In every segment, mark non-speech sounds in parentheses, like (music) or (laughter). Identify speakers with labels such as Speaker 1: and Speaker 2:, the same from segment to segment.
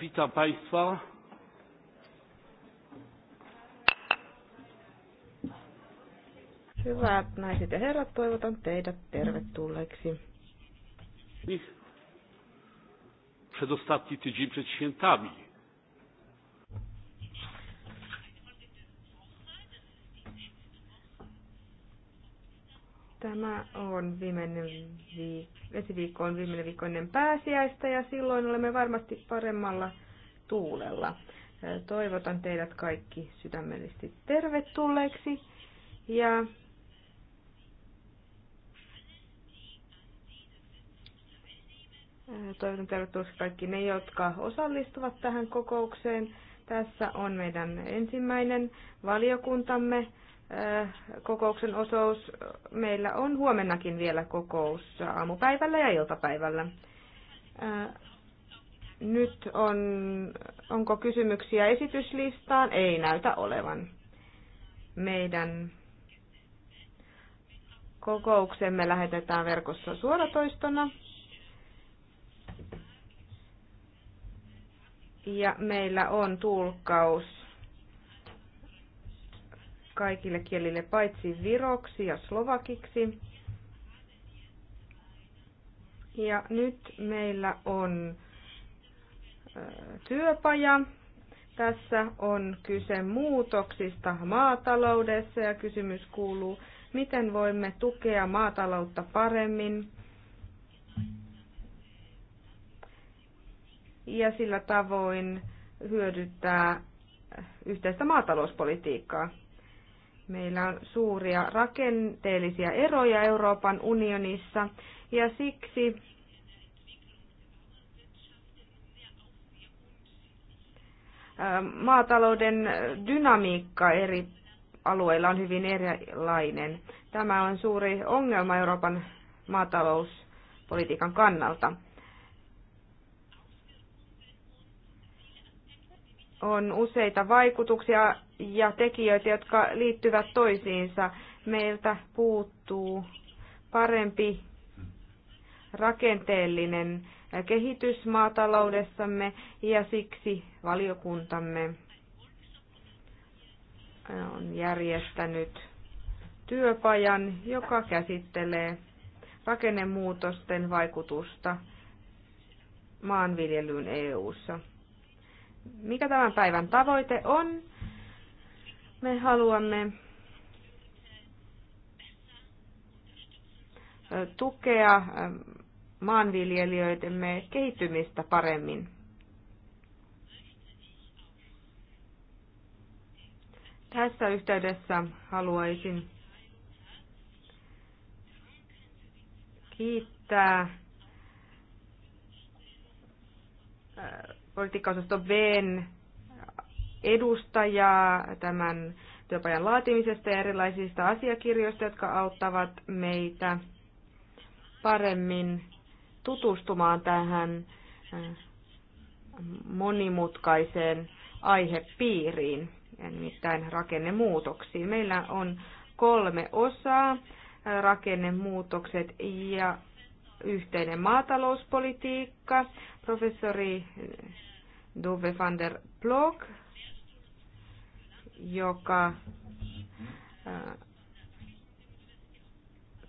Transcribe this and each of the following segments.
Speaker 1: Witam Państwa.
Speaker 2: Hyvät naiset ja herrat, toivotan teidät tervetulleeksi.
Speaker 1: Przedostatni tydzień przed świętami.
Speaker 2: Tämä on viimeinen viikko, ensi viikko on viimeinen viikko ennen pääsiäistä ja silloin olemme varmasti paremmalla tuulella. Toivotan teidät kaikki sydämellisesti tervetulleeksi ja toivotan tervetulleeksi kaikki ne, jotka osallistuvat tähän kokoukseen. Tässä on meidän ensimmäinen valiokuntamme kokouksen osous. Meillä on huomennakin vielä kokous aamupäivällä ja iltapäivällä. Nyt on, onko kysymyksiä esityslistaan? Ei näytä olevan. Meidän kokouksemme lähetetään verkossa suoratoistona. Ja meillä on tulkkaus kaikille kielille paitsi viroksi ja slovakiksi. Ja nyt meillä on työpaja. Tässä on kyse muutoksista maataloudessa ja kysymys kuuluu, miten voimme tukea maataloutta paremmin ja sillä tavoin hyödyttää yhteistä maatalouspolitiikkaa. Meillä on suuria rakenteellisia eroja Euroopan unionissa ja siksi maatalouden dynamiikka eri alueilla on hyvin erilainen. Tämä on suuri ongelma Euroopan maatalouspolitiikan kannalta. on useita vaikutuksia ja tekijöitä, jotka liittyvät toisiinsa. Meiltä puuttuu parempi rakenteellinen kehitys maataloudessamme ja siksi valiokuntamme on järjestänyt työpajan, joka käsittelee rakennemuutosten vaikutusta maanviljelyyn EU:ssa mikä tämän päivän tavoite on. Me haluamme tukea maanviljelijöidemme kehittymistä paremmin. Tässä yhteydessä haluaisin kiittää politiikkaosasto ven edustajaa tämän työpajan laatimisesta ja erilaisista asiakirjoista, jotka auttavat meitä paremmin tutustumaan tähän äh, monimutkaiseen aihepiiriin, nimittäin rakennemuutoksiin. Meillä on kolme osaa, äh, rakennemuutokset ja yhteinen maatalouspolitiikka. Professori dove van der Plok, joka äh,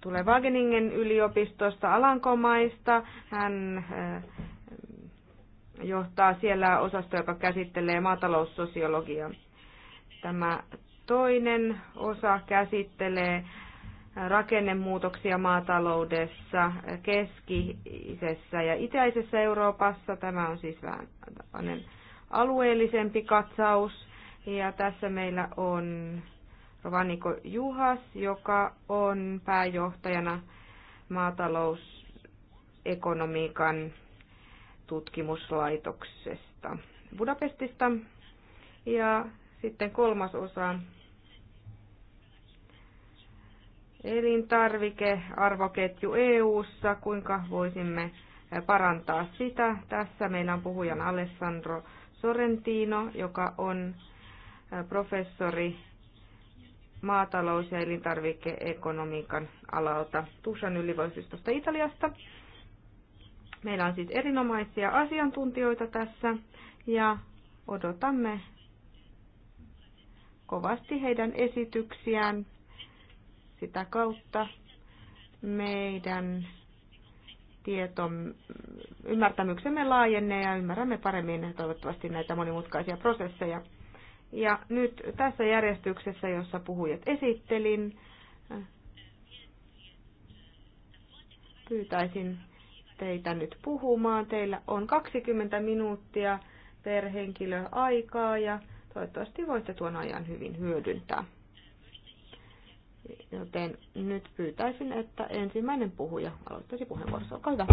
Speaker 2: tulee Wageningen yliopistosta Alankomaista. Hän äh, johtaa siellä osasto, joka käsittelee maataloussosiologiaa. Tämä toinen osa käsittelee rakennemuutoksia maataloudessa, keskisessä ja itäisessä Euroopassa. Tämä on siis vähän alueellisempi katsaus. Ja tässä meillä on Rovaniko Juhas, joka on pääjohtajana maatalousekonomiikan tutkimuslaitoksesta Budapestista. Ja sitten kolmas osa elintarvikearvoketju EU-ssa, kuinka voisimme parantaa sitä. Tässä meillä on puhujan Alessandro Sorrentino, joka on professori maatalous- ja elintarvikeekonomiikan alalta Tushan yliopistosta Italiasta. Meillä on siis erinomaisia asiantuntijoita tässä ja odotamme kovasti heidän esityksiään. Sitä kautta meidän tieto, ymmärtämyksemme laajenee ja ymmärrämme paremmin toivottavasti näitä monimutkaisia prosesseja. Ja nyt tässä järjestyksessä, jossa puhujat esittelin, pyytäisin teitä nyt puhumaan. Teillä on 20 minuuttia per henkilö aikaa ja toivottavasti voitte tuon ajan hyvin hyödyntää. Joten nyt pyytäisin, että ensimmäinen puhuja aloittaisi puheenvuorossa. Olkaa hyvä.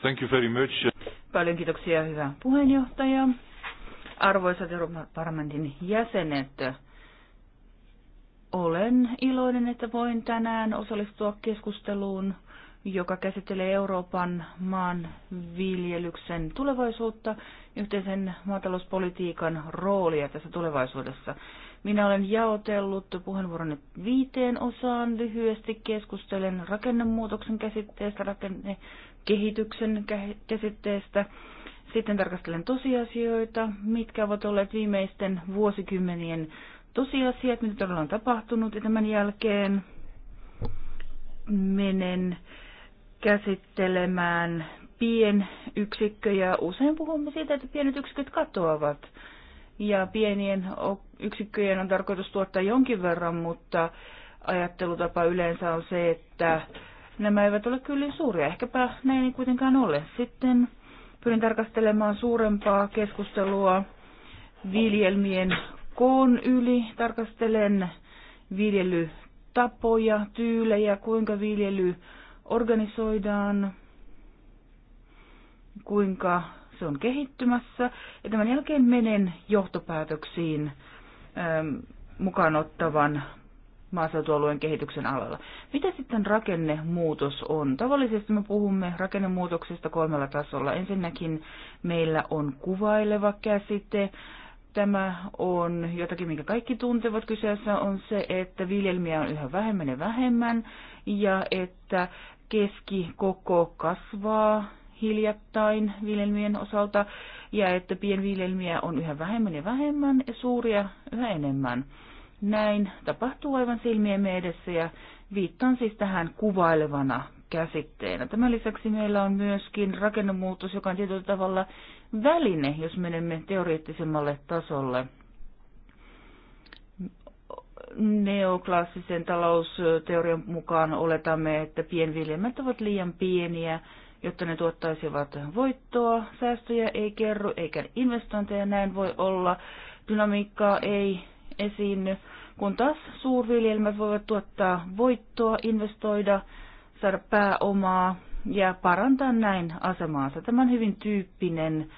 Speaker 3: Thank you very much. Paljon kiitoksia, hyvä
Speaker 2: puheenjohtaja. Arvoisat Euroopan
Speaker 3: parlamentin jäsenet, olen iloinen, että voin tänään osallistua keskusteluun, joka käsittelee Euroopan maan viljelyksen tulevaisuutta, yhteisen maatalouspolitiikan roolia tässä tulevaisuudessa. Minä olen jaotellut puheenvuoronne viiteen osaan lyhyesti. Keskustelen rakennemuutoksen käsitteestä, rakennekehityksen käsitteestä. Sitten tarkastelen tosiasioita, mitkä ovat olleet viimeisten vuosikymmenien tosiasiat, mitä todella on tapahtunut. Ja tämän jälkeen menen käsittelemään pienyksikköjä. Usein puhumme siitä, että pienet yksiköt katoavat ja pienien yksikköjen on tarkoitus tuottaa jonkin verran, mutta ajattelutapa yleensä on se, että nämä eivät ole kyllin niin suuria. Ehkäpä ne ei kuitenkaan ole. Sitten pyrin tarkastelemaan suurempaa keskustelua viljelmien koon yli. Tarkastelen viljelytapoja, tyylejä, kuinka viljely organisoidaan, kuinka se on kehittymässä. Ja tämän jälkeen menen johtopäätöksiin Ähm, mukaan ottavan maaseutualueen kehityksen alalla. Mitä sitten rakennemuutos on? Tavallisesti me puhumme rakennemuutoksesta kolmella tasolla. Ensinnäkin meillä on kuvaileva käsite. Tämä on jotakin, minkä kaikki tuntevat. Kyseessä on se, että viljelmiä on yhä vähemmän ja vähemmän ja että keskikoko kasvaa hiljattain viljelmien osalta ja että pienviljelmiä on yhä vähemmän ja vähemmän ja suuria yhä enemmän. Näin tapahtuu aivan silmiemme edessä ja viittaan siis tähän kuvailevana käsitteenä. Tämän lisäksi meillä on myöskin rakennemuutos, joka on tietyllä tavalla väline, jos menemme teoreettisemmalle tasolle. Neoklassisen talousteorian mukaan oletamme, että pienviljelmät ovat liian pieniä jotta ne tuottaisivat voittoa. Säästöjä ei kerro eikä investointeja näin voi olla. Dynamiikkaa ei esiinny, kun taas suurviljelmät voivat tuottaa voittoa, investoida, saada pääomaa ja parantaa näin asemaansa. Tämä on hyvin tyyppinen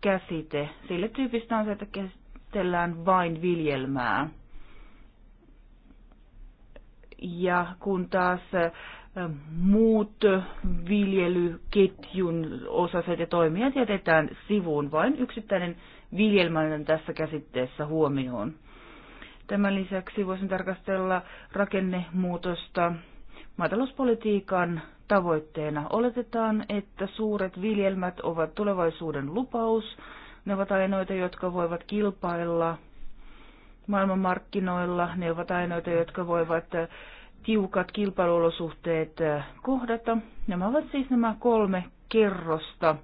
Speaker 3: käsite. Sille tyypistä on se, että käsitellään vain viljelmää. Ja kun taas muut viljelyketjun osaset ja toimijat jätetään sivuun, vain yksittäinen viljelmäinen tässä käsitteessä huomioon. Tämän lisäksi voisin tarkastella rakennemuutosta. Maatalouspolitiikan tavoitteena oletetaan, että suuret viljelmät ovat tulevaisuuden lupaus. Ne ovat ainoita, jotka voivat kilpailla maailmanmarkkinoilla. Ne ovat ainoita, jotka voivat tiukat kilpailuolosuhteet kohdata. Nämä ovat siis nämä kolme kerrosta,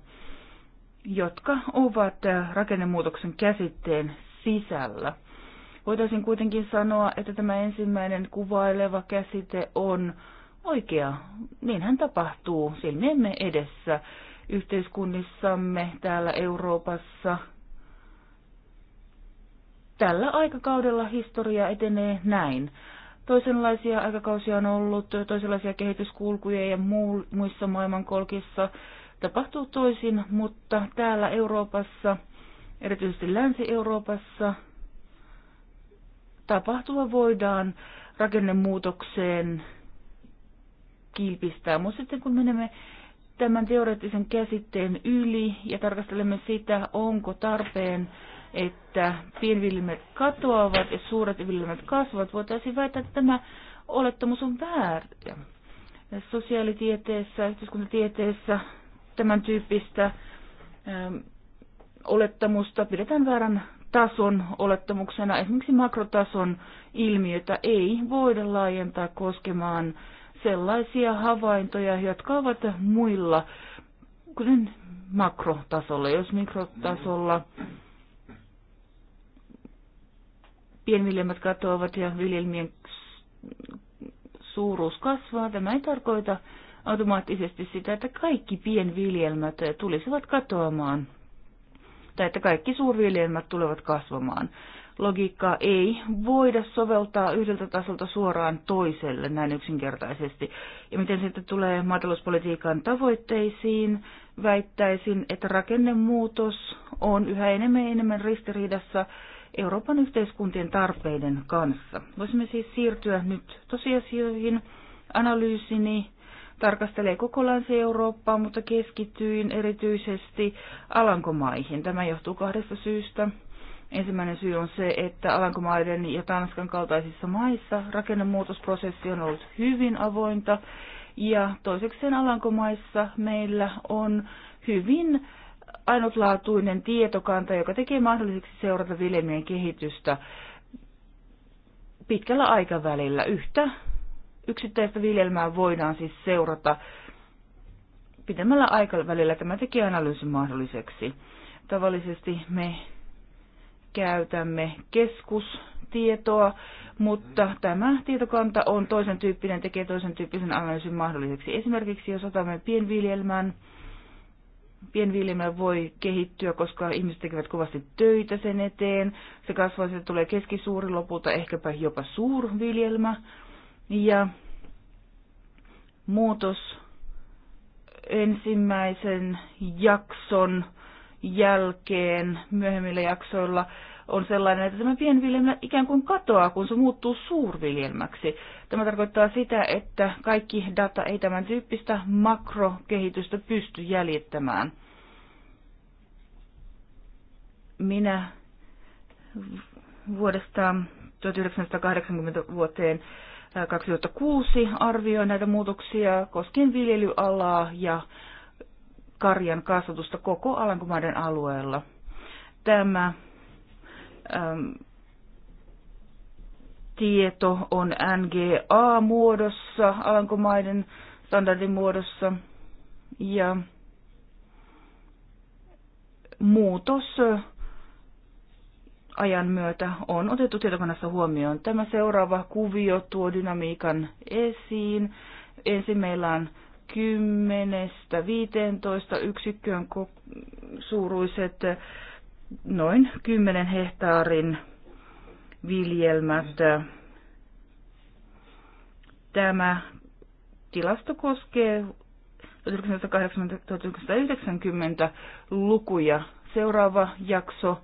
Speaker 3: jotka ovat rakennemuutoksen käsitteen sisällä. Voitaisiin kuitenkin sanoa, että tämä ensimmäinen kuvaileva käsite on oikea. Niinhän tapahtuu silmiemme edessä yhteiskunnissamme täällä Euroopassa. Tällä aikakaudella historia etenee näin. Toisenlaisia aikakausia on ollut, toisenlaisia kehityskulkuja ja muu, muissa maailmankolkissa tapahtuu toisin, mutta täällä Euroopassa, erityisesti Länsi-Euroopassa, tapahtuva voidaan rakennemuutokseen kilpistää. Mutta sitten kun menemme tämän teoreettisen käsitteen yli ja tarkastelemme sitä, onko tarpeen että pienviljelmät katoavat ja suuret viljelmät kasvavat, voitaisiin väittää, että tämä olettamus on väärä. Sosiaalitieteessä, yhteiskuntatieteessä tämän tyyppistä ähm, olettamusta pidetään väärän tason olettamuksena. Esimerkiksi makrotason ilmiötä ei voida laajentaa koskemaan sellaisia havaintoja, jotka ovat muilla, kuten makrotasolla. Jos mikrotasolla pienviljelmät katoavat ja viljelmien suuruus kasvaa. Tämä ei tarkoita automaattisesti sitä, että kaikki pienviljelmät tulisivat katoamaan tai että kaikki suurviljelmät tulevat kasvamaan. Logiikkaa ei voida soveltaa yhdeltä tasolta suoraan toiselle näin yksinkertaisesti. Ja miten sitten tulee maatalouspolitiikan tavoitteisiin, väittäisin, että rakennemuutos on yhä enemmän ja enemmän ristiriidassa Euroopan yhteiskuntien tarpeiden kanssa. Voisimme siis siirtyä nyt tosiasioihin. Analyysini tarkastelee koko Länsi-Eurooppaa, mutta keskityin erityisesti Alankomaihin. Tämä johtuu kahdesta syystä. Ensimmäinen syy on se, että Alankomaiden ja Tanskan kaltaisissa maissa rakennemuutosprosessi on ollut hyvin avointa. Ja toisekseen Alankomaissa meillä on hyvin ainutlaatuinen tietokanta, joka tekee mahdolliseksi seurata viljelmien kehitystä pitkällä aikavälillä. Yhtä yksittäistä viljelmää voidaan siis seurata pidemmällä aikavälillä. Tämä tekee analyysin mahdolliseksi. Tavallisesti me käytämme keskustietoa, mutta tämä tietokanta on toisen tyyppinen, tekee toisen tyyppisen analyysin mahdolliseksi. Esimerkiksi jos otamme pienviljelmän, pienviljelmä voi kehittyä, koska ihmiset tekevät kovasti töitä sen eteen. Se kasvaa, se tulee keskisuuri, lopulta ehkäpä jopa suurviljelmä. Ja muutos ensimmäisen jakson jälkeen myöhemmillä jaksoilla on sellainen, että tämä pienviljelmä ikään kuin katoaa, kun se muuttuu suurviljelmäksi. Tämä tarkoittaa sitä, että kaikki data ei tämän tyyppistä makrokehitystä pysty jäljittämään. Minä vuodesta 1980 vuoteen 2006 äh, arvioin näitä muutoksia koskien viljelyalaa ja karjan kasvatusta koko Alankomaiden alueella. Tämä äm, tieto on NGA-muodossa, Alankomaiden standardin muodossa, ja muutos ajan myötä on otettu tietokannassa huomioon. Tämä seuraava kuvio tuo dynamiikan esiin. Ensin meillä on 10 15 yksikköön suuruiset eh, noin 10 hehtaarin viljelmät. Tämä tilasto koskee 1980-1990 lukuja. Seuraava jakso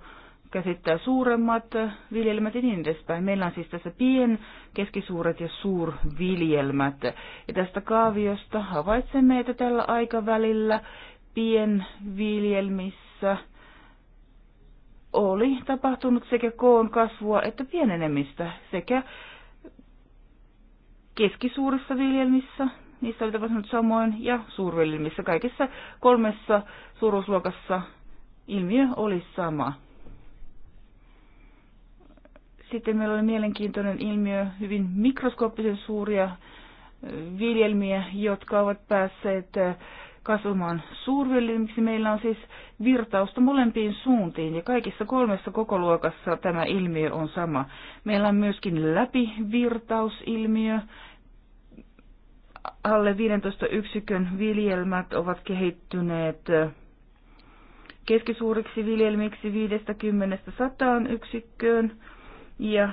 Speaker 3: käsittää suuremmat viljelmät ja niin edespäin. Meillä on siis tässä pien, keskisuuret ja suurviljelmät. Ja tästä kaaviosta havaitsemme, että tällä aikavälillä pienviljelmissä oli tapahtunut sekä koon kasvua että pienenemistä sekä keskisuurissa viljelmissä, niissä oli tapahtunut samoin, ja suurviljelmissä. Kaikissa kolmessa suuruusluokassa ilmiö oli sama. Sitten meillä oli mielenkiintoinen ilmiö, hyvin mikroskooppisen suuria viljelmiä, jotka ovat päässeet kasvamaan suurviljelmiksi. Meillä on siis virtausta molempiin suuntiin ja kaikissa kolmessa kokoluokassa tämä ilmiö on sama. Meillä on myöskin läpivirtausilmiö. Alle 15 yksikön viljelmät ovat kehittyneet keskisuuriksi viljelmiksi 50-100 yksikköön ja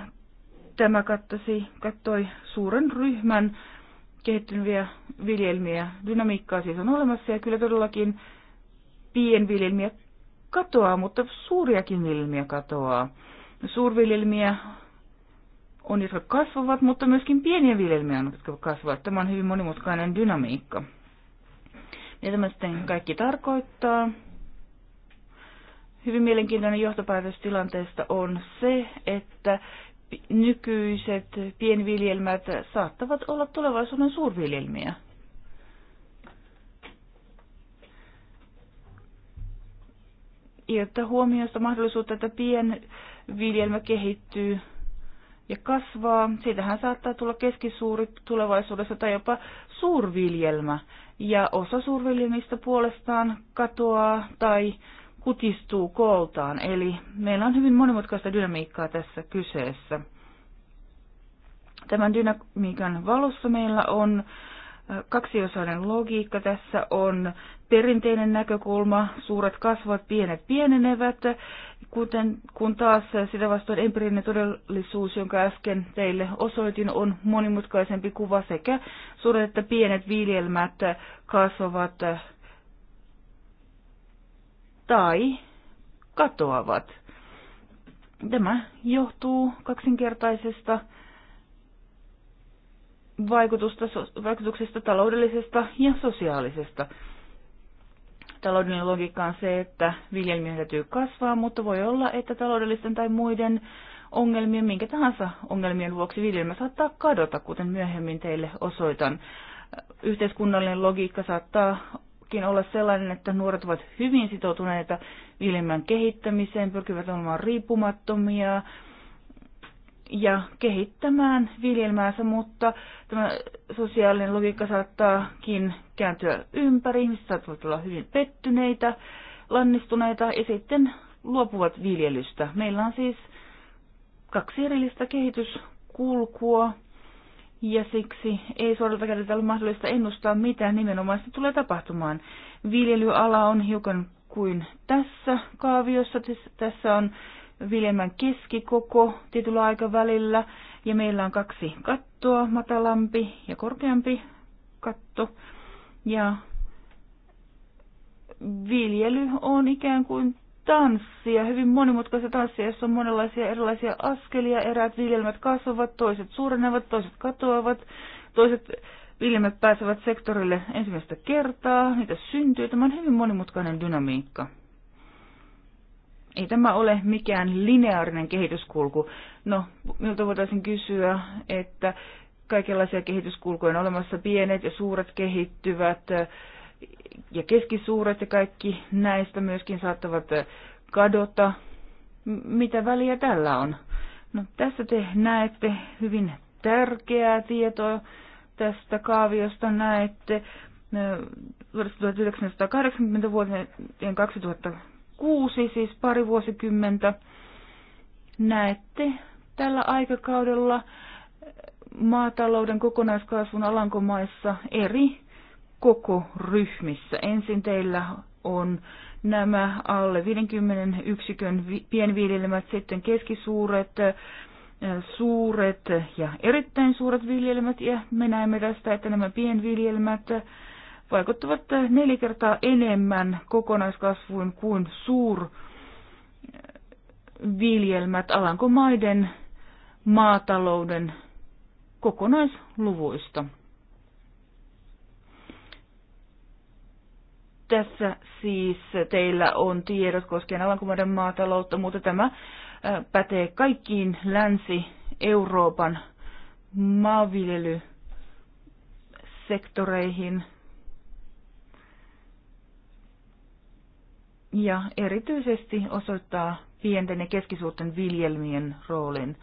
Speaker 3: tämä kattasi, kattoi suuren ryhmän kehittyviä viljelmiä. Dynamiikkaa siis on olemassa ja kyllä todellakin pienviljelmiä katoaa, mutta suuriakin viljelmiä katoaa. Suurviljelmiä on, jotka kasvavat, mutta myöskin pieniä viljelmiä on, jotka kasvavat. Tämä on hyvin monimutkainen dynamiikka. Mitä tämä sitten kaikki tarkoittaa? Hyvin mielenkiintoinen johtopäätös tilanteesta on se, että nykyiset pienviljelmät saattavat olla tulevaisuuden suurviljelmiä. Jotta huomioista mahdollisuutta, että pienviljelmä kehittyy ja kasvaa, siitähän saattaa tulla keskisuuri tulevaisuudessa tai jopa suurviljelmä. Ja osa suurviljelmistä puolestaan katoaa tai kutistuu kooltaan. Eli meillä on hyvin monimutkaista dynamiikkaa tässä kyseessä. Tämän dynamiikan valossa meillä on kaksiosainen logiikka. Tässä on perinteinen näkökulma, suuret kasvavat, pienet pienenevät, kuten, kun taas sitä vastoin empiirinen todellisuus, jonka äsken teille osoitin, on monimutkaisempi kuva sekä suuret että pienet viljelmät kasvavat tai katoavat. Tämä johtuu kaksinkertaisesta vaikutusta, vaikutuksesta taloudellisesta ja sosiaalisesta. Taloudellinen logiikka on se, että viljelmien täytyy kasvaa, mutta voi olla, että taloudellisten tai muiden ongelmien, minkä tahansa ongelmien vuoksi viljelmä saattaa kadota, kuten myöhemmin teille osoitan. Yhteiskunnallinen logiikka saattaa myöskin olla sellainen, että nuoret ovat hyvin sitoutuneita viljelmän kehittämiseen, pyrkivät olemaan riippumattomia ja kehittämään viljelmäänsä, mutta tämä sosiaalinen logiikka saattaakin kääntyä ympäri. Ihmiset saattavat olla hyvin pettyneitä, lannistuneita ja sitten luopuvat viljelystä. Meillä on siis kaksi erillistä kehityskulkua ja siksi ei suoralta kädeltä ole mahdollista ennustaa, mitä nimenomaisesti tulee tapahtumaan. Viljelyala on hiukan kuin tässä kaaviossa. Tässä on viljelmän keskikoko tietyllä aikavälillä ja meillä on kaksi kattoa, matalampi ja korkeampi katto. Ja viljely on ikään kuin tanssia, hyvin monimutkaista tanssia, jossa on monenlaisia erilaisia askelia. Eräät viljelmät kasvavat, toiset suurenevat, toiset katoavat, toiset viljelmät pääsevät sektorille ensimmäistä kertaa, niitä syntyy. Tämä on hyvin monimutkainen dynamiikka. Ei tämä ole mikään lineaarinen kehityskulku. No, miltä voitaisiin kysyä, että kaikenlaisia kehityskulkuja on olemassa, pienet ja suuret kehittyvät, ja keskisuuret ja kaikki näistä myöskin saattavat kadota. Mitä väliä tällä on? No, tässä te näette hyvin tärkeää tietoa tästä kaaviosta. Näette vuodesta 1980 vuoteen 2006, siis pari vuosikymmentä. Näette tällä aikakaudella maatalouden kokonaiskasvun Alankomaissa eri koko ryhmissä. Ensin teillä on nämä alle 50 yksikön pienviljelmät, sitten keskisuuret, äh, suuret ja erittäin suuret viljelmät, ja me näemme tästä, että nämä pienviljelmät vaikuttavat neljä kertaa enemmän kokonaiskasvuun kuin äh, viljelmät Alankomaiden maatalouden kokonaisluvuista. Tässä siis teillä on tiedot koskien Alankomaiden maataloutta, mutta tämä pätee kaikkiin Länsi-Euroopan maanviljelysektoreihin. Ja erityisesti osoittaa pienten ja keskisuurten viljelmien roolin.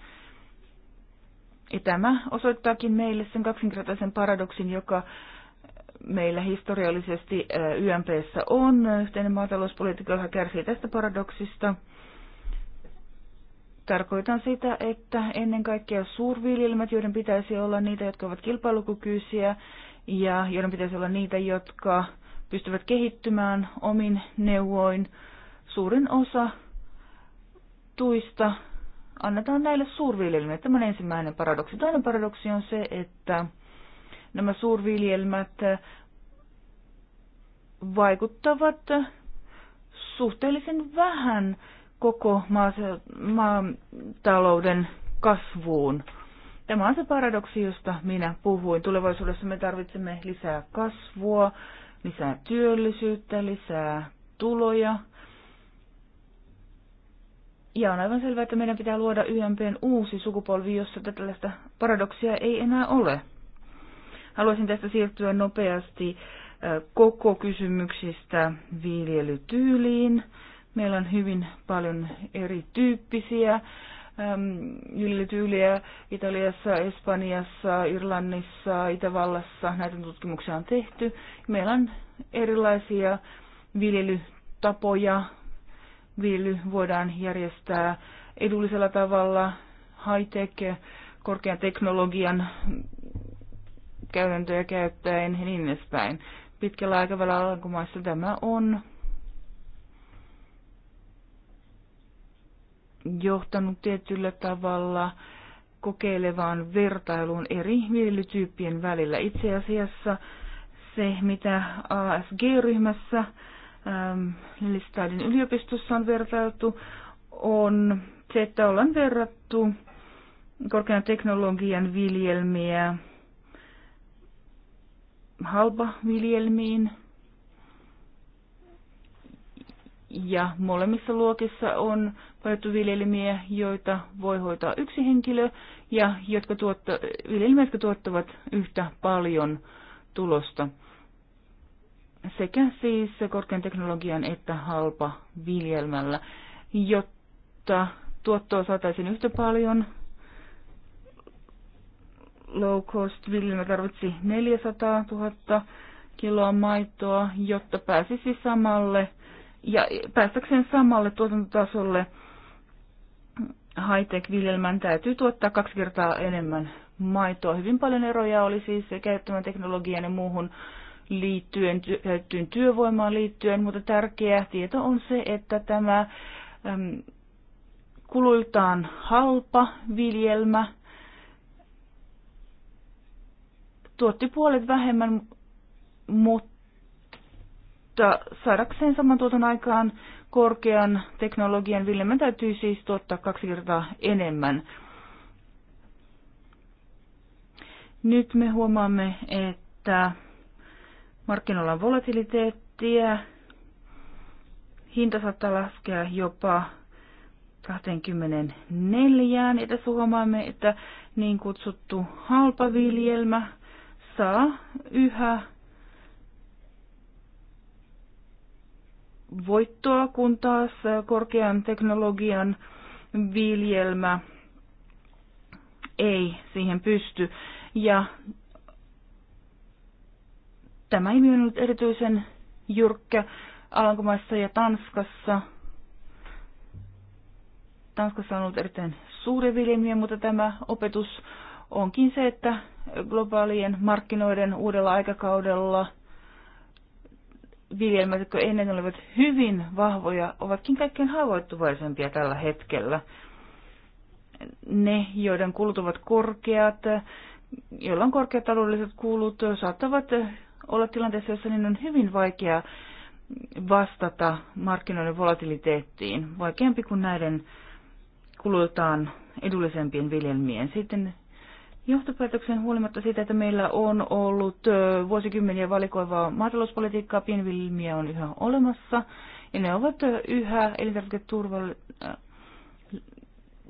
Speaker 3: Ja tämä osoittaakin meille sen kaksinkertaisen paradoksin, joka meillä historiallisesti YMPssä on. Yhteinen maatalouspolitiikka, joka kärsii tästä paradoksista. Tarkoitan sitä, että ennen kaikkea suurviljelmät, joiden pitäisi olla niitä, jotka ovat kilpailukykyisiä ja joiden pitäisi olla niitä, jotka pystyvät kehittymään omin neuvoin. Suurin osa tuista annetaan näille suurviljelmille. Tämä on ensimmäinen paradoksi. Toinen paradoksi on se, että nämä suurviljelmät äh, vaikuttavat äh, suhteellisen vähän koko maatalouden kasvuun. Tämä on se paradoksi, josta minä puhuin. Tulevaisuudessa me tarvitsemme lisää kasvua, lisää työllisyyttä, lisää tuloja. Ja on aivan selvää, että meidän pitää luoda YMPn uusi sukupolvi, jossa tällaista paradoksia ei enää ole. Haluaisin tästä siirtyä nopeasti koko kysymyksistä viljelytyyliin. Meillä on hyvin paljon erityyppisiä viljelytyyliä Italiassa, Espanjassa, Irlannissa, Itävallassa. Näitä tutkimuksia on tehty. Meillä on erilaisia viljelytapoja. Viljely voidaan järjestää edullisella tavalla, high-tech, korkean teknologian käytäntöjä käyttäen ja niin edespäin. Pitkällä aikavälillä alankomaissa tämä on johtanut tietyllä tavalla kokeilevaan vertailuun eri viljelytyyppien välillä. Itse asiassa se, mitä ASG-ryhmässä ähm, Lillistadin yliopistossa on vertailtu, on se, että ollaan verrattu korkean teknologian viljelmiä halpa viljelmiin Ja molemmissa luokissa on viljelmiä, joita voi hoitaa yksi henkilö ja jotka tuotta, viljelmiä, jotka tuottavat yhtä paljon tulosta. Sekä siis korkean teknologian että halpa viljelmällä, jotta tuottoa saataisiin yhtä paljon, low cost viljelmä tarvitsi 400 000 kiloa maitoa, jotta pääsisi samalle ja päästäkseen samalle tuotantotasolle high-tech viljelmän täytyy tuottaa kaksi kertaa enemmän maitoa. Hyvin paljon eroja oli siis käyttämään teknologian ja muuhun liittyen, käyttyyn työvoimaan liittyen, mutta tärkeä tieto on se, että tämä äm, kuluiltaan halpa viljelmä – tuotti puolet vähemmän, mutta saadakseen saman tuoton aikaan korkean teknologian viljelmän täytyy siis tuottaa kaksi kertaa enemmän. Nyt me huomaamme, että markkinoilla on volatiliteettiä, hinta saattaa laskea jopa 24, ja tässä huomaamme, että niin kutsuttu halpaviljelmä saa yhä voittoa, kun taas korkean teknologian viljelmä ei siihen pysty. Ja tämä ei myönnyt ollut erityisen jyrkkä Alankomaissa ja Tanskassa. Tanskassa on ollut erittäin suuri viljelmiä, mutta tämä opetus onkin se, että globaalien markkinoiden uudella aikakaudella viljelmät, jotka ennen olivat hyvin vahvoja, ovatkin kaikkein haavoittuvaisempia tällä hetkellä. Ne, joiden kulut ovat korkeat, joilla on korkeat taloudelliset kulut, saattavat olla tilanteessa, jossa niin on hyvin vaikea vastata markkinoiden volatiliteettiin, vaikeampi kuin näiden kulultaan edullisempien viljelmien. Sitten johtopäätöksen huolimatta siitä, että meillä on ollut vuosikymmeniä valikoivaa maatalouspolitiikkaa, pienvilmiä on yhä olemassa ja ne ovat yhä elintarviketurval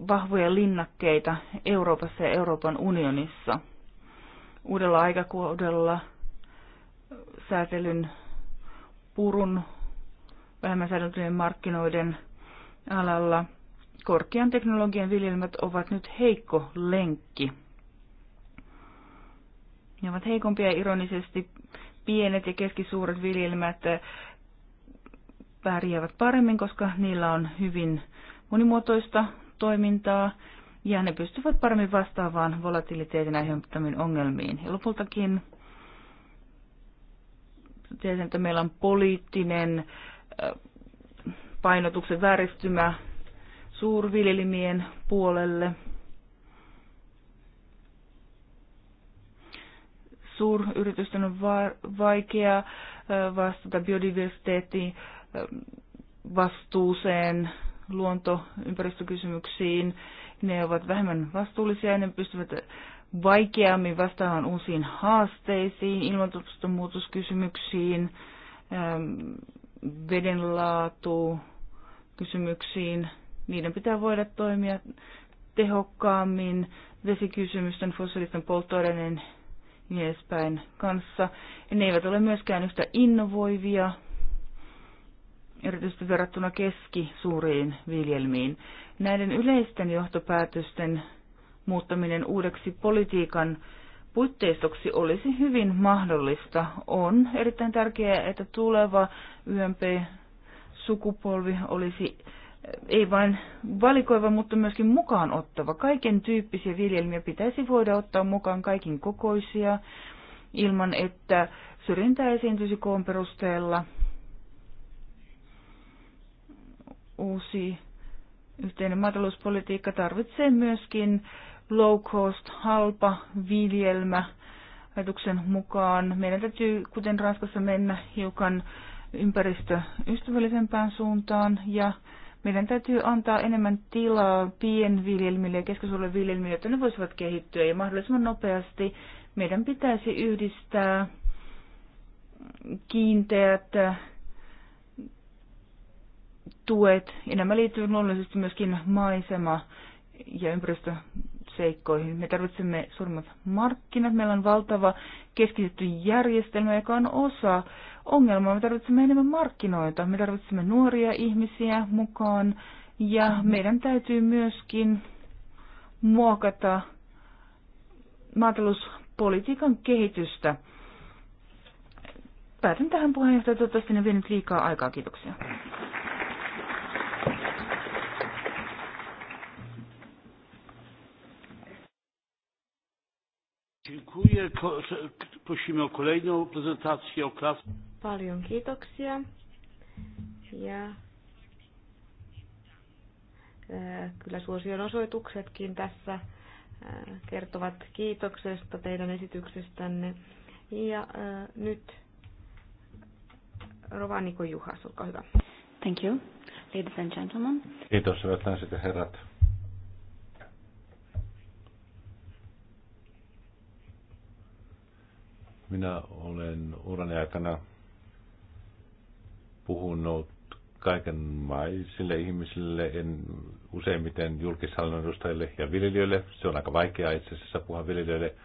Speaker 3: vahvoja linnakkeita Euroopassa ja Euroopan unionissa. Uudella aikakaudella säätelyn purun vähemmän säädeltyjen markkinoiden alalla korkean teknologian viljelmät ovat nyt heikko lenkki ne ovat heikompia ironisesti. Pienet ja keskisuuret viljelmät eh, pärjäävät paremmin, koska niillä on hyvin monimuotoista toimintaa ja ne pystyvät paremmin vastaavaan volatiliteetin aiheuttamiin ongelmiin. Ja lopultakin tietenkin, että meillä on poliittinen eh, painotuksen vääristymä suurviljelmien puolelle – suuryritysten on vaikea vastata biodiversiteettiin, vastuuseen, luonto, Ne ovat vähemmän vastuullisia ja ne pystyvät vaikeammin vastaamaan uusiin haasteisiin, ilmastonmuutoskysymyksiin, vedenlaatu kysymyksiin. Niiden pitää voida toimia tehokkaammin vesikysymysten, fossiilisten polttoaineiden niin edespäin kanssa. Ja ne eivät ole myöskään yhtä innovoivia, erityisesti verrattuna keskisuuriin viljelmiin. Näiden yleisten johtopäätösten muuttaminen uudeksi politiikan puitteistoksi olisi hyvin mahdollista. On erittäin tärkeää, että tuleva YMP-sukupolvi olisi ei vain valikoiva, mutta myöskin mukaan ottava. Kaiken tyyppisiä viljelmiä pitäisi voida ottaa mukaan kaikin kokoisia ilman, että syrjintä esiintyisi koon perusteella. Uusi yhteinen maatalouspolitiikka tarvitsee myöskin low cost, halpa viljelmä ajatuksen mukaan. Meidän täytyy, kuten Ranskassa, mennä hiukan ympäristöystävällisempään suuntaan ja meidän täytyy antaa enemmän tilaa pienviljelmille ja keskisuurille viljelmille, että ne voisivat kehittyä ja mahdollisimman nopeasti meidän pitäisi yhdistää kiinteät tuet, ja nämä liittyvät luonnollisesti myöskin maisema- ja ympäristöseikkoihin. Me tarvitsemme suurimmat markkinat, meillä on valtava keskitetty järjestelmä, joka on osa ongelmaa. Me tarvitsemme enemmän markkinoita, me tarvitsemme nuoria ihmisiä mukaan ja ah. meidän täytyy myöskin muokata maatalouspolitiikan kehitystä. Päätän tähän puheenjohtaja, toivottavasti en vienyt liikaa aikaa. Kiitoksia.
Speaker 1: Dziękuję. Prosimy o kolejną prezentację
Speaker 2: Paljon kiitoksia. Ja e, kyllä suosion osoituksetkin tässä e, kertovat kiitoksesta teidän esityksestänne. Ja e, nyt Rovaniko Juhas, olkaa hyvä. Thank you, ladies and gentlemen.
Speaker 4: Kiitos, hyvät naiset ja herrat. Minä olen urani aikana puhunut kaikenmaisille ihmisille, en useimmiten julkishallinnon edustajille ja viljelijöille. Se on aika vaikeaa itse asiassa puhua viljelijöille.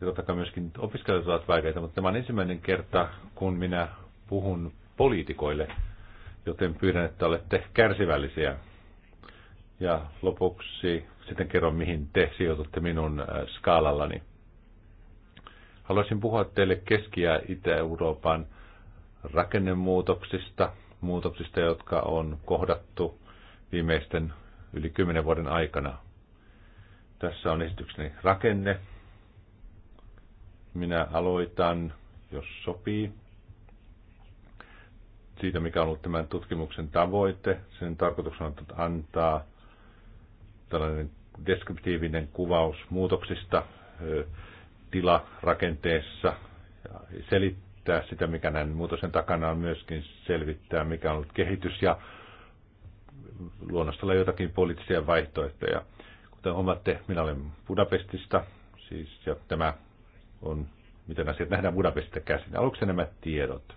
Speaker 4: Ja totta kai myöskin opiskelijat ovat vaikeita, mutta tämä on ensimmäinen kerta, kun minä puhun poliitikoille, joten pyydän, että olette kärsivällisiä. Ja lopuksi sitten kerron, mihin te sijoitutte minun äh, skaalallani. Haluaisin puhua teille Keski- ja Itä-Euroopan rakennemuutoksista, muutoksista, jotka on kohdattu viimeisten yli kymmenen vuoden aikana. Tässä on esitykseni rakenne. Minä aloitan, jos sopii, siitä, mikä on ollut tämän tutkimuksen tavoite. Sen tarkoituksena on antaa tällainen deskriptiivinen kuvaus muutoksista tila rakenteessa, selittää sitä, mikä näin muutosen takana on, myöskin selvittää, mikä on ollut kehitys ja luonnostella jotakin poliittisia vaihtoehtoja. Kuten huomaatte, minä olen Budapestista, siis, ja tämä on, miten asiat nähdään Budapestista käsin. Aluksi nämä tiedot.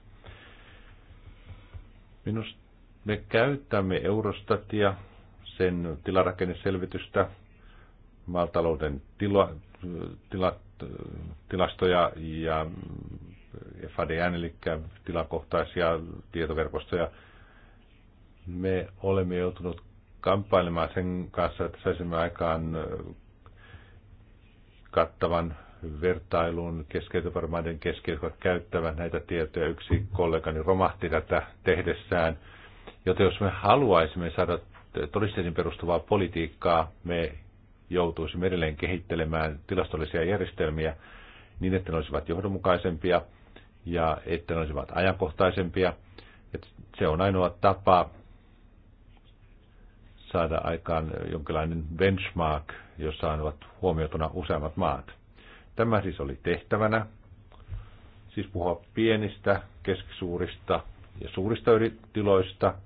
Speaker 4: Minusta me käytämme Eurostatia, sen tilarakenneselvitystä, maatalouden tila, tila, Äh, tilastoja ja äh, FADN, eli tilakohtaisia tietoverkostoja. Me olemme joutuneet kamppailemaan sen kanssa, että saisimme aikaan äh, kattavan vertailun keskeytyvarmaiden kesken, jotka käyttävät näitä tietoja. Yksi kollegani romahti tätä tehdessään. Joten jos me haluaisimme saada todisteisiin perustuvaa politiikkaa, me joutuisi edelleen kehittelemään tilastollisia järjestelmiä niin, että ne olisivat johdonmukaisempia ja että ne olisivat ajankohtaisempia. Et se on ainoa tapa saada aikaan jonkinlainen benchmark, jossa ovat huomioituna useammat maat. Tämä siis oli tehtävänä, siis puhua pienistä, keskisuurista ja suurista tiloista –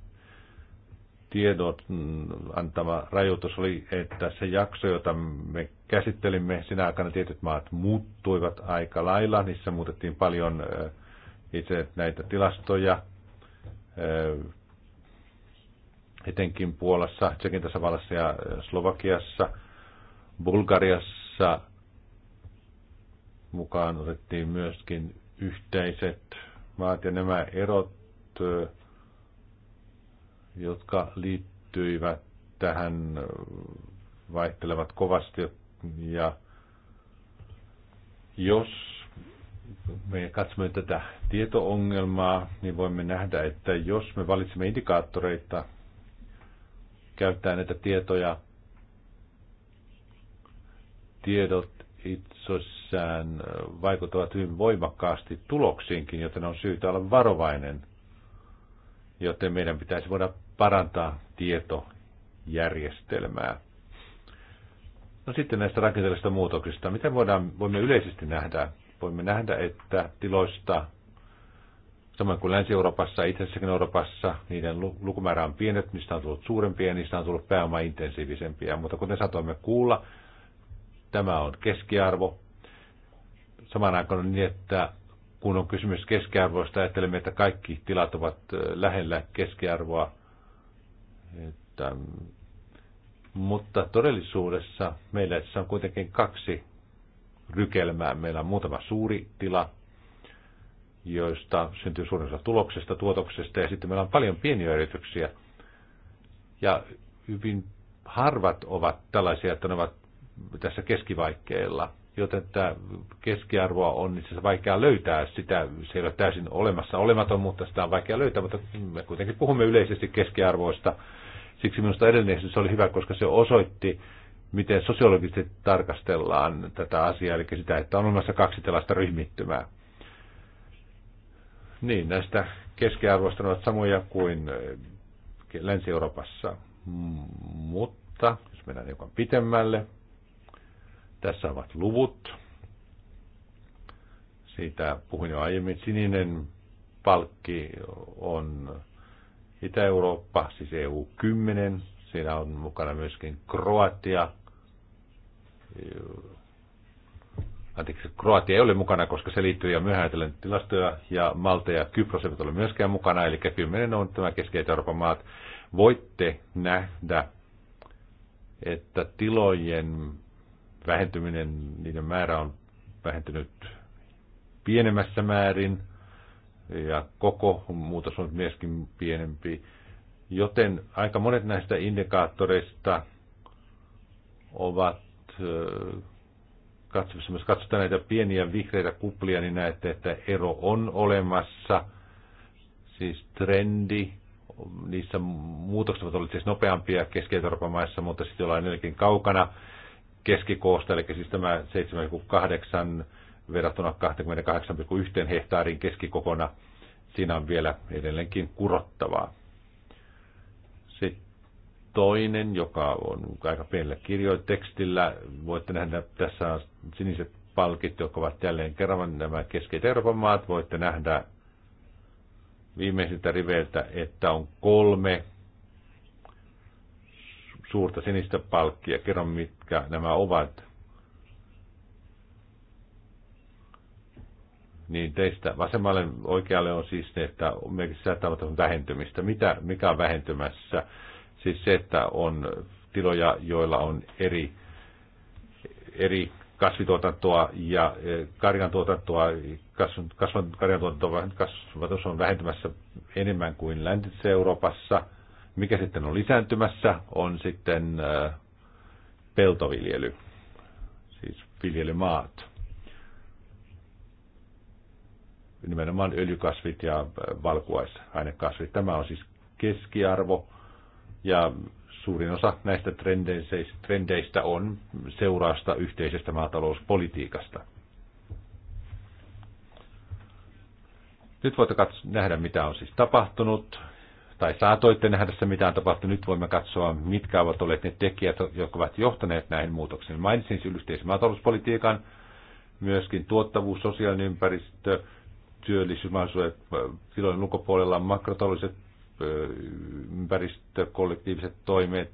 Speaker 4: tiedot mm, antama rajoitus oli, että se jakso, jota me käsittelimme, sinä aikana tietyt maat muuttuivat aika lailla. Niissä muutettiin paljon itse näitä tilastoja, etenkin Puolassa, Tsekin tasavallassa ja Slovakiassa, Bulgariassa mukaan otettiin myöskin yhteiset maat ja nämä erot jotka liittyivät tähän, vaihtelevat kovasti. Ja jos me katsomme tätä tietoongelmaa, niin voimme nähdä, että jos me valitsemme indikaattoreita, käyttää näitä tietoja, tiedot itsessään vaikuttavat hyvin voimakkaasti tuloksiinkin, joten on syytä olla varovainen – joten meidän pitäisi voida parantaa tietojärjestelmää. No sitten näistä rakenteellisista muutoksista. Miten voidaan, voimme yleisesti nähdä? Voimme nähdä, että tiloista, samoin kuin Länsi-Euroopassa, itse asiassa Euroopassa, niiden lukumäärä on pienet, niistä on tullut suurempia ja niistä on tullut intensiivisempiä. Mutta kuten saatoimme kuulla, tämä on keskiarvo. Samaan aikaan on niin, että kun on kysymys keskiarvoista, ajattelemme, että kaikki tilat ovat lähellä keskiarvoa. Että, mm, mutta todellisuudessa meillä tässä on kuitenkin kaksi rykelmää. Meillä on muutama suuri tila, joista syntyy suurin osa tuloksesta, tuotoksesta, ja sitten meillä on paljon pieniä yrityksiä. Ja hyvin harvat ovat tällaisia, että ne ovat tässä keskivaikkeilla – joten tämä keskiarvoa on itse asiassa vaikea löytää. Sitä se ei ole täysin olemassa olematon, mutta sitä on vaikea löytää, mutta me kuitenkin puhumme yleisesti keskiarvoista. Siksi minusta edellinen se oli hyvä, koska se osoitti, miten sosiologisesti tarkastellaan tätä asiaa, eli sitä, että on olemassa kaksi tällaista ryhmittymää. Niin, näistä keskiarvoista ovat samoja kuin eh, Länsi-Euroopassa, mutta jos mennään hiukan pitemmälle, tässä ovat luvut. Siitä puhuin jo aiemmin. Sininen palkki on Itä-Eurooppa, siis EU10. Siinä on mukana myöskin Kroatia. Anteeksi, Kroatia ei ole mukana, koska se liittyy jo myöhäiselle tilastoja, ja Malta ja Kypros eivät ole myöskään mukana, eli 10 on tämä Keski-Euroopan maat. Voitte nähdä, että tilojen vähentyminen, niiden määrä on vähentynyt pienemmässä määrin ja koko muutos on myöskin pienempi. Joten aika monet näistä indikaattoreista ovat, katsotaan, jos katsotaan näitä pieniä vihreitä kuplia, niin näette, että ero on olemassa. Siis trendi, niissä muutokset ovat olleet siis nopeampia Keski-Euroopan maissa, mutta sitten ollaan jotenkin kaukana keskikoosta, eli siis tämä 7,8 verrattuna 28,1 hehtaarin keskikokona, siinä on vielä edelleenkin kurottavaa. Sitten toinen, joka on aika pienellä kirjoitekstillä, voitte nähdä tässä on siniset palkit, jotka ovat jälleen kerran nämä keskeiset Euroopan maat, voitte nähdä viimeisiltä riveiltä, että on kolme suurta sinistä palkkia. Kerro, mitkä nämä ovat. Niin teistä vasemmalle oikealle on siis ne, että merkissä on vähentymistä. Mitä, mikä on vähentymässä? Siis se, että on tiloja, joilla on eri, eri kasvituotantoa ja e, karjantuotantoa kasvatus on vähentymässä enemmän kuin läntisessä Euroopassa – mikä sitten on lisääntymässä, on sitten peltoviljely, siis viljelymaat. Nimenomaan öljykasvit ja valkuaisainekasvit. Tämä on siis keskiarvo ja suurin osa näistä trendeistä on seurausta yhteisestä maatalouspolitiikasta. Nyt voitte nähdä, mitä on siis tapahtunut tai saatoitte nähdä se, mitä on tapahtunut. Nyt voimme katsoa, mitkä ovat olleet ne tekijät, jotka ovat johtaneet näihin muutoksiin. Mainitsin siis maatalouspolitiikan, myöskin tuottavuus, sosiaalinen ympäristö, työllisyysmahdollisuudet tilojen ulkopuolella, makrotaloudelliset ympäristö, kollektiiviset toimet,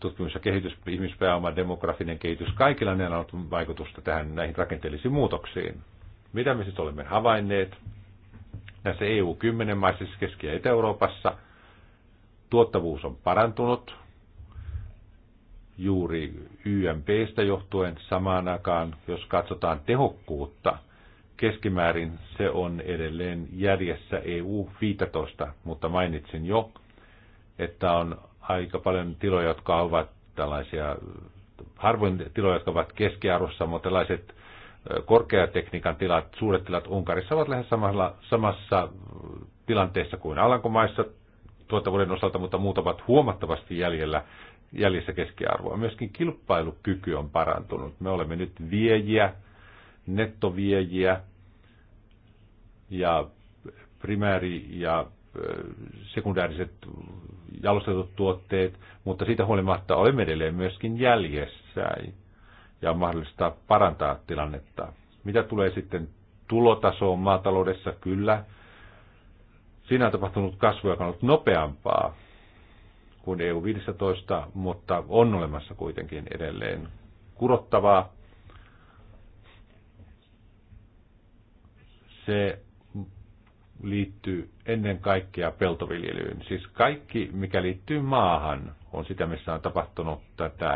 Speaker 4: tutkimus ja kehitys, ihmispääoma, demografinen kehitys, kaikilla näillä on ollut vaikutusta tähän näihin rakenteellisiin muutoksiin. Mitä me siis olemme havainneet? näissä EU-10 maissa, siis Keski- ja Itä-Euroopassa, tuottavuus on parantunut juuri YMPstä johtuen samaan aikaan, jos katsotaan tehokkuutta, keskimäärin se on edelleen järjessä EU-15, mutta mainitsin jo, että on aika paljon tiloja, jotka ovat tällaisia, harvoin tiloja, jotka ovat keskiarvossa, mutta tällaiset korkeatekniikan tilat, suuret tilat Unkarissa ovat lähes samalla, samassa mm, tilanteessa kuin Alankomaissa tuottavuuden osalta, mutta muut ovat huomattavasti jäljellä, jäljessä keskiarvoa. Myöskin kilpailukyky on parantunut. Me olemme nyt viejiä, nettoviejiä ja primääri- ja sekundääriset jalostetut tuotteet, mutta siitä huolimatta olemme edelleen myöskin jäljessä ja on mahdollista parantaa tilannetta. Mitä tulee sitten tulotasoon maataloudessa? Kyllä. Siinä on tapahtunut kasvu, joka on ollut nopeampaa kuin EU-15, mutta on olemassa kuitenkin edelleen kurottavaa. Se liittyy ennen kaikkea peltoviljelyyn. Siis kaikki, mikä liittyy maahan, on sitä, missä on tapahtunut tätä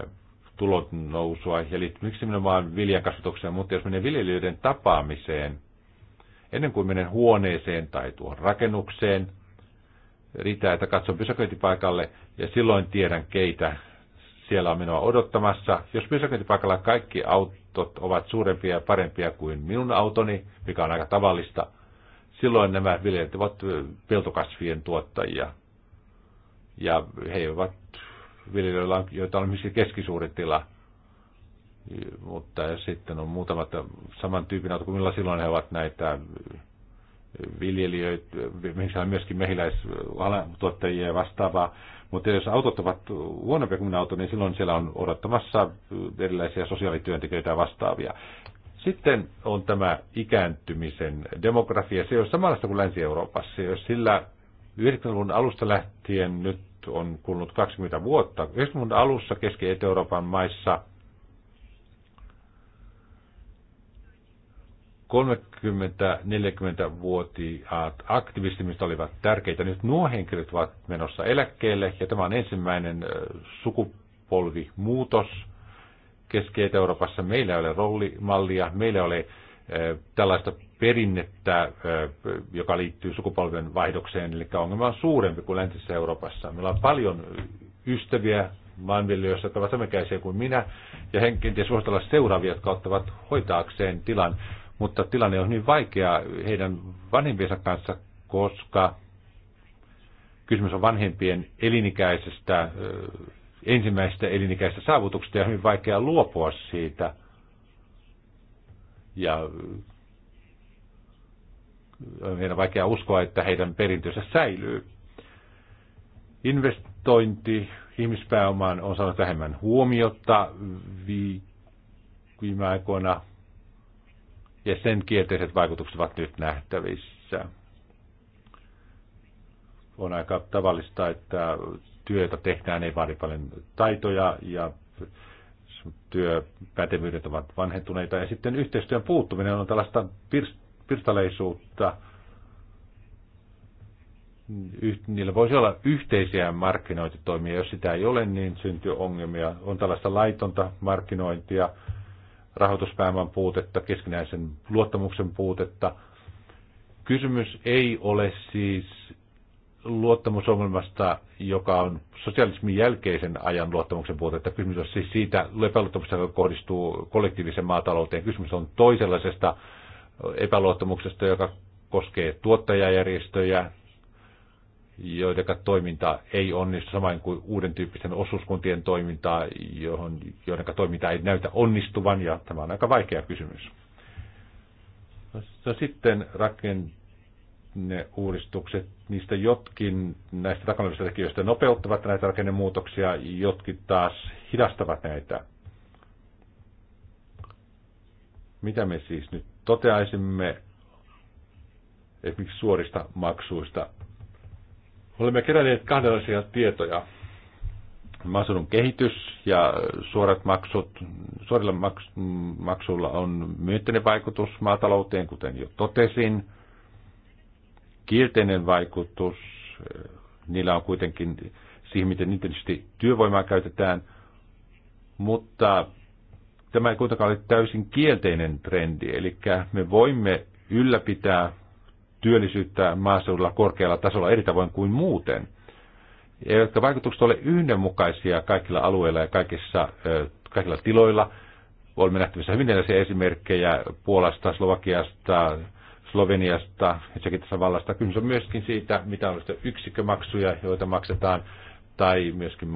Speaker 4: eh, tulot nousua ja miksi minä vaan viljakasvatukseen, mutta jos menen viljelijöiden tapaamiseen, ennen kuin menen huoneeseen tai tuohon rakennukseen, riittää, että katson pysäköintipaikalle ja silloin tiedän, keitä siellä on minua odottamassa. Jos pysäköintipaikalla kaikki autot ovat suurempia ja parempia kuin minun autoni, mikä on aika tavallista, silloin nämä viljelijät ovat peltokasvien tuottajia. Ja he ovat viljelijöillä, joita on esimerkiksi keskisuuri tila, mutta sitten on muutamat saman tyypin autokumilla millä silloin he ovat näitä viljelijöitä, miksi on myöskin mehiläistuottajia ja vastaavaa. Mutta jos autot ovat huonompia kuin auto, niin silloin siellä on odottamassa erilaisia sosiaalityöntekijöitä ja vastaavia. Sitten on tämä ikääntymisen demografia. Se on samanlaista kuin Länsi-Euroopassa. Jos sillä 90-luvun alusta lähtien nyt on kulunut 20 vuotta. 90-luvun alussa keski euroopan maissa 30-40-vuotiaat aktivistimista olivat tärkeitä. Nyt nuo henkilöt ovat menossa eläkkeelle ja tämä on ensimmäinen sukupolvimuutos keski euroopassa Meillä ei ole rollimallia, meillä ei ole tällaista perinnettä, joka liittyy sukupolven vaihdokseen, eli ongelma on suurempi kuin läntisessä Euroopassa. Meillä on paljon ystäviä maanviljelijöissä, jotka ovat samankäisiä kuin minä, ja he kenties voisivat olla seuraavia, jotka ottavat hoitaakseen tilan, mutta tilanne on niin vaikea heidän vanhempiensa kanssa, koska kysymys on vanhempien elinikäisestä, ensimmäisestä elinikäisestä saavutuksesta, ja on hyvin vaikea luopua siitä – ja meidän on vaikea uskoa, että heidän perintönsä säilyy. Investointi ihmispääomaan on saanut vähemmän huomiota vi- viime aikoina, ja sen kielteiset vaikutukset ovat nyt nähtävissä. On aika tavallista, että työtä tehdään, ei vaadi paljon taitoja ja työpätevyydet ovat vanhentuneita. Ja sitten yhteistyön puuttuminen on tällaista pirst- pirstaleisuutta. Niillä voisi olla yhteisiä markkinointitoimia. Jos sitä ei ole, niin syntyy ongelmia. On tällaista laitonta markkinointia, rahoituspääoman puutetta, keskinäisen luottamuksen puutetta. Kysymys ei ole siis luottamusongelmasta, joka on sosialismin jälkeisen ajan luottamuksen puutetta. Kysymys on siis siitä epäluottamuksesta, joka kohdistuu kollektiiviseen maatalouteen. Kysymys on toisenlaisesta epäluottamuksesta, joka koskee tuottajajärjestöjä, joiden toiminta ei onnistu, samoin kuin uuden tyyppisten osuuskuntien toimintaa, johon, joiden toiminta ei näytä onnistuvan, ja tämä on aika vaikea kysymys. No sitten rakenneuudistukset, niistä jotkin näistä takanollisista tekijöistä nopeuttavat näitä rakennemuutoksia, jotkin taas hidastavat näitä. Mitä me siis nyt toteaisimme esimerkiksi suorista maksuista. Olemme keränneet kahdenlaisia tietoja. Maaseudun kehitys ja suorat maksut. Suorilla maksuilla on myönteinen vaikutus maatalouteen, kuten jo totesin. Kielteinen vaikutus, niillä on kuitenkin siihen, miten intensiivisesti työvoimaa käytetään, mutta tämä ei kuitenkaan ole täysin kielteinen trendi, eli me voimme ylläpitää työllisyyttä maaseudulla korkealla tasolla eri tavoin kuin muuten, Eivätkä vaikutukset ole yhdenmukaisia kaikilla alueilla ja kaikissa, kaikilla tiloilla. Olemme nähtävissä hyvin erilaisia esimerkkejä Puolasta, Slovakiasta, Sloveniasta, tässä vallasta. Kysymys on myöskin siitä, mitä on yksikkömaksuja, joita maksetaan, tai myöskin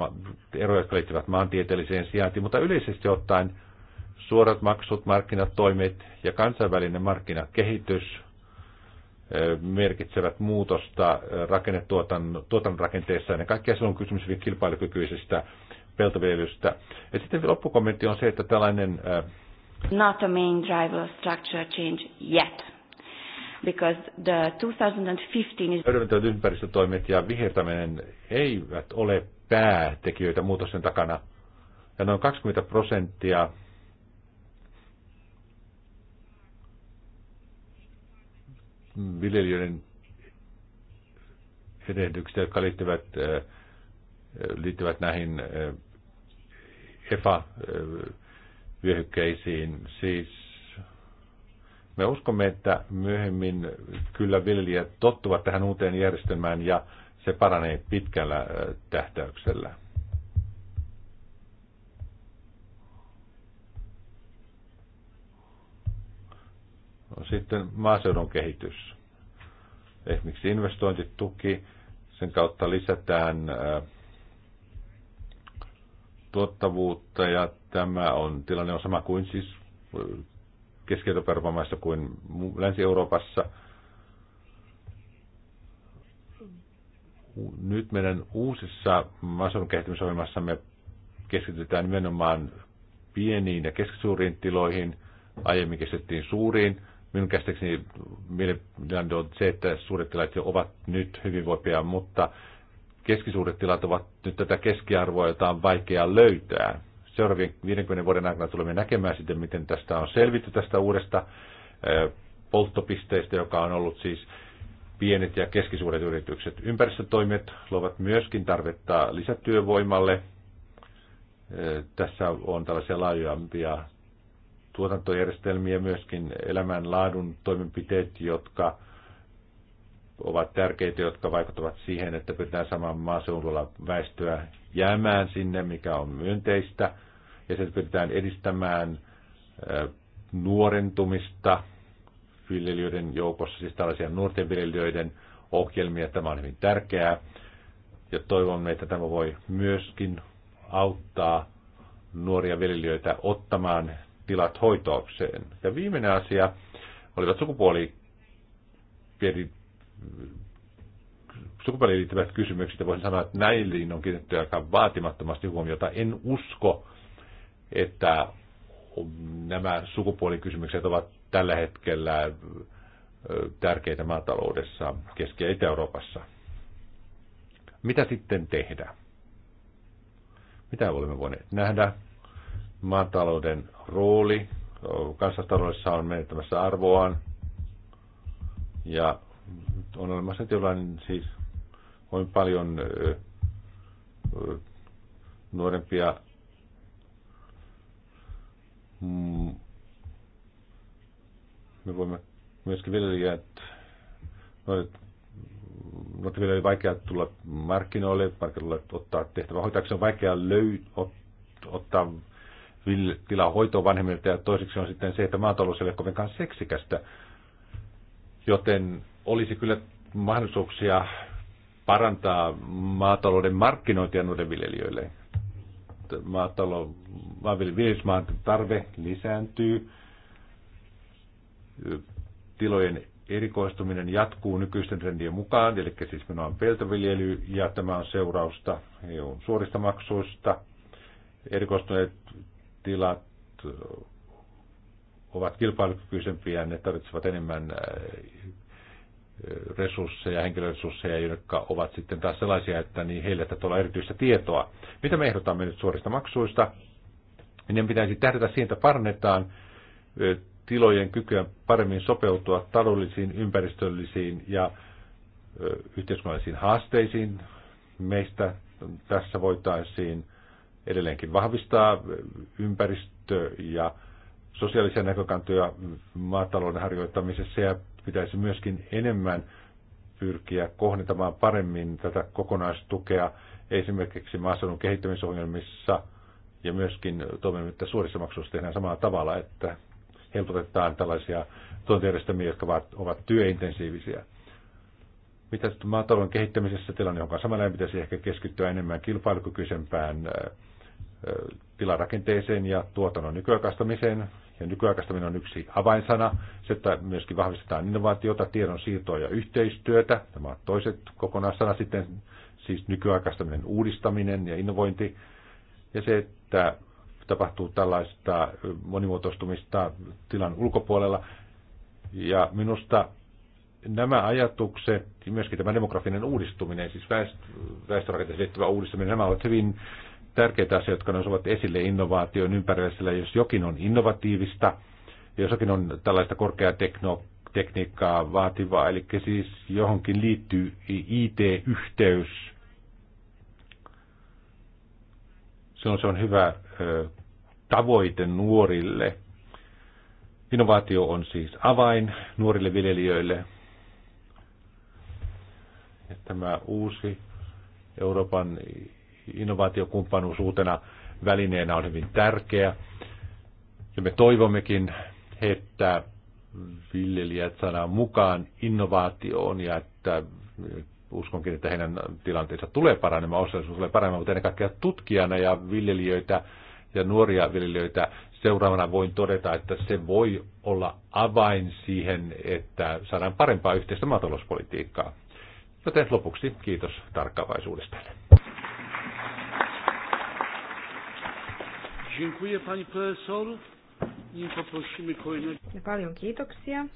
Speaker 4: eroja, jotka liittyvät maantieteelliseen sijaintiin, mutta yleisesti ottaen suorat maksut, markkinatoimet ja kansainvälinen markkinakehitys merkitsevät muutosta rakennetuotannon rakenteessa. Ennen kaikkea se on kysymys hyvin kilpailukykyisistä peltoviljelystä. Ja sitten loppukommentti on se, että tällainen...
Speaker 3: Not a main driver of structure change yet. Because the 2015 is...
Speaker 4: Hyödyntävät ympäristötoimet ja vihertäminen eivät ole päätekijöitä muutosten takana. Ja noin 20 prosenttia viljelijöiden erehdyksiä, jotka liittyvät, liittyvät näihin EFA-vyöhykkeisiin. Siis me uskomme, että myöhemmin kyllä viljelijät tottuvat tähän uuteen järjestelmään ja se paranee pitkällä tähtäyksellä. Sitten maaseudun kehitys. Esimerkiksi investointituki, sen kautta lisätään tuottavuutta ja tämä on, tilanne on sama kuin siis keski maissa kuin Länsi-Euroopassa. Nyt meidän uusissa maaseudun kehittämisohjelmassamme me keskitytään nimenomaan pieniin ja keskisuuriin tiloihin. Aiemmin keskityttiin suuriin minun käsitekseni mielipide on se, että suuret tilat jo ovat nyt hyvinvoipia, mutta keskisuuret tilat ovat nyt tätä keskiarvoa, jota on vaikea löytää. Seuraavien 50 vuoden aikana tulemme näkemään sitten, miten tästä on selvitty tästä uudesta polttopisteestä, joka on ollut siis pienet ja keskisuuret yritykset. Ympäristötoimet luovat myöskin tarvetta lisätyövoimalle. Tässä on tällaisia laajempia tuotantojärjestelmiä, myöskin elämänlaadun toimenpiteet, jotka ovat tärkeitä, jotka vaikuttavat siihen, että pyritään saman maaseudulla väestöä jäämään sinne, mikä on myönteistä, ja sitten pyritään edistämään nuorentumista viljelijöiden joukossa, siis tällaisia nuorten viljelijöiden ohjelmia. Tämä on hyvin tärkeää, ja toivomme, että tämä voi myöskin auttaa nuoria viljelijöitä ottamaan tilat hoitoakseen. Ja viimeinen asia olivat sukupuoli sukupuoliin liittyvät kysymykset, ja voisin sanoa, että näihin on kiinnitetty aika vaatimattomasti huomiota. En usko, että nämä sukupuolikysymykset ovat tällä hetkellä tärkeitä maataloudessa Keski- ja Itä-Euroopassa. Mitä sitten tehdä? Mitä olemme voineet nähdä? maatalouden rooli kansantaloudessa on menettämässä arvoaan. Ja on olemassa tilanne, siis on paljon nuorempia mm, me voimme myöskin viljelijät, noit, noit viljelijöiden vaikea tulla markkinoille, markkinoille ottaa tehtävä hoitaakseen on vaikea löy, ot, ottaa tilaa hoitoa vanhemmilta ja toiseksi on sitten se, että maatalous ei ole kovinkaan seksikästä. Joten olisi kyllä mahdollisuuksia parantaa maatalouden markkinointia noille viljelijöille. Maatalo, viljelysmaan tarve lisääntyy, tilojen erikoistuminen jatkuu nykyisten trendien mukaan, eli siis minua on peltoviljely ja tämä on seurausta EUn suorista maksuista. Erikoistuneet tilat äh, ovat kilpailukykyisempiä, ne tarvitsevat enemmän äh, resursseja, henkilöresursseja, jotka ovat sitten taas sellaisia, että niin heillä täytyy olla erityistä tietoa. Mitä me ehdotamme nyt suorista maksuista? Ne pitäisi tähdätä siitä, että parannetaan tilojen kykyä paremmin sopeutua taloudellisiin, ympäristöllisiin ja yhteiskunnallisiin haasteisiin. Meistä tässä voitaisiin edelleenkin vahvistaa ympäristö- ja sosiaalisia näkökantoja maatalouden harjoittamisessa ja pitäisi myöskin enemmän pyrkiä kohdentamaan paremmin tätä kokonaistukea esimerkiksi maaseudun kehittämisohjelmissa ja myöskin toimimme, että suorissa maksuissa tehdään samalla tavalla, että helpotetaan tällaisia tuontijärjestelmiä, jotka ovat, ovat työintensiivisiä. Mitä sitten maatalouden kehittämisessä tilanne, jonka samalla pitäisi ehkä keskittyä enemmän kilpailukykyisempään äh, tilarakenteeseen ja tuotannon nykyaikaistamiseen. Ja nykyaikaistaminen on yksi avainsana. Se, että myöskin vahvistetaan innovaatiota, tiedon siirtoa ja yhteistyötä. Tämä on toiset kokonaissana sitten, siis nykyaikaistaminen, uudistaminen ja innovointi. Ja se, että tapahtuu tällaista monimuotoistumista tilan ulkopuolella. Ja minusta nämä ajatukset, myöskin tämä demografinen uudistuminen, siis väestörakenteeseen liittyvä uudistuminen, nämä ovat hyvin tärkeitä asioita, jotka nousevat esille innovaation ympärillä, sillä jos jokin on innovatiivista, jos jokin on tällaista korkeaa tekno, tekniikkaa vaativaa, eli siis johonkin liittyy IT-yhteys, silloin se on hyvä ö, tavoite nuorille. Innovaatio on siis avain nuorille viljelijöille. Ja tämä uusi Euroopan innovaatiokumppanuus uutena välineenä on hyvin tärkeä. Ja me toivommekin, että viljelijät saadaan mukaan innovaatioon ja että uskonkin, että heidän tilanteensa tulee paranemaan, osallisuus tulee paranemaan, mutta ennen kaikkea tutkijana ja viljelijöitä ja nuoria viljelijöitä seuraavana voin todeta, että se voi olla avain siihen, että saadaan parempaa yhteistä maatalouspolitiikkaa. Joten lopuksi kiitos tarkkaavaisuudesta.
Speaker 1: Dziękuję pani profesor. poprosimy kolejnego.
Speaker 2: Paljon kiitoksia,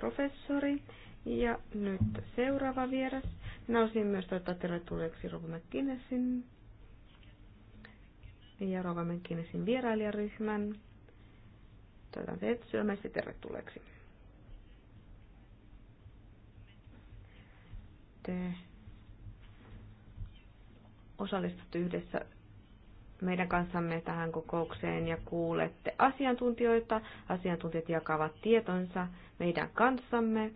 Speaker 2: professori. Ja nyt seuraava vieras. Minä olisin myös toivottaa tervetulleeksi Rova McKinnessin ja Rova McKinnessin vierailijaryhmän. Toivotan teet syömästi tervetulleeksi. Te osallistutte yhdessä meidän kanssamme tähän kokoukseen ja kuulette asiantuntijoita. Asiantuntijat jakavat tietonsa meidän kanssamme.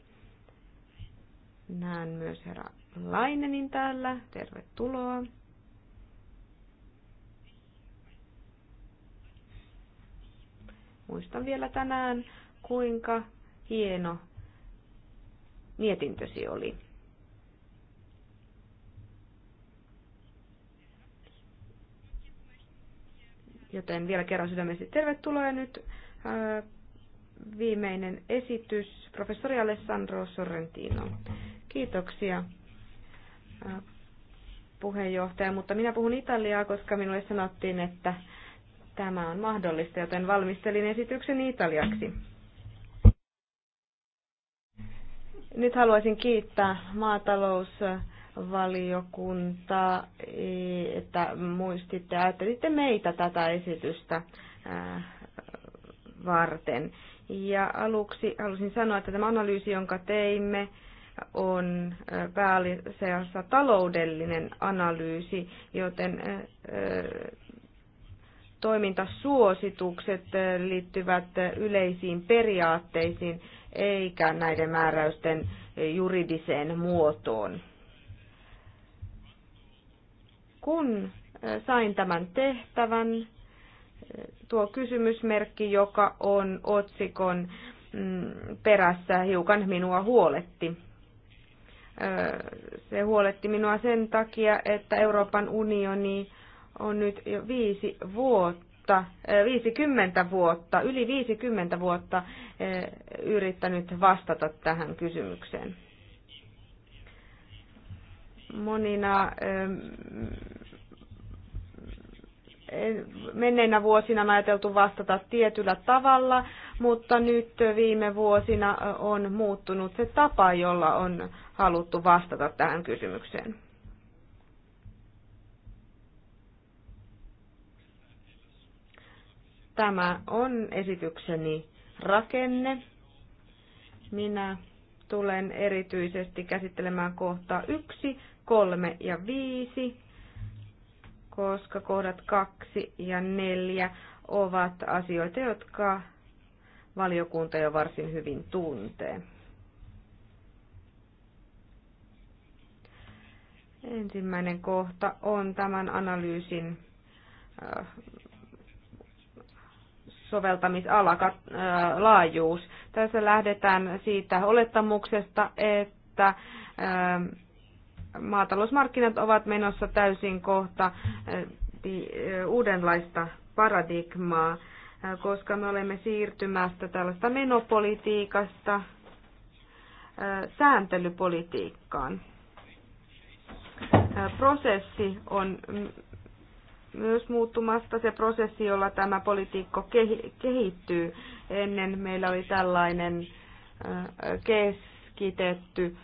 Speaker 2: Näen myös herra Lainenin täällä. Tervetuloa. Muistan vielä tänään, kuinka hieno mietintösi oli. Joten vielä kerran sydämesti tervetuloa ja nyt ää, viimeinen esitys professori Alessandro Sorrentino. Kiitoksia ää, puheenjohtaja, mutta minä puhun italiaa, koska minulle sanottiin, että tämä on mahdollista, joten valmistelin esityksen italiaksi. Nyt haluaisin kiittää maatalous- valiokunta, eh, että muistitte, ajattelitte meitä tätä esitystä eh, varten. Ja aluksi halusin sanoa, että tämä analyysi, jonka teimme, on eh, pääasiassa taloudellinen analyysi, joten toimintasuositukset liittyvät yleisiin periaatteisiin eikä näiden määräysten juridiseen muotoon. Kun sain tämän tehtävän, tuo kysymysmerkki, joka on otsikon mm, perässä, hiukan minua huoletti. Se huoletti minua sen takia, että Euroopan unioni on nyt jo viisi vuotta, 50 vuotta, yli 50 vuotta yrittänyt vastata tähän kysymykseen monina menneinä vuosina on ajateltu vastata tietyllä tavalla, mutta nyt viime vuosina on muuttunut se tapa, jolla on haluttu vastata tähän kysymykseen. Tämä on esitykseni rakenne. Minä tulen erityisesti käsittelemään kohtaa yksi 3 ja 5, koska kohdat 2 ja 4 ovat asioita, jotka valiokunta jo varsin hyvin tuntee. Ensimmäinen kohta on tämän analyysin äh, soveltamisala, äh, Tässä lähdetään siitä olettamuksesta, että ähm, maatalousmarkkinat ovat menossa täysin kohta eh, eh, uudenlaista paradigmaa, eh, koska me olemme siirtymästä tällaista menopolitiikasta sääntelypolitiikkaan. Prosessi on myös muuttumasta se prosessi, jolla tämä politiikko kehittyy. Ennen meillä oli tällainen keskitetty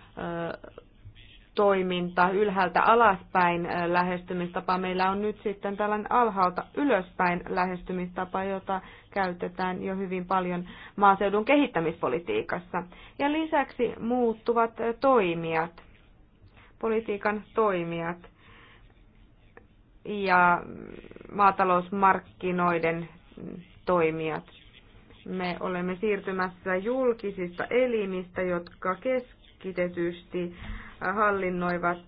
Speaker 2: toiminta, ylhäältä alaspäin äh, lähestymistapa. Meillä on nyt sitten tällainen alhaalta ylöspäin lähestymistapa, jota käytetään jo hyvin paljon maaseudun kehittämispolitiikassa. Ja lisäksi muuttuvat äh, toimijat, politiikan toimijat ja maatalousmarkkinoiden toimijat. Me olemme siirtymässä julkisista elimistä, jotka keskitetysti hallinnoivat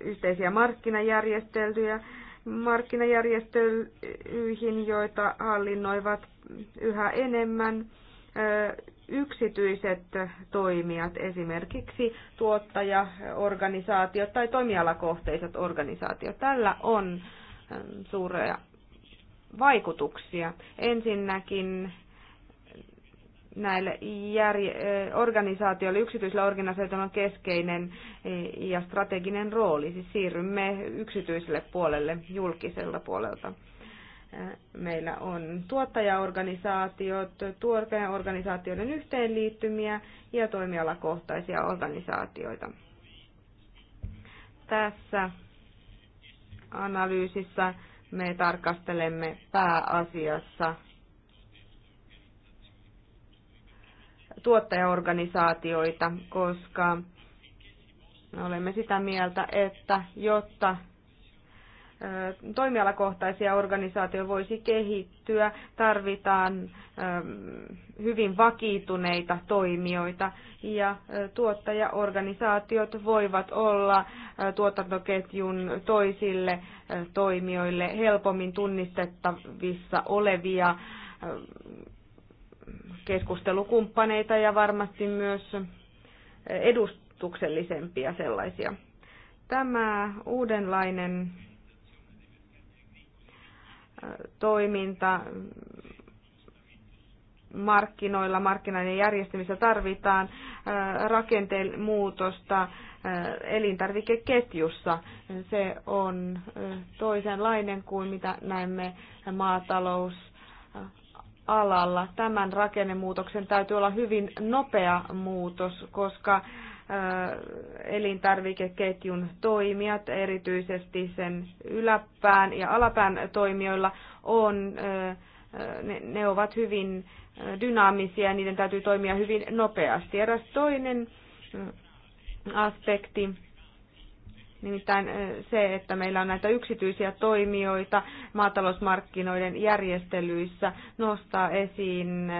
Speaker 2: yhteisiä markkinajärjestelyjä, markkinajärjestelyihin, joita hallinnoivat yhä enemmän yksityiset toimijat, esimerkiksi tuottajaorganisaatiot tai toimialakohteiset organisaatiot. Tällä on suuria vaikutuksia. Ensinnäkin näille järje- eh, organisaatioille, yksityisillä organisaatioilla on keskeinen eh, ja strateginen rooli. Siis siirrymme yksityiselle puolelle julkiselta puolelta. Eh, meillä on tuottajaorganisaatiot, tuottajaorganisaatioiden yhteenliittymiä ja toimialakohtaisia organisaatioita. Tässä analyysissä me tarkastelemme pääasiassa tuottajaorganisaatioita, koska olemme sitä mieltä, että jotta toimialakohtaisia organisaatioita voisi kehittyä, tarvitaan hyvin vakiintuneita toimijoita ja tuottajaorganisaatiot voivat olla tuotantoketjun toisille toimijoille helpommin tunnistettavissa olevia keskustelukumppaneita ja varmasti myös edustuksellisempia sellaisia. Tämä uudenlainen toiminta markkinoilla, markkinoiden järjestämisessä tarvitaan rakenteen muutosta elintarvikeketjussa. Se on toisenlainen kuin mitä näemme maatalous alalla. Tämän rakennemuutoksen täytyy olla hyvin nopea muutos, koska elintarvikeketjun toimijat, erityisesti sen yläpään ja alapään toimijoilla, on, ne ovat hyvin dynaamisia ja niiden täytyy toimia hyvin nopeasti. Eräs toinen aspekti Nimittäin se, että meillä on näitä yksityisiä toimijoita maatalousmarkkinoiden järjestelyissä, nostaa esiin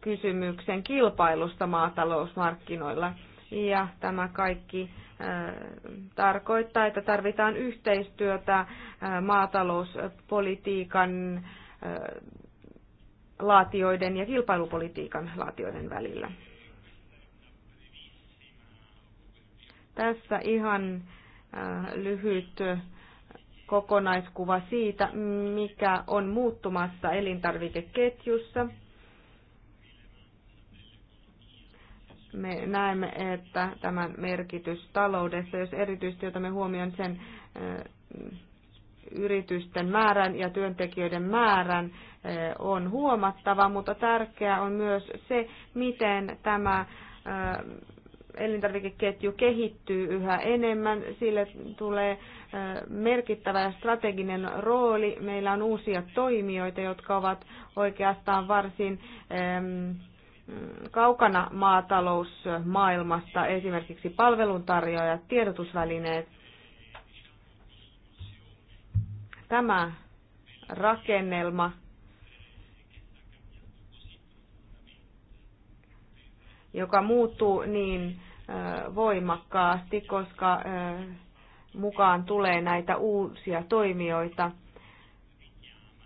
Speaker 2: kysymyksen kilpailusta maatalousmarkkinoilla. Ja tämä kaikki tarkoittaa, että tarvitaan yhteistyötä maatalouspolitiikan laatioiden ja kilpailupolitiikan laatioiden välillä. Tässä ihan äh, lyhyt äh, kokonaiskuva siitä, mikä on muuttumassa elintarvikeketjussa. Me näemme, että tämän merkitys taloudessa, jos erityisesti otamme huomioon sen äh, yritysten määrän ja työntekijöiden määrän on huomattava, mutta tärkeää on myös se, miten tämä elintarvikeketju kehittyy yhä enemmän, sille tulee merkittävä strateginen rooli. Meillä on uusia toimijoita, jotka ovat oikeastaan varsin kaukana maatalousmaailmasta, esimerkiksi palveluntarjoajat, tiedotusvälineet. Tämä rakennelma joka muuttuu niin voimakkaasti, koska mukaan tulee näitä uusia toimijoita.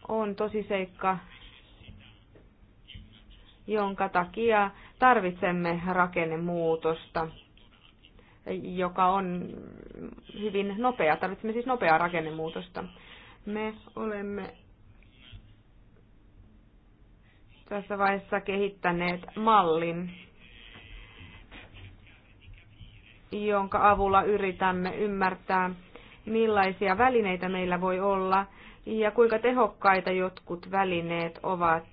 Speaker 2: On tosi seikka, jonka takia tarvitsemme rakennemuutosta, joka on hyvin nopea. Tarvitsemme siis nopeaa rakennemuutosta. Me olemme tässä vaiheessa kehittäneet mallin jonka avulla yritämme ymmärtää, millaisia välineitä meillä voi olla ja kuinka tehokkaita jotkut välineet ovat.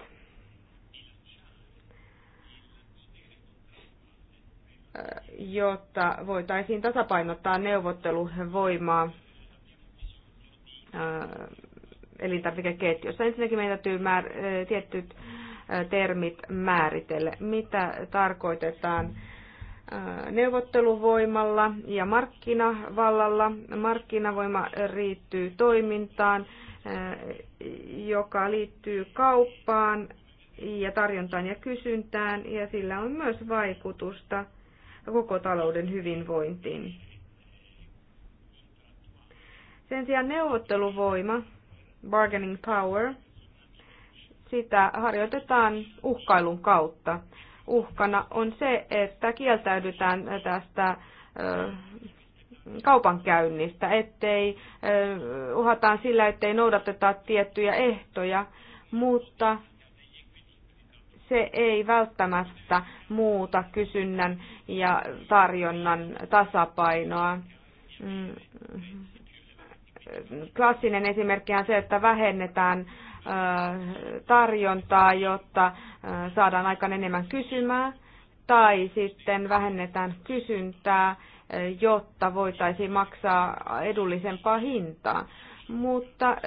Speaker 2: jotta voitaisiin tasapainottaa neuvotteluvoimaa elintarvikeketjussa. Ensinnäkin meidän täytyy määr- tietyt termit määritellä, mitä tarkoitetaan Äh, neuvotteluvoimalla ja markkinavallalla. Markkinavoima riittyy toimintaan, äh, joka liittyy kauppaan ja tarjontaan ja kysyntään, ja sillä on myös vaikutusta koko talouden hyvinvointiin. Sen sijaan neuvotteluvoima, bargaining power, sitä harjoitetaan uhkailun kautta uhkana on se, että kieltäydytään tästä kaupankäynnistä, ettei uhataan sillä, ettei noudateta tiettyjä ehtoja, mutta se ei välttämättä muuta kysynnän ja tarjonnan tasapainoa. Mm. Klassinen esimerkki on se, että vähennetään tarjontaa, jotta saadaan aikaan enemmän kysymää, tai sitten vähennetään kysyntää, jotta voitaisiin maksaa edullisempaa hintaa. Mutta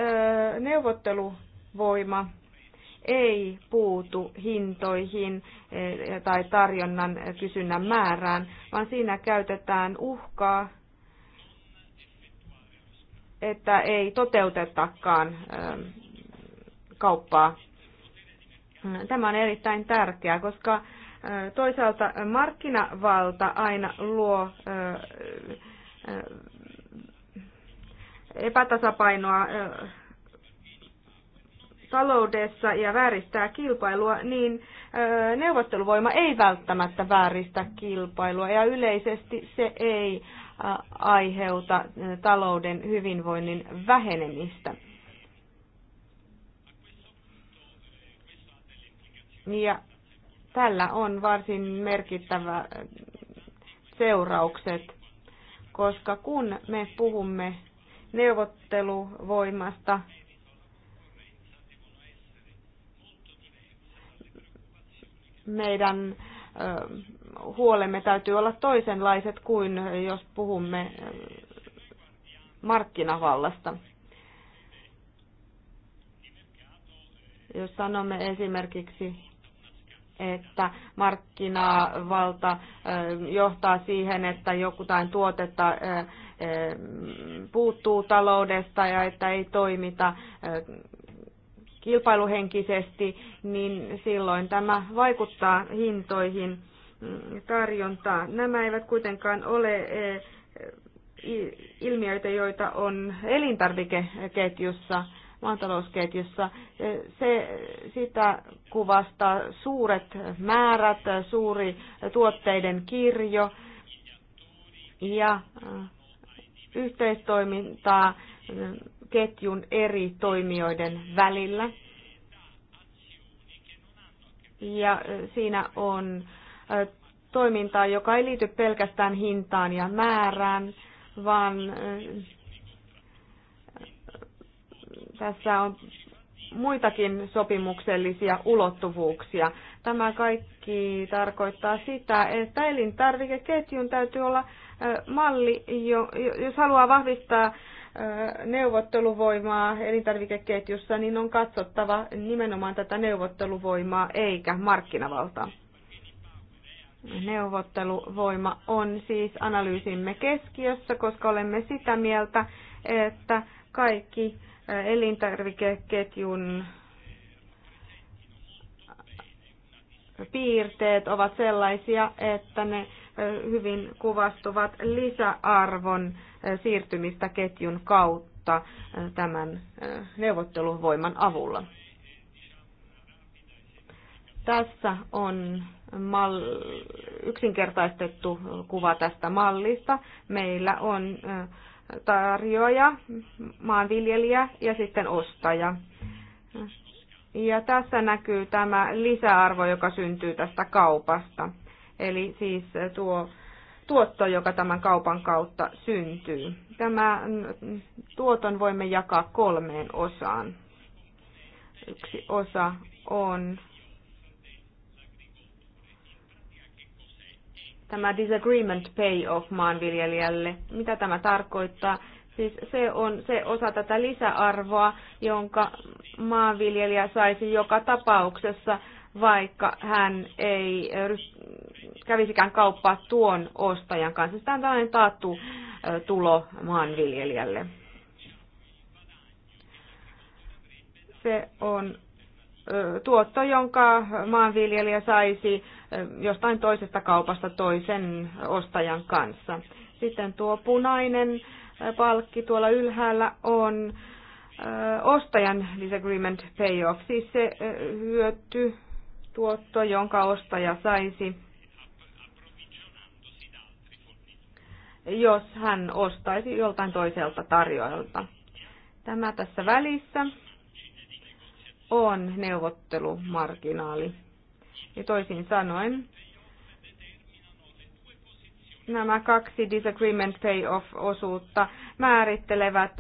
Speaker 2: neuvotteluvoima ei puutu hintoihin tai tarjonnan kysynnän määrään, vaan siinä käytetään uhkaa, että ei toteutetakaan kauppaa. Tämä on erittäin tärkeää, koska toisaalta markkinavalta aina luo epätasapainoa taloudessa ja vääristää kilpailua, niin neuvotteluvoima ei välttämättä vääristä kilpailua ja yleisesti se ei aiheuta talouden hyvinvoinnin vähenemistä. Ja tällä on varsin merkittävä seuraukset, koska kun me puhumme neuvotteluvoimasta, meidän huolemme täytyy olla toisenlaiset kuin jos puhumme markkinavallasta. Jos sanomme esimerkiksi että markkinavalta johtaa siihen, että jokutain tuotetta puuttuu taloudesta ja että ei toimita kilpailuhenkisesti, niin silloin tämä vaikuttaa hintoihin mm, tarjontaa. Nämä eivät kuitenkaan ole ilmiöitä, joita on elintarvikeketjussa maatalousketjussa. Se, sitä kuvastaa suuret määrät, suuri tuotteiden kirjo ja äh, yhteistoimintaa ketjun eri toimijoiden välillä. Ja äh, siinä on äh, toimintaa, joka ei liity pelkästään hintaan ja määrään, vaan tässä on muitakin sopimuksellisia ulottuvuuksia. Tämä kaikki tarkoittaa sitä, että elintarvikeketjun täytyy olla malli, jos haluaa vahvistaa neuvotteluvoimaa elintarvikeketjussa, niin on katsottava nimenomaan tätä neuvotteluvoimaa eikä markkinavaltaa. Neuvotteluvoima on siis analyysimme keskiössä, koska olemme sitä mieltä, että kaikki elintarvikeketjun piirteet ovat sellaisia, että ne hyvin kuvastuvat lisäarvon siirtymistä ketjun kautta tämän neuvotteluvoiman avulla. Tässä on mal- yksinkertaistettu kuva tästä mallista. Meillä on äh, tarjoaja, maanviljelijä ja sitten ostaja. Ja tässä näkyy tämä lisäarvo, joka syntyy tästä kaupasta. Eli siis tuo tuotto, joka tämän kaupan kautta syntyy. Tämä tuoton voimme jakaa kolmeen osaan. Yksi osa on tämä disagreement payoff maanviljelijälle. Mitä tämä tarkoittaa? Siis se on se osa tätä lisäarvoa, jonka maanviljelijä saisi joka tapauksessa, vaikka hän ei kävisikään kauppaa tuon ostajan kanssa. Siis tämä on tällainen taattu tulo maanviljelijälle. Se on tuotto, jonka maanviljelijä saisi jostain toisesta kaupasta toisen ostajan kanssa. Sitten tuo punainen palkki tuolla ylhäällä on ostajan disagreement payoff, siis se hyöty, tuotto, jonka ostaja saisi, jos hän ostaisi joltain toiselta tarjoajalta. Tämä tässä välissä on neuvottelumarginaali. Ja toisin sanoen, nämä kaksi disagreement payoff-osuutta määrittelevät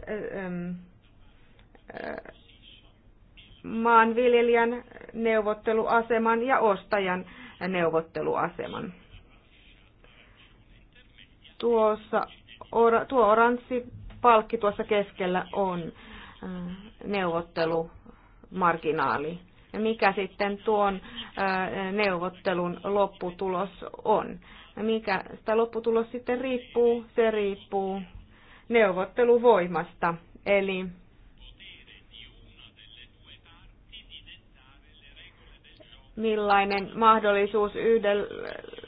Speaker 2: maanviljelijän neuvotteluaseman ja ostajan neuvotteluaseman. Tuossa, tuo oranssi palkki tuossa keskellä on neuvottelu marginaali ja mikä sitten tuon neuvottelun lopputulos on. Ja mikä sitä lopputulos sitten riippuu? Se riippuu neuvotteluvoimasta. Eli millainen mahdollisuus yhdellä,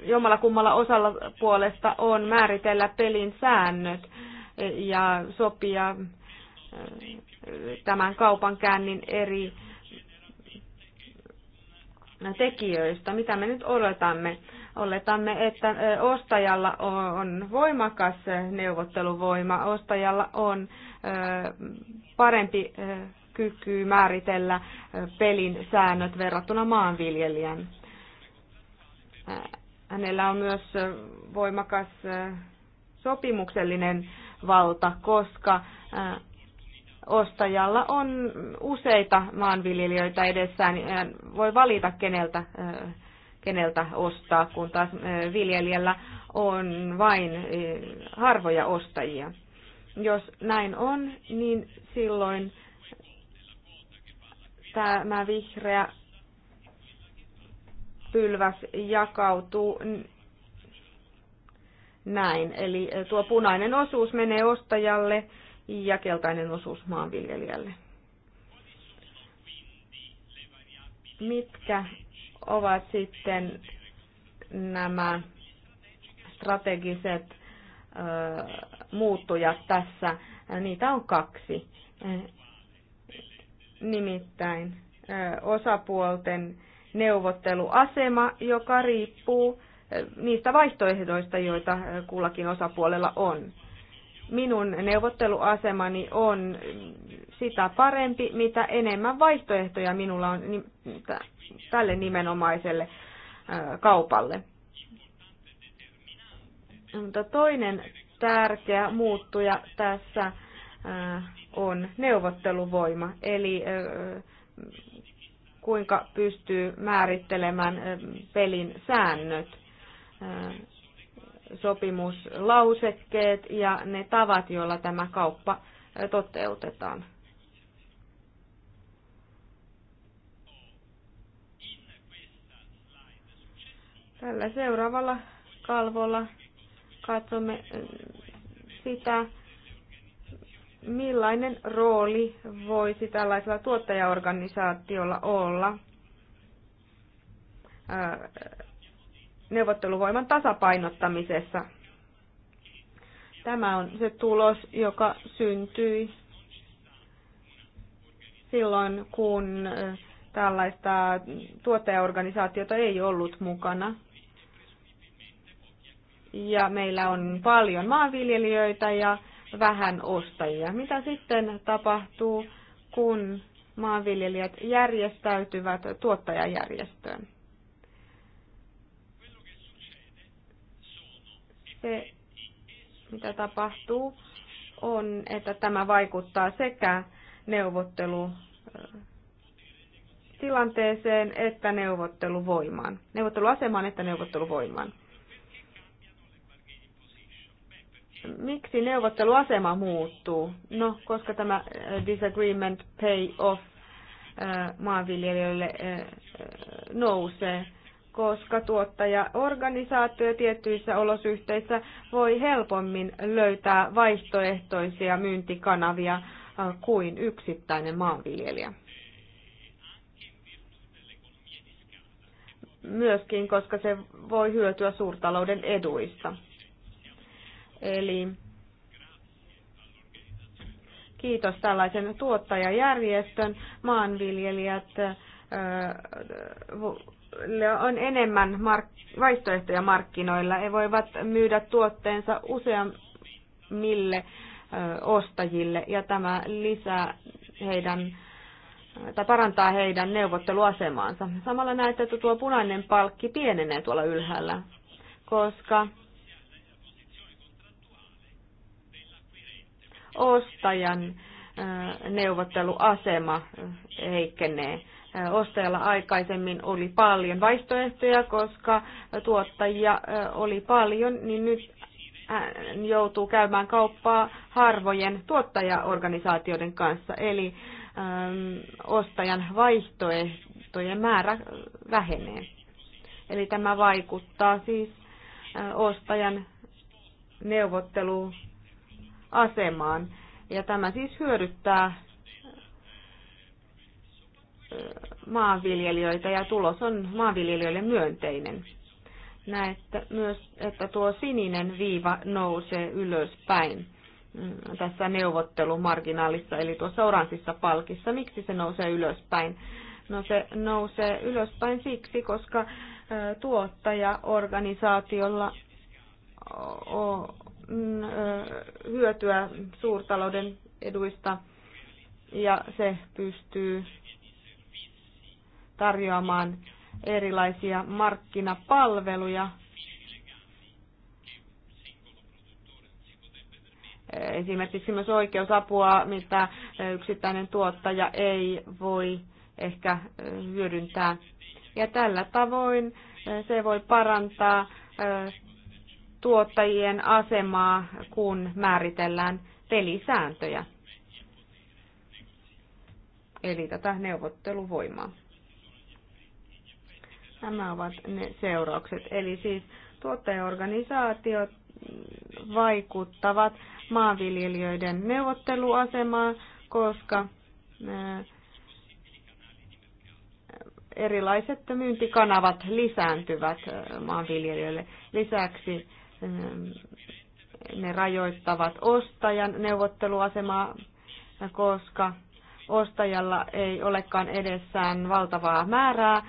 Speaker 2: jommalla kummalla osalla puolesta on määritellä pelin säännöt ja sopia tämän kaupankäynnin eri tekijöistä. Mitä me nyt odotamme? Oletamme, että ostajalla on voimakas neuvotteluvoima, ostajalla on parempi kyky määritellä pelin säännöt verrattuna maanviljelijän. Hänellä on myös voimakas sopimuksellinen valta, koska ostajalla on useita maanviljelijöitä edessään, niin voi valita keneltä, keneltä ostaa, kun taas viljelijällä on vain harvoja ostajia. Jos näin on, niin silloin tämä vihreä pylväs jakautuu näin. Eli tuo punainen osuus menee ostajalle, ja keltainen osuus maanviljelijälle. Mitkä ovat sitten nämä strategiset muuttujat tässä? Niitä on kaksi. Nimittäin osapuolten neuvotteluasema, joka riippuu niistä vaihtoehdoista, joita kullakin osapuolella on minun neuvotteluasemani on sitä parempi, mitä enemmän vaihtoehtoja minulla on tälle nimenomaiselle kaupalle. Mutta toinen tärkeä muuttuja tässä on neuvotteluvoima, eli kuinka pystyy määrittelemään pelin säännöt sopimuslausekkeet ja ne tavat, joilla tämä kauppa toteutetaan. Tällä seuraavalla kalvolla katsomme sitä, millainen rooli voisi tällaisella tuottajaorganisaatiolla olla neuvotteluvoiman tasapainottamisessa. Tämä on se tulos, joka syntyi silloin, kun äh, tällaista tuottajaorganisaatiota ei ollut mukana. Ja meillä on paljon maanviljelijöitä ja vähän ostajia. Mitä sitten tapahtuu, kun maanviljelijät järjestäytyvät tuottajajärjestöön? se, mitä tapahtuu, on, että tämä vaikuttaa sekä neuvottelu äh, tilanteeseen että neuvotteluvoimaan. Neuvotteluasemaan että neuvotteluvoimaan. Miksi neuvotteluasema muuttuu? No, koska tämä äh, disagreement pay off äh, maanviljelijöille nousee koska tuottajaorganisaatio tiettyissä olosuhteissa voi helpommin löytää vaihtoehtoisia myyntikanavia äh, kuin yksittäinen maanviljelijä. Myöskin, koska se voi hyötyä suurtalouden eduista. Eli kiitos tällaisen tuottajajärjestön maanviljelijät äh, on enemmän mark- vaihtoehtoja markkinoilla. He voivat myydä tuotteensa useammille ostajille ja tämä lisää heidän tai parantaa heidän neuvotteluasemaansa. Samalla näette, että tuo punainen palkki pienenee tuolla ylhäällä, koska ostajan neuvotteluasema heikkenee ostajalla aikaisemmin oli paljon vaihtoehtoja, koska tuottajia oli paljon, niin nyt hän joutuu käymään kauppaa harvojen tuottajaorganisaatioiden kanssa, eli ostajan vaihtoehtojen määrä vähenee. Eli tämä vaikuttaa siis ostajan neuvotteluasemaan. Ja tämä siis hyödyttää maanviljelijöitä ja tulos on maanviljelijöille myönteinen. Näette myös, että tuo sininen viiva nousee ylöspäin mm, tässä neuvottelumarginaalissa, eli tuossa oranssissa palkissa. Miksi se nousee ylöspäin? No se nousee ylöspäin siksi, koska tuottajaorganisaatiolla on hyötyä suurtalouden eduista ja se pystyy tarjoamaan erilaisia markkinapalveluja. Esimerkiksi myös oikeusapua, mitä yksittäinen tuottaja ei voi ehkä hyödyntää. Ja tällä tavoin se voi parantaa tuottajien asemaa, kun määritellään pelisääntöjä. Eli tätä neuvotteluvoimaa. Nämä ovat ne seuraukset. Eli siis tuottajaorganisaatiot vaikuttavat maanviljelijöiden neuvotteluasemaan, koska erilaiset myyntikanavat lisääntyvät maanviljelijöille. Lisäksi ne rajoittavat ostajan neuvotteluasemaa, koska ostajalla ei olekaan edessään valtavaa määrää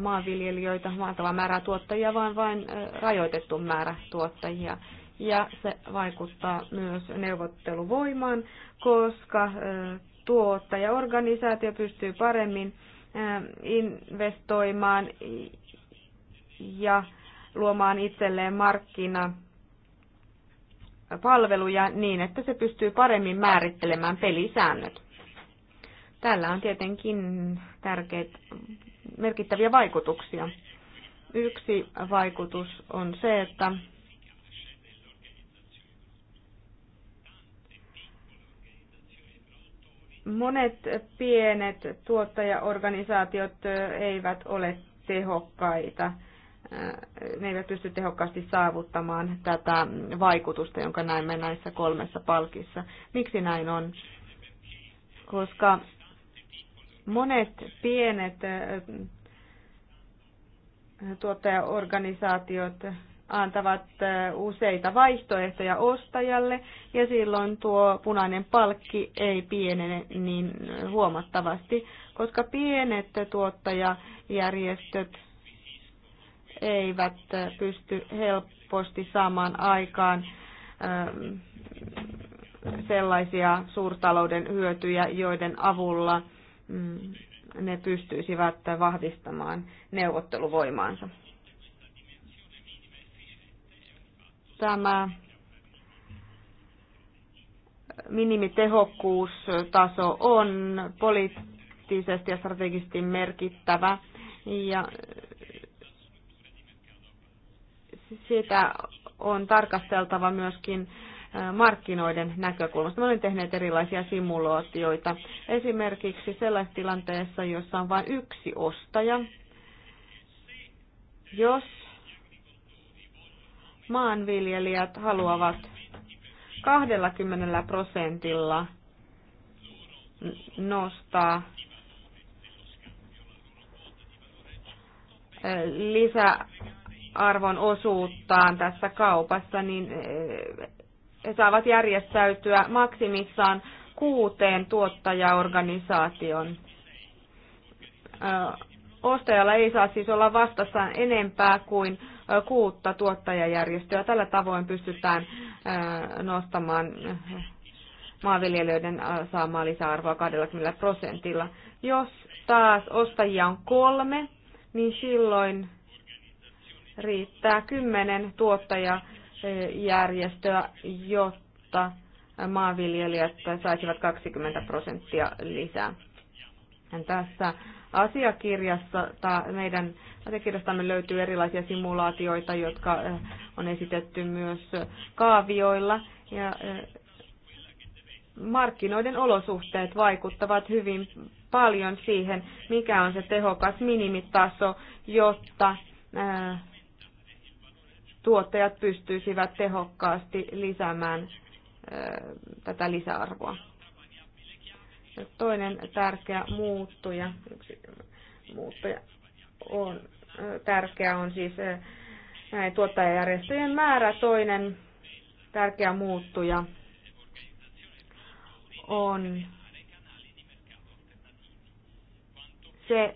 Speaker 2: maanviljelijöitä, valtava määrä tuottajia, vaan vain rajoitettu määrä tuottajia. Ja se vaikuttaa myös neuvotteluvoimaan, koska tuottajaorganisaatio pystyy paremmin investoimaan ja luomaan itselleen markkina palveluja niin, että se pystyy paremmin määrittelemään pelisäännöt. Tällä on tietenkin tärkeät merkittäviä vaikutuksia. Yksi vaikutus on se, että monet pienet tuottajaorganisaatiot eivät ole tehokkaita. Ne eivät pysty tehokkaasti saavuttamaan tätä vaikutusta, jonka näemme näissä kolmessa palkissa. Miksi näin on? Koska Monet pienet äh, tuottajaorganisaatiot antavat äh, useita vaihtoehtoja ostajalle ja silloin tuo punainen palkki ei pienene niin huomattavasti, koska pienet tuottajajärjestöt eivät äh, pysty helposti saamaan aikaan ähm, sellaisia suurtalouden hyötyjä, joiden avulla Mm, ne pystyisivät vahvistamaan neuvotteluvoimaansa. Tämä minimitehokkuustaso on poliittisesti ja strategisesti merkittävä ja sitä on tarkasteltava myöskin markkinoiden näkökulmasta. Me olemme tehneet erilaisia simulaatioita. Esimerkiksi sellaisessa tilanteessa, jossa on vain yksi ostaja, jos maanviljelijät haluavat 20 prosentilla nostaa lisäarvon osuuttaan tässä kaupassa, niin he saavat järjestäytyä maksimissaan kuuteen tuottajaorganisaation. Ostajalla ei saa siis olla vastassa enempää kuin kuutta tuottajajärjestöä. Tällä tavoin pystytään nostamaan maanviljelijöiden saamaa lisäarvoa 20 prosentilla. Jos taas ostajia on kolme, niin silloin riittää kymmenen tuottajaa järjestöä, jotta maanviljelijät saisivat 20 prosenttia lisää. Tässä asiakirjassa meidän asiakirjastamme löytyy erilaisia simulaatioita, jotka eh, on esitetty myös kaavioilla. Ja eh, markkinoiden olosuhteet vaikuttavat hyvin paljon siihen, mikä on se tehokas minimitaso, jotta eh, tuottajat pystyisivät tehokkaasti lisäämään tätä lisäarvoa. Toinen tärkeä muuttuja, yksi muuttuja on, tärkeä on siis näin, tuottajajärjestöjen määrä. Toinen tärkeä muuttuja on se,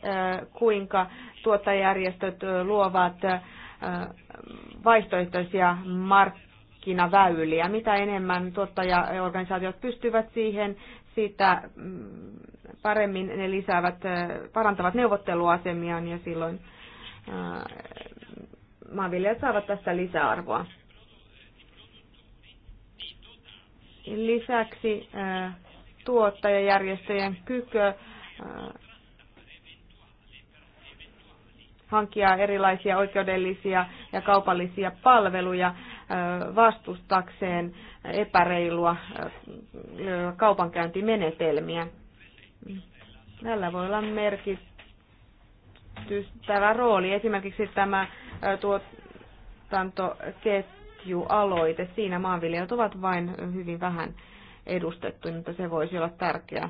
Speaker 2: kuinka tuottajajärjestöt luovat vaihtoehtoisia markkinaväyliä. Mitä enemmän tuottajaorganisaatiot pystyvät siihen, sitä mm, paremmin ne lisäävät, parantavat neuvotteluasemiaan ja silloin maanviljelijät saavat tästä lisäarvoa. Lisäksi tuottajajärjestöjen kyky hankkia erilaisia oikeudellisia ja kaupallisia palveluja vastustakseen epäreilua kaupankäyntimenetelmiä. Tällä voi olla merkittävä rooli. Esimerkiksi tämä tuotantoketjualoite, siinä maanviljelijät ovat vain hyvin vähän edustettu, mutta se voisi olla tärkeä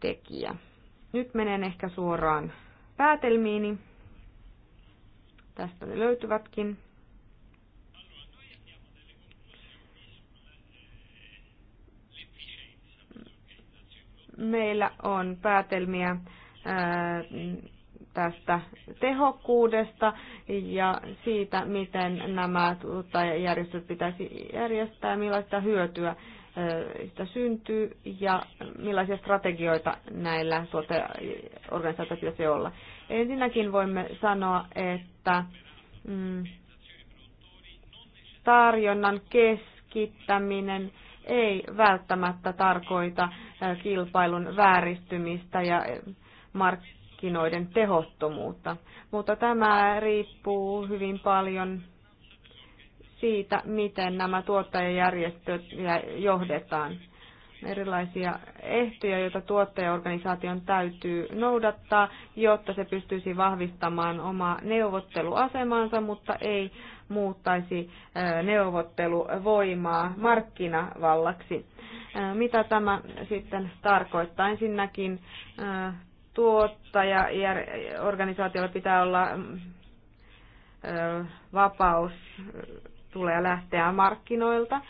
Speaker 2: tekijä. Nyt menen ehkä suoraan päätelmiini. Tästä ne löytyvätkin. Meillä on päätelmiä tästä tehokkuudesta ja siitä, miten nämä järjestöt pitäisi järjestää, millaista hyötyä sitä syntyy ja millaisia strategioita näillä tuoteorganisaatioilla pitäisi olla. Ensinnäkin voimme sanoa, että mm, tarjonnan keskittäminen ei välttämättä tarkoita kilpailun vääristymistä ja markkinoiden tehottomuutta, mutta tämä riippuu hyvin paljon siitä, miten nämä tuottajajärjestöt johdetaan. Erilaisia ehtoja, joita tuottajaorganisaation täytyy noudattaa, jotta se pystyisi vahvistamaan omaa neuvotteluasemansa, mutta ei muuttaisi neuvotteluvoimaa markkinavallaksi. Mitä tämä sitten tarkoittaa? Ensinnäkin tuottajaorganisaatiolla pitää olla mm, vapaus tulee lähteä markkinoilta.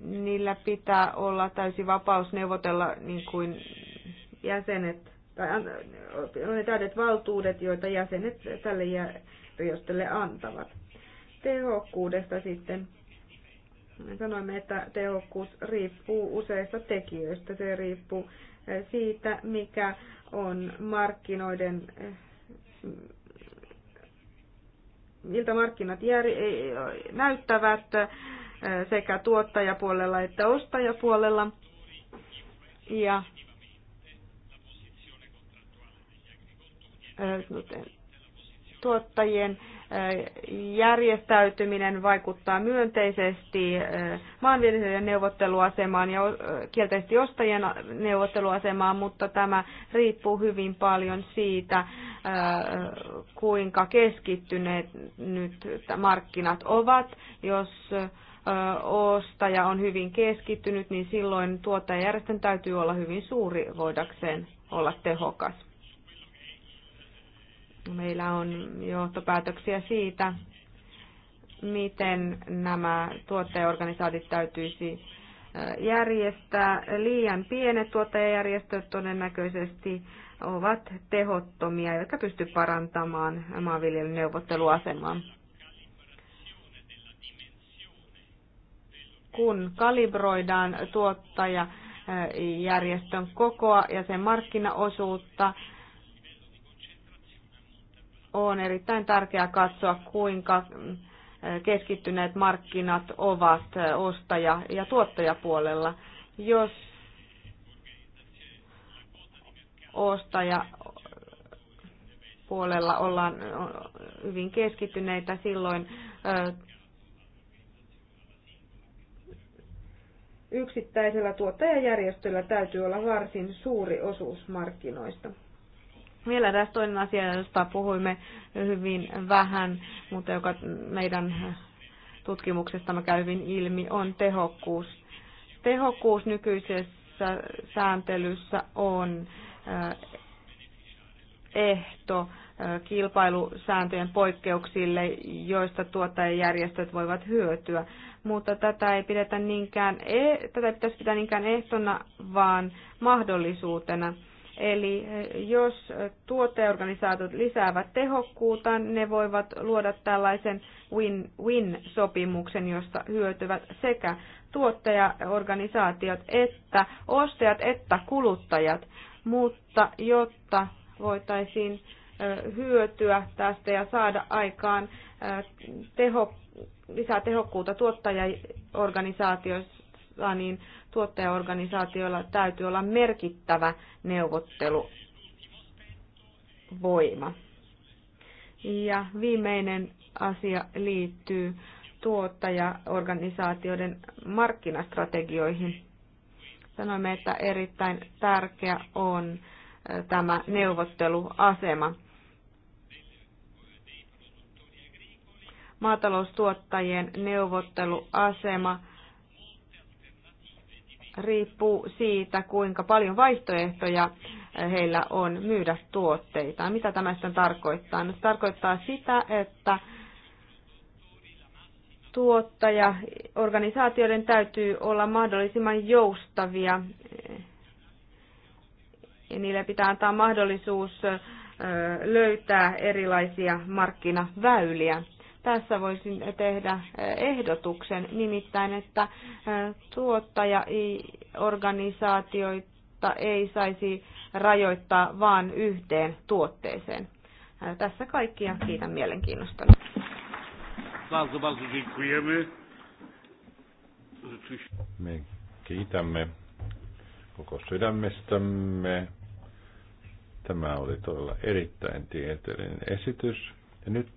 Speaker 2: Niillä pitää olla täysi vapaus neuvotella niin kuin jäsenet, tai on ne täydet valtuudet, joita jäsenet tälle järjestölle antavat. Tehokkuudesta sitten sanoimme, että tehokkuus riippuu useista tekijöistä. Se riippuu siitä, mikä on markkinoiden miltä markkinat jär, näyttävät äh, sekä tuottajapuolella että ostajapuolella. Ja äh, tuottajien äh, järjestäytyminen vaikuttaa myönteisesti maanviljelijöiden neuvotteluasemaan ja kielteisesti ostajien neuvotteluasemaan, mutta tämä riippuu hyvin paljon siitä, Äh, kuinka keskittyneet nyt markkinat ovat. Jos äh, ostaja on hyvin keskittynyt, niin silloin tuottajajärjestön täytyy olla hyvin suuri voidakseen olla tehokas. Meillä on johtopäätöksiä siitä, miten nämä tuottajaorganisaatit täytyisi äh, järjestää. Liian pienet tuottajajärjestöt todennäköisesti ovat tehottomia, eivätkä pysty parantamaan maanviljelyn neuvotteluasemaa. Kun kalibroidaan tuottajajärjestön kokoa ja sen markkinaosuutta, on erittäin tärkeää katsoa, kuinka keskittyneet markkinat ovat ostaja- ja tuottajapuolella. Jos ostaja puolella ollaan hyvin keskittyneitä, silloin yksittäisellä tuottajajärjestöllä täytyy olla varsin suuri osuus markkinoista. Vielä tässä toinen asia, josta puhuimme hyvin vähän, mutta joka meidän tutkimuksestamme käy hyvin ilmi, on tehokkuus. Tehokkuus nykyisessä sääntelyssä on ehto kilpailusääntöjen poikkeuksille, joista tuottajajärjestöt voivat hyötyä. Mutta tätä ei, pidetä niinkään, e-, tätä ei pitäisi pitää niinkään ehtona, vaan mahdollisuutena. Eli jos tuottajaorganisaatiot lisäävät tehokkuutta, ne voivat luoda tällaisen win-win-sopimuksen, josta hyötyvät sekä tuottajaorganisaatiot että ostajat että kuluttajat mutta jotta voitaisiin hyötyä tästä ja saada aikaan teho, lisää tehokkuutta tuottajaorganisaatioissa, niin tuottajaorganisaatioilla täytyy olla merkittävä neuvotteluvoima. Ja viimeinen asia liittyy tuottajaorganisaatioiden markkinastrategioihin. Sanoimme, että erittäin tärkeä on tämä neuvotteluasema. Maataloustuottajien neuvotteluasema riippuu siitä, kuinka paljon vaihtoehtoja heillä on myydä tuotteita. Mitä tämä sitten tarkoittaa? No, se tarkoittaa sitä, että tuottaja organisaatioiden täytyy olla mahdollisimman joustavia ja niille pitää antaa mahdollisuus löytää erilaisia markkinaväyliä. Tässä voisin tehdä ehdotuksen, nimittäin että tuottajaorganisaatioita ei saisi rajoittaa vain yhteen tuotteeseen. Tässä kaikki ja kiitän mielenkiinnosta.
Speaker 1: Bardzo, bardzo dziękujemy. Me
Speaker 4: kiitämme koko sydämestämme. Tämä oli todella erittäin tieteellinen esitys. Ja nyt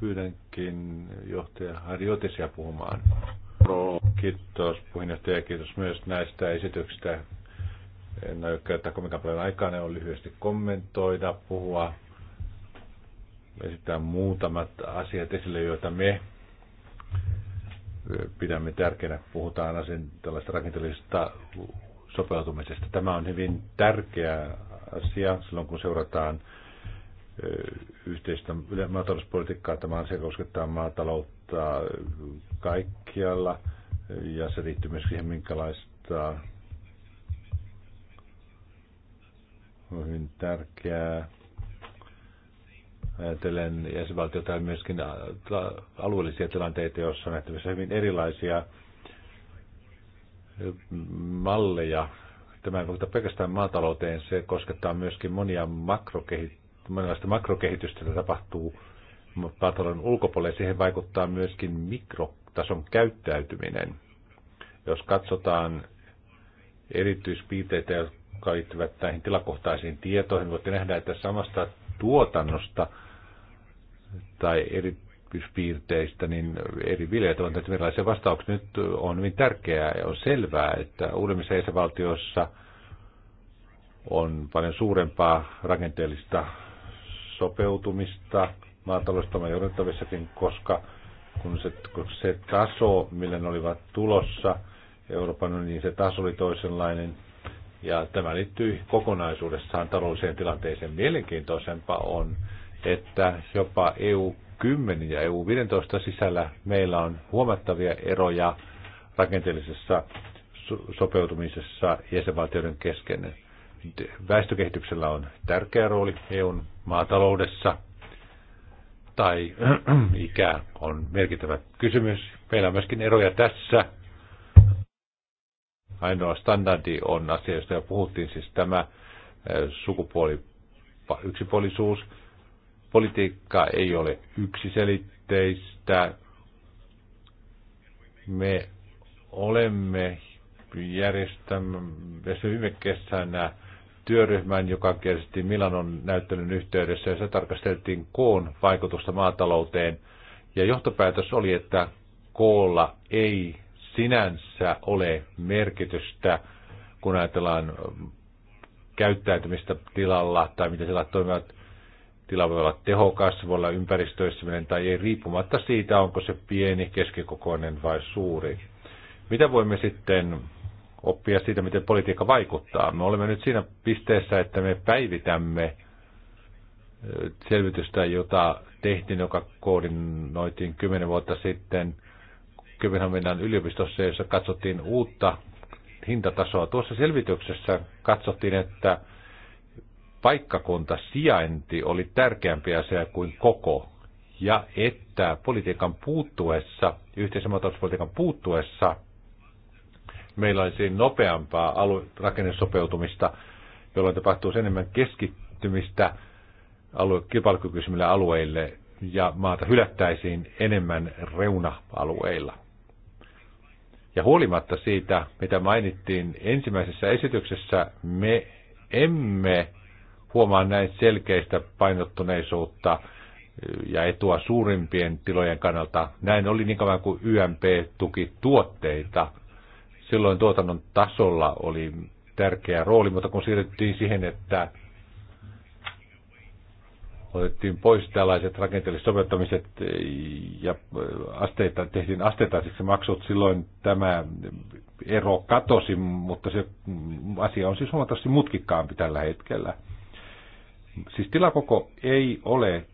Speaker 4: pyydänkin johtaja Harjoitisia puhumaan. Kiitos puheenjohtaja ja kiitos myös näistä esityksistä. En aio käyttää kovinkaan paljon aikaa, ne on lyhyesti kommentoida, puhua esittää muutamat asiat esille, joita me pidämme tärkeänä. Puhutaan asian tällaista rakenteellisesta sopeutumisesta. Tämä on hyvin tärkeä asia silloin, kun seurataan yhteistä maatalouspolitiikkaa. Tämä asia koskettaa maataloutta kaikkialla ja se liittyy myös siihen, minkälaista on hyvin tärkeää ajatellen jäsenvaltiota ja myöskin äh, alueellisia tilanteita, joissa on nähtävissä hyvin erilaisia äh, malleja. Tämä ei vaikuta pelkästään maatalouteen, se koskettaa myöskin monia makrokehit- monenlaista makrokehitystä, jota tapahtuu maatalouden ulkopuolelle. Siihen vaikuttaa myöskin mikrotason käyttäytyminen. Jos katsotaan erityispiirteitä, jotka liittyvät näihin tilakohtaisiin tietoihin, voitte nähdä, että samasta tuotannosta – tai erityispiirteistä, niin eri viljelijät ovat näitä erilaisia vastauksia. Nyt on hyvin tärkeää ja on selvää, että uudemmissa jäsenvaltioissa on paljon suurempaa rakenteellista sopeutumista maataloustamme johdettavissakin, koska kun se, kun se taso, millä ne olivat tulossa Euroopan, niin se taso oli toisenlainen. Ja tämä liittyy kokonaisuudessaan taloudelliseen tilanteeseen. Mielenkiintoisempaa on että jopa EU-10 ja EU-15 sisällä meillä on huomattavia eroja rakenteellisessa sopeutumisessa jäsenvaltioiden kesken. Väestökehityksellä on tärkeä rooli EUn maataloudessa, tai (clears throat) ikä on merkittävä kysymys. Meillä on myöskin eroja tässä. Ainoa standardi on asia, josta jo puhuttiin, siis tämä sukupuoli, yksipuolisuus – Politiikka ei ole yksiselitteistä. Me olemme järjestämässä viime kesänä työryhmän, joka kesti Milanon näyttelyn yhteydessä, ja se tarkasteltiin koon vaikutusta maatalouteen. Ja johtopäätös oli, että koolla ei sinänsä ole merkitystä, kun ajatellaan käyttäytymistä tilalla tai miten tilat toimivat. Tila voi olla tehokas, se voi olla ympäristöissäminen tai ei, riippumatta siitä, onko se pieni, keskikokoinen vai suuri. Mitä voimme sitten oppia siitä, miten politiikka vaikuttaa? Me olemme nyt siinä pisteessä, että me päivitämme selvitystä, jota tehtiin, joka koordinoitiin kymmenen vuotta sitten Kööpenhaminan yliopistossa, jossa katsottiin uutta hintatasoa. Tuossa selvityksessä katsottiin, että paikkakunta, sijainti oli tärkeämpi asia kuin koko. Ja että politiikan puuttuessa, yhteisen maatalouspolitiikan puuttuessa, meillä olisi nopeampaa rakennesopeutumista, jolloin tapahtuu enemmän keskittymistä alue, kilpailukykyisimmille alueille ja maata hylättäisiin enemmän reuna-alueilla. Ja huolimatta siitä, mitä mainittiin ensimmäisessä esityksessä, me emme Huomaan näin selkeistä painottuneisuutta ja etua suurimpien tilojen kannalta. Näin oli niin kauan kuin YMP tuki tuotteita. Silloin tuotannon tasolla oli tärkeä rooli, mutta kun siirryttiin siihen, että otettiin pois tällaiset rakenteelliset sopeuttamiset ja asteita, tehtiin asteittaiseksi maksut, silloin tämä ero katosi, mutta se asia on siis huomattavasti mutkikkaampi tällä hetkellä. Siis tilakoko ei ole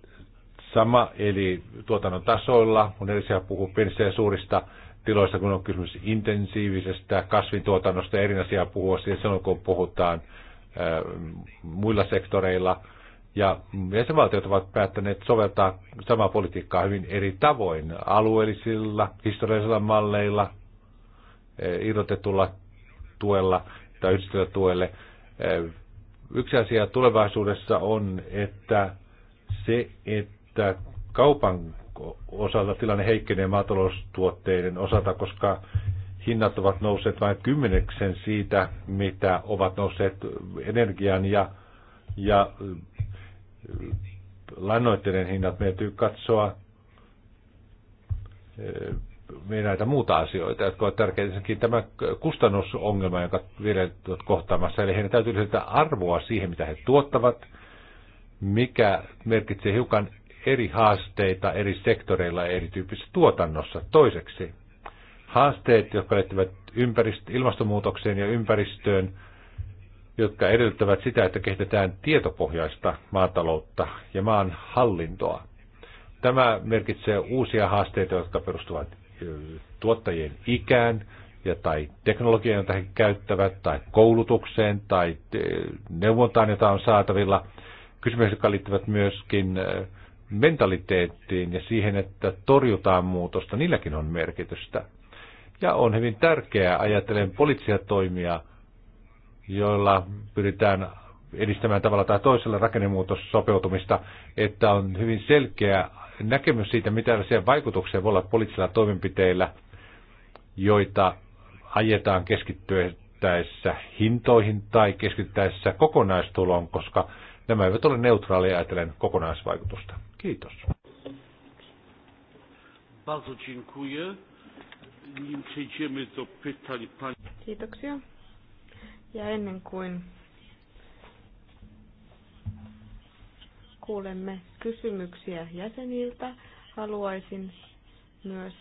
Speaker 4: sama, eli tuotannon tasoilla on erisiä puhuu pienistä ja suurista tiloista, kun on kysymys intensiivisestä kasvintuotannosta, eri asiaa puhua siitä silloin, kun puhutaan ää, muilla sektoreilla. Ja jäsenvaltiot ovat päättäneet soveltaa samaa politiikkaa hyvin eri tavoin, alueellisilla, historiallisilla malleilla, irrotetulla tuella tai yhdistetyllä tuelle, Yksi asia tulevaisuudessa on, että se, että kaupan osalta tilanne heikkenee maataloustuotteiden osalta, koska hinnat ovat nousseet vain kymmeneksen siitä, mitä ovat nousseet energian ja, ja lannoitteiden hinnat. Meidän täytyy katsoa näitä muuta asioita, jotka ovat tärkeitä. Ensinnäkin tämä kustannusongelma, jonka viljelijät ovat kohtaamassa, eli heidän täytyy lisätä arvoa siihen, mitä he tuottavat, mikä merkitsee hiukan eri haasteita eri sektoreilla ja erityyppisessä tuotannossa. Toiseksi haasteet, jotka liittyvät ympärist- ilmastonmuutokseen ja ympäristöön, jotka edellyttävät sitä, että kehitetään tietopohjaista maataloutta ja maan hallintoa. Tämä merkitsee uusia haasteita, jotka perustuvat tuottajien ikään ja tai teknologiaan, jota he käyttävät, tai koulutukseen, tai neuvontaan, jota on saatavilla. Kysymykset, jotka liittyvät myöskin mentaliteettiin ja siihen, että torjutaan muutosta, niilläkin on merkitystä. Ja on hyvin tärkeää ajatellen poliittisia toimia, joilla pyritään edistämään tavalla tai toisella rakennemuutossopeutumista, että on hyvin selkeä näkemys siitä, mitä tällaisia vaikutuksia voi olla poliittisilla toimenpiteillä, joita ajetaan keskittyessä hintoihin tai keskittyessä kokonaistuloon, koska nämä eivät ole neutraaleja ajatellen kokonaisvaikutusta. Kiitos.
Speaker 2: Kiitoksia. Ja ennen kuin kuulemme kysymyksiä jäseniltä. Haluaisin myös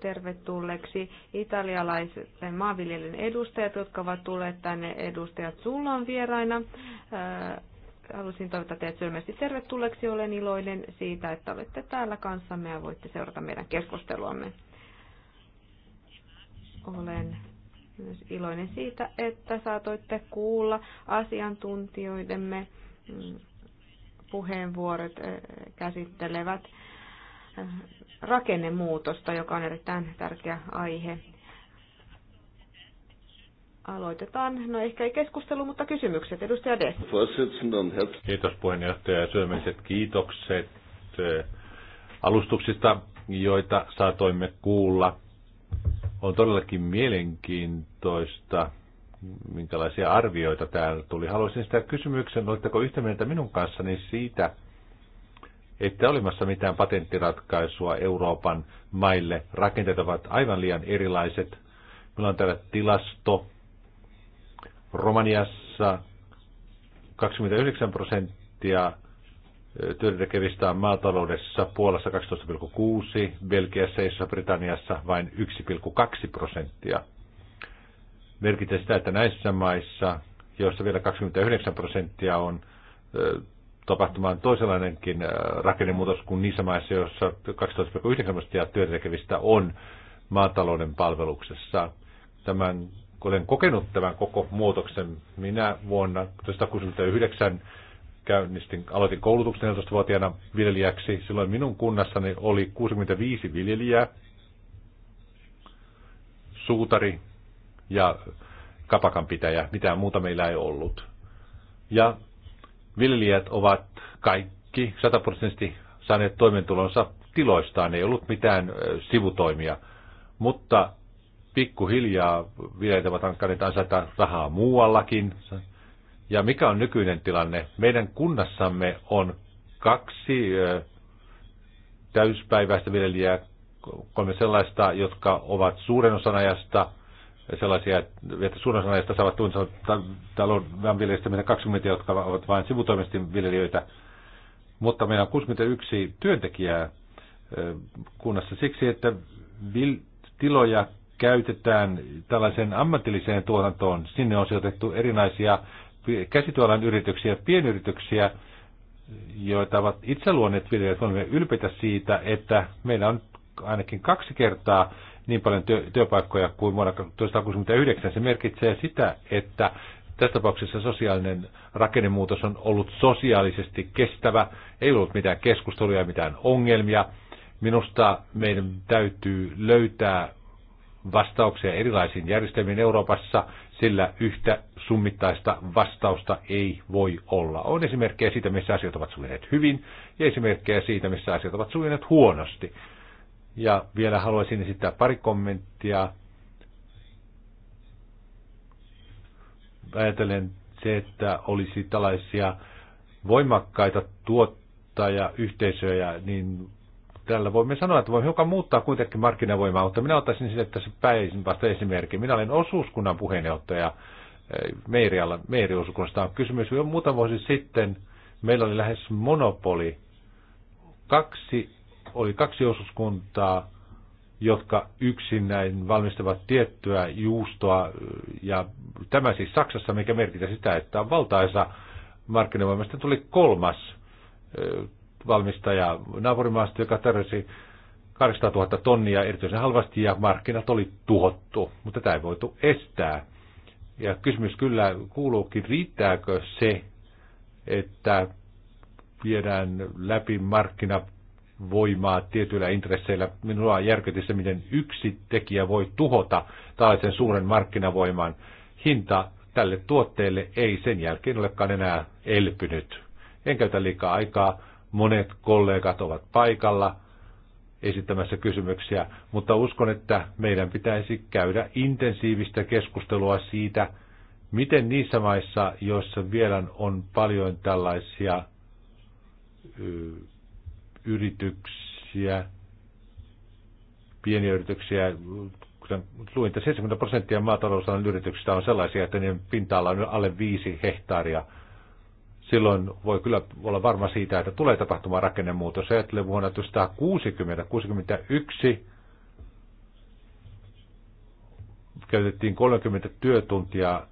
Speaker 2: tervetulleeksi italialaiset maanviljelijän edustajat, jotka ovat tulleet tänne edustajat Sullan vieraina. Äh, haluaisin toivottaa teidät sylmästi tervetulleeksi. Olen iloinen siitä, että olette täällä kanssamme ja voitte seurata meidän keskusteluamme. Olen myös iloinen siitä, että saatoitte kuulla asiantuntijoidemme puheenvuorot eh, käsittelevät eh, rakennemuutosta, joka on erittäin tärkeä aihe. Aloitetaan, no ehkä ei keskustelu, mutta kysymykset. Edustaja D.
Speaker 4: Kiitos puheenjohtaja ja syömiset kiitokset eh, alustuksista, joita saatoimme kuulla. On todellakin mielenkiintoista minkälaisia arvioita täällä tuli. Haluaisin sitä kysymyksen, oletteko yhtä mieltä minun kanssani siitä, että olemassa mitään patenttiratkaisua Euroopan maille. Rakenteet ovat aivan liian erilaiset. Meillä on täällä tilasto. Romaniassa 29 prosenttia työtä tekevistä on maataloudessa, Puolassa 12,6, Belgiassa ja Britanniassa vain 1,2 prosenttia merkitsee sitä, että näissä maissa, joissa vielä 29 prosenttia on tapahtumaan toisenlainenkin rakennemuutos kuin niissä maissa, joissa 12,9 prosenttia työntekevistä on maatalouden palveluksessa. Tämän, olen kokenut tämän koko muutoksen. Minä vuonna 1969 käynnistin, aloitin koulutuksen 14-vuotiaana viljelijäksi. Silloin minun kunnassani oli 65 viljelijää, suutari, ja kapakan pitäjä. Mitään muuta meillä ei ollut. Ja viljelijät ovat kaikki sataprosenttisesti saaneet toimeentulonsa tiloistaan. Ei ollut mitään sivutoimia. Mutta pikkuhiljaa viljelijät ovat hankkaneet ansaita rahaa muuallakin. Ja mikä on nykyinen tilanne? Meidän kunnassamme on kaksi täyspäiväistä viljelijää, kolme sellaista, jotka ovat suuren osan ajasta sellaisia, että suurin osa näistä saavat tuin talouden viljelijöistä 20, jotka ovat vain sivutoimisesti viljelijöitä. Mutta meillä on 61 työntekijää kunnassa siksi, että tiloja käytetään tällaiseen ammatilliseen tuotantoon. Sinne on sijoitettu erinäisiä käsityöalan yrityksiä, pienyrityksiä, joita ovat itse luoneet viljelijät. Olemme ylpeitä siitä, että meillä on ainakin kaksi kertaa niin paljon työ, työpaikkoja kuin vuonna 1969. Se merkitsee sitä, että tässä tapauksessa sosiaalinen rakennemuutos on ollut sosiaalisesti kestävä, ei ollut mitään keskusteluja, mitään ongelmia. Minusta meidän täytyy löytää vastauksia erilaisiin järjestelmiin Euroopassa, sillä yhtä summittaista vastausta ei voi olla. On esimerkkejä siitä, missä asiat ovat sujuneet hyvin, ja esimerkkejä siitä, missä asiat ovat sujuneet huonosti. Ja vielä haluaisin esittää pari kommenttia. Ajatellen se, että olisi tällaisia voimakkaita tuottajayhteisöjä, niin tällä voimme sanoa, että voi hiukan muuttaa kuitenkin markkinavoimaa, mutta minä ottaisin sille tässä päin vasta esimerkki. Minä olen osuuskunnan puheenjohtaja eh, Meirialla, Meiriosukunnasta on kysymys. Jo muutama vuosi sitten meillä oli lähes monopoli. Kaksi oli kaksi osuuskuntaa, jotka yksin näin valmistavat tiettyä juustoa, ja tämä siis Saksassa, mikä merkitsee sitä, että on valtaisa markkinavoimasta tuli kolmas valmistaja naapurimaasta, joka tarjosi 800 000 tonnia erityisen halvasti ja markkinat oli tuhottu, mutta tätä ei voitu estää. Ja kysymys kyllä kuuluukin, riittääkö se, että viedään läpi markkina voimaa tietyillä intresseillä. Minua järkytti se, miten yksi tekijä voi tuhota tällaisen suuren markkinavoiman. Hinta tälle tuotteelle ei sen jälkeen olekaan enää elpynyt. En käytä liikaa aikaa. Monet kollegat ovat paikalla esittämässä kysymyksiä, mutta uskon, että meidän pitäisi käydä intensiivistä keskustelua siitä, miten niissä maissa, joissa vielä on paljon tällaisia yrityksiä, pieniä yrityksiä, kuten luin, että 70 prosenttia maatalousalan yrityksistä on sellaisia, että niiden pinta-ala on alle 5 hehtaaria. Silloin voi kyllä olla varma siitä, että tulee tapahtumaan rakennemuutos. Ajattelee vuonna 1960, 61 käytettiin 30 työtuntia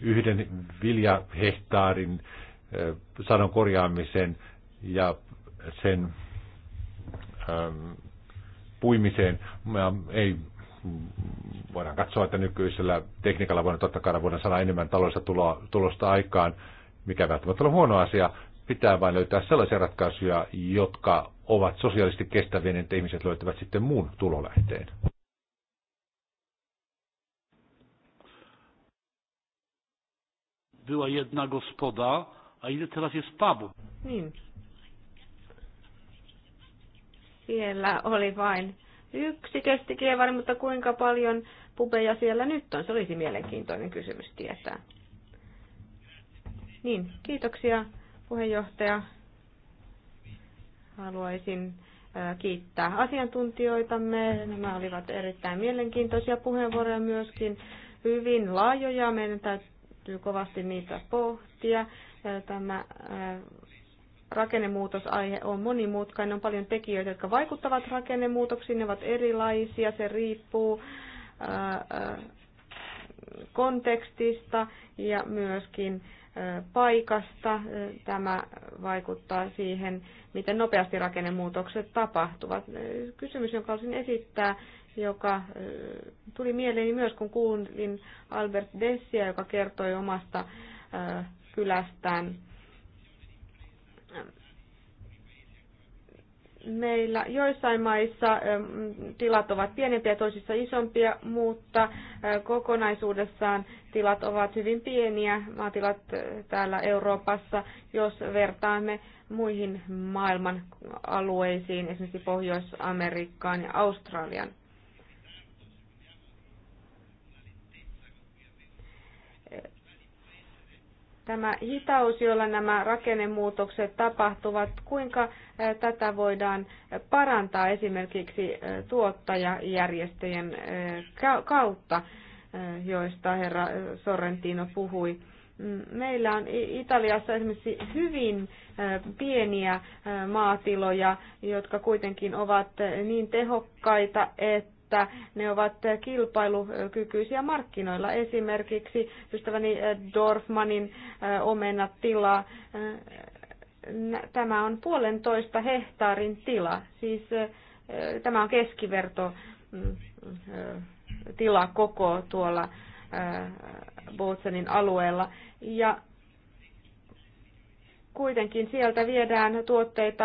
Speaker 4: yhden viljahehtaarin eh, sadon korjaamisen ja sen ähm, puimiseen. Mä ei voidaan katsoa, että nykyisellä tekniikalla voidaan totta kai voidaan saada enemmän taloudellista tulosta aikaan, mikä välttämättä on huono asia. Pitää vain löytää sellaisia ratkaisuja, jotka ovat sosiaalisesti kestäviä, niin että ihmiset löytävät sitten muun tulolähteen.
Speaker 1: Była jedna gospoda, a ile teraz jest pubów?
Speaker 2: Niin, siellä oli vain yksi kestikievari, mutta kuinka paljon pubeja siellä nyt on? Se olisi mielenkiintoinen kysymys tietää. Niin, kiitoksia puheenjohtaja. Haluaisin kiittää asiantuntijoitamme. Nämä olivat erittäin mielenkiintoisia puheenvuoroja myöskin, hyvin laajoja. Meidän täytyy kovasti niitä pohtia. Tämä rakennemuutosaihe on monimutkainen, on paljon tekijöitä, jotka vaikuttavat rakennemuutoksiin, ne ovat erilaisia, se riippuu kontekstista ja myöskin paikasta. Tämä vaikuttaa siihen, miten nopeasti rakennemuutokset tapahtuvat. Kysymys, jonka olisin esittää, joka tuli mieleeni myös, kun kuulin Albert Dessia, joka kertoi omasta kylästään Meillä joissain maissa ähm, tilat ovat pienempiä, toisissa isompia, mutta äh, kokonaisuudessaan tilat ovat hyvin pieniä, maatilat äh, täällä Euroopassa, jos vertaamme muihin maailman alueisiin, esimerkiksi Pohjois-Amerikkaan ja Australian. tämä hitaus, jolla nämä rakennemuutokset tapahtuvat, kuinka tätä voidaan parantaa esimerkiksi tuottajajärjestöjen kautta, joista herra Sorrentino puhui. Mm, meillä on Italiassa esimerkiksi hyvin pieniä maatiloja, jotka kuitenkin ovat niin tehokkaita, että että ne ovat kilpailukykyisiä markkinoilla. Esimerkiksi ystäväni Dorfmanin omenatila, tämä on puolentoista hehtaarin tila, siis tämä on keskiverto mm, tila koko tuolla Bootsenin alueella. Ja kuitenkin sieltä viedään tuotteita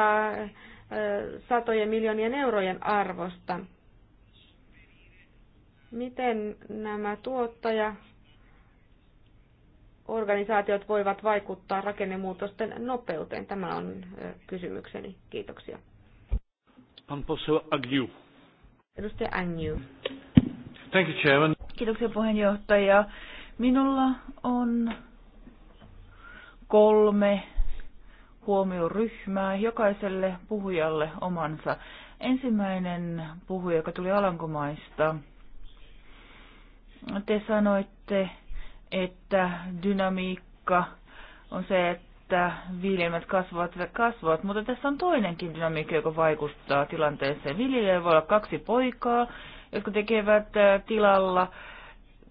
Speaker 2: satojen miljoonien eurojen arvosta. Miten nämä tuottaja organisaatiot voivat vaikuttaa rakennemuutosten nopeuteen? Tämä on kysymykseni. Kiitoksia.
Speaker 1: Pan poseł Agniu.
Speaker 2: Edustaja Agniu.
Speaker 1: Thank you, Chairman.
Speaker 3: Kiitoksia puheenjohtaja. Minulla on kolme huomioryhmää, jokaiselle puhujalle omansa. Ensimmäinen puhuja, joka tuli Alankomaista, te sanoitte, että dynamiikka on se, että viljelmät kasvavat ja kasvavat, mutta tässä on toinenkin dynamiikka, joka vaikuttaa tilanteeseen. Viljelijöillä voi olla kaksi poikaa, jotka tekevät äh, tilalla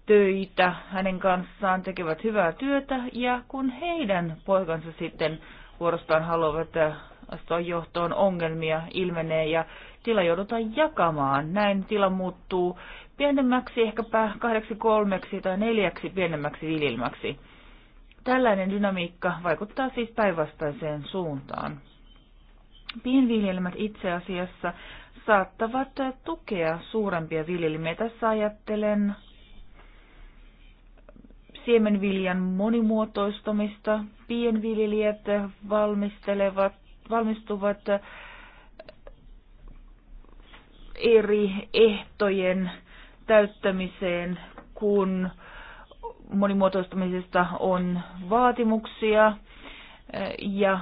Speaker 3: töitä hänen kanssaan, tekevät hyvää työtä, ja kun heidän poikansa sitten vuorostaan haluavat äh, astua johtoon, ongelmia ilmenee ja tila joudutaan jakamaan. Näin tila muuttuu pienemmäksi, ehkäpä kahdeksi kolmeksi tai neljäksi pienemmäksi viljelmäksi. Tällainen dynamiikka vaikuttaa siis päinvastaiseen suuntaan. Pienviljelmät itse asiassa saattavat tukea suurempia viljelmiä. Tässä ajattelen siemenviljan monimuotoistamista. Pienviljelijät valmistelevat, valmistuvat eri ehtojen täyttämiseen, kun monimuotoistamisesta on vaatimuksia ja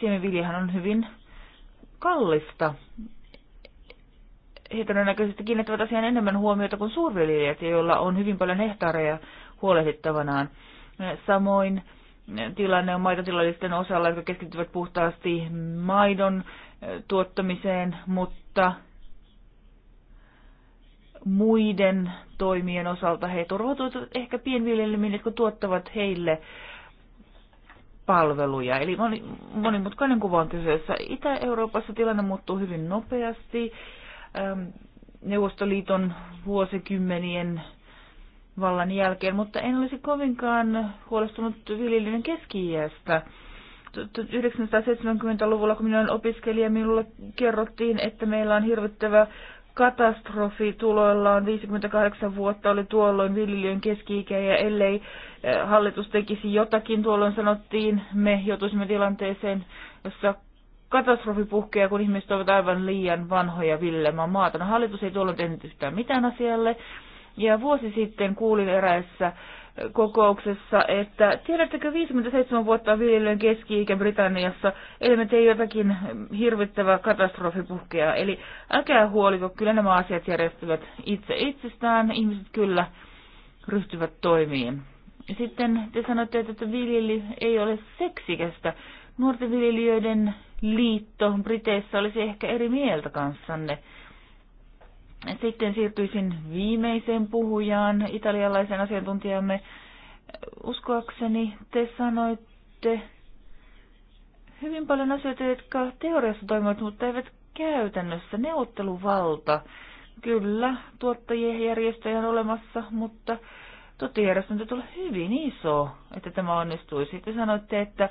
Speaker 3: siemenviljahan on hyvin kallista. He todennäköisesti kiinnittävät asiaan enemmän huomiota kuin suurviljelijät, joilla on hyvin paljon hehtaareja huolehdittavanaan. Samoin tilanne on maitotilallisten osalla, jotka keskittyvät puhtaasti maidon tuottamiseen, mutta muiden toimien osalta. He turvautuvat ehkä pienviljelmiin, jotka tuottavat heille palveluja. Eli monimutkainen kuva on kyseessä. Itä-Euroopassa tilanne muuttuu hyvin nopeasti. Neuvostoliiton vuosikymmenien vallan jälkeen, mutta en olisi kovinkaan huolestunut viljelijän keski-iästä. 1970-luvulla, kun minä olin opiskelija, minulle kerrottiin, että meillä on hirvittävä katastrofituloillaan 58 vuotta oli tuolloin viljelijöiden keski-ikä ja ellei eh, hallitus tekisi jotakin, tuolloin sanottiin, me joutuisimme tilanteeseen, jossa katastrofi puhkeaa, kun ihmiset ovat aivan liian vanhoja villemään No Hallitus ei tuolloin tehnyt yhtään mitään asialle. Ja vuosi sitten kuulin eräissä kokouksessa, että tiedättekö 57 vuotta viljelyön keski-ikä Britanniassa, me tein jotakin hirvittävää katastrofipuhkea. Eli älkää huoliko, kyllä nämä asiat järjestyvät itse itsestään, ihmiset kyllä ryhtyvät toimiin. Sitten te sanotte, että viljely ei ole seksikästä. Nuorten viljelijöiden liitto Briteissä olisi ehkä eri mieltä kanssanne. Sitten siirtyisin viimeiseen puhujaan, italialaisen asiantuntijamme. Uskoakseni te sanoitte hyvin paljon asioita, jotka teoriassa toimivat, mutta eivät käytännössä. Neuvotteluvalta. Kyllä, tuottajien järjestöjä on olemassa, mutta tuottajien järjestö on hyvin iso, että tämä onnistuisi. Te sanoitte, että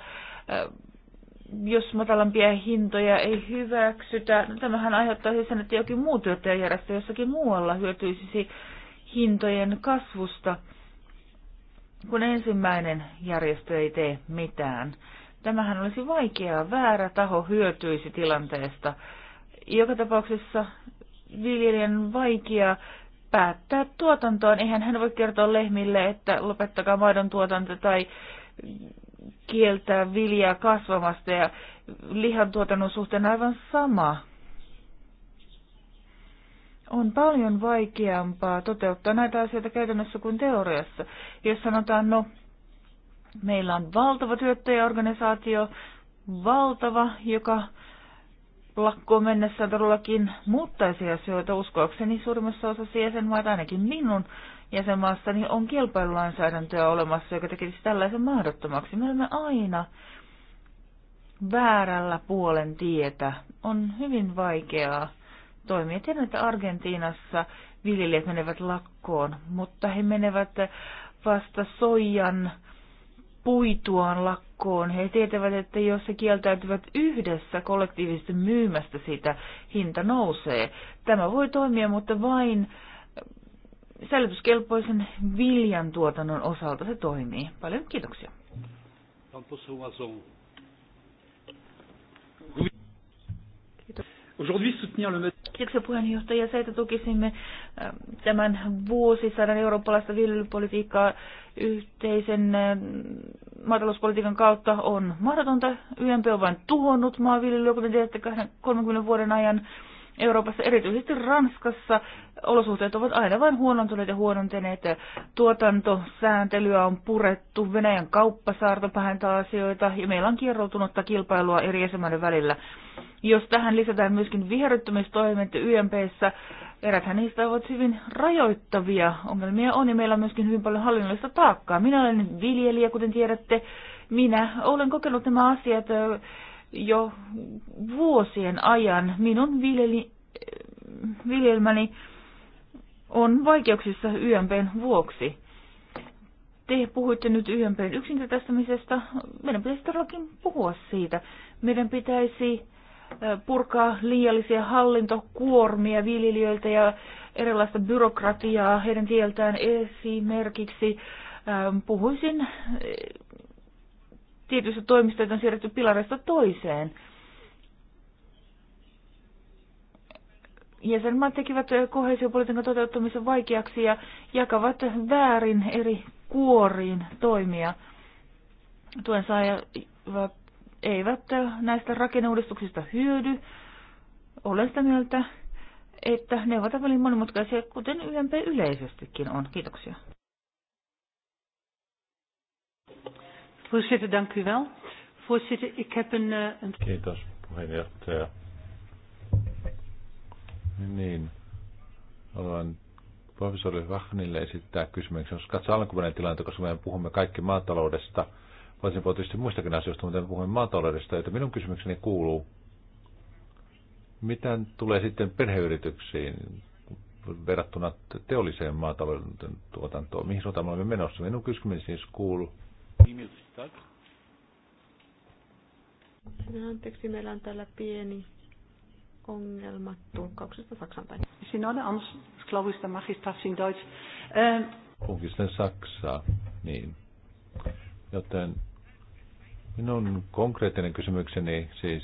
Speaker 3: jos matalampia hintoja ei hyväksytä. No, tämähän aiheuttaisi siis sen, että jokin muu tuottajajärjestö jossakin muualla hyötyisi hintojen kasvusta, kun ensimmäinen järjestö ei tee mitään. Tämähän olisi vaikeaa, väärä taho hyötyisi tilanteesta. Joka tapauksessa viljelijän vaikea päättää tuotantoon. Eihän hän voi kertoa lehmille, että lopettakaa maidon tuotanto tai kieltää viljaa kasvamasta ja lihantuotannon suhteen aivan sama. On paljon vaikeampaa toteuttaa näitä asioita käytännössä kuin teoriassa. Jos sanotaan, no meillä on valtava työttäjäorganisaatio, valtava, joka lakkoon mennessään todellakin muuttaisi asioita uskoakseni suurimmassa osassa jäsenmaita, ainakin minun jäsenmaassa, niin on kilpailulainsäädäntöä olemassa, joka tekisi tällaisen mahdottomaksi. Me olemme aina väärällä puolen tietä. On hyvin vaikeaa toimia. Tiedän, että Argentiinassa viljelijät menevät lakkoon, mutta he menevät vasta soijan puituaan lakkoon. He tietävät, että jos he kieltäytyvät yhdessä kollektiivisesti myymästä sitä, hinta nousee. Tämä voi toimia, mutta vain äh, säilytyskelpoisen viljan tuotannon osalta se toimii. Paljon kiitoksia. Kiitoksia puheenjohtaja. Se, että tukisimme ähm, tämän vuosisadan eurooppalaista viljelypolitiikkaa yhteisen ähm, maatalouspolitiikan kautta on mahdotonta. YMP on vain tuhonnut maanviljelyä, kuten tiedätte, 30 vuoden ajan Euroopassa, erityisesti Ranskassa, olosuhteet ovat aina vain huonontuneet ja huonontuneet. Tuotantosääntelyä on purettu, Venäjän kauppasaarto pähentää asioita ja meillä on kierroutunutta kilpailua eri jäsenmaiden välillä. Jos tähän lisätään myöskin viherryttämistoimet YMPssä, eräthän niistä ovat hyvin rajoittavia ongelmia on ja meillä on myöskin hyvin paljon hallinnollista taakkaa. Minä olen viljelijä, kuten tiedätte. Minä olen kokenut nämä asiat jo vuosien ajan. Minun viljeli, viljelmäni on vaikeuksissa YMPn vuoksi. Te puhuitte nyt YMPn yksinkertaistamisesta. Meidän pitäisi todellakin puhua siitä. Meidän pitäisi purkaa liiallisia hallintokuormia viljelijöiltä ja erilaista byrokratiaa heidän tieltään esimerkiksi. Puhuisin tietyissä toimistoissa on siirretty pilarista toiseen. Jäsenmaat tekivät kohesiopolitiikan toteuttamisen vaikeaksi ja jakavat väärin eri kuoriin toimia. Tuen saajat eivät näistä rakenneuudistuksista hyödy. Olen sitä mieltä, että ne ovat välin monimutkaisia, kuten YMP yleisestikin on. Kiitoksia. Voorzitter, dank u wel. Voorzitter, ik heb een... Uh, een... dat
Speaker 1: is Kiitos, puheenjohtaja.
Speaker 4: Niin, haluan professori Vahnille esittää kysymyksen. Jos katsoo alkuperäinen tilanne, koska me puhumme kaikki maataloudesta, voisin puhua tietysti muistakin asioista, mutta me puhumme maataloudesta, joten minun kysymykseni kuuluu, mitä tulee sitten perheyrityksiin verrattuna teolliseen maatalouden tuotantoon? Mihin suuntaan me olemme menossa? Minun kysymykseni siis kuuluu.
Speaker 1: Emails niin, Tak?
Speaker 2: Anteeksi, meillä on täällä pieni ongelma tulkauksesta Saksan päin. Sinä anders, glaube ich, mache ich das in Deutsch. Eh,
Speaker 4: ähm. Saksaa, niin. Joten minun konkreettinen kysymykseni siis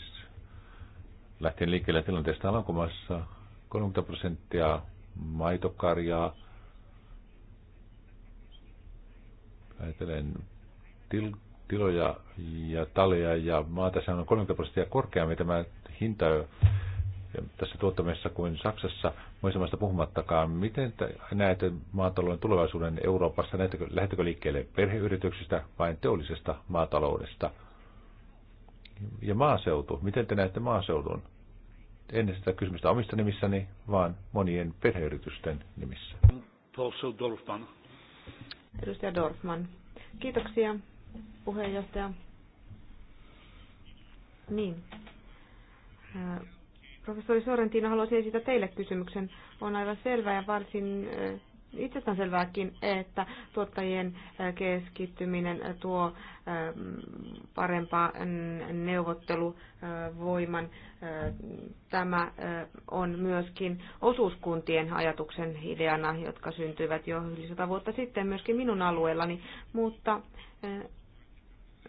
Speaker 4: lähtien liikkeelle tilanteesta Alankomassa 30 prosenttia maitokarjaa. Ajattelen til, tiloja ja taleja ja maata, sehän on 30 prosenttia korkeammin tämä hinta tässä tuottamisessa kuin Saksassa, muista puhumattakaan. Miten näet maatalouden tulevaisuuden Euroopassa? Näettekö, lähdettekö liikkeelle perheyrityksistä vai teollisesta maataloudesta? Ja maaseutu, miten te näette maaseudun? En sitä kysymystä omista nimissäni, vaan monien perheyritysten nimissä.
Speaker 2: Edustaja Dorfman. Kiitoksia puheenjohtaja. Niin. Professori Sorrentino, haluaisin esittää teille kysymyksen. On aivan selvää ja varsin itsestään selvääkin, että tuottajien keskittyminen tuo parempaa neuvotteluvoiman. Tämä on myöskin osuuskuntien ajatuksen ideana, jotka syntyivät jo yli sata vuotta sitten myöskin minun alueellani, mutta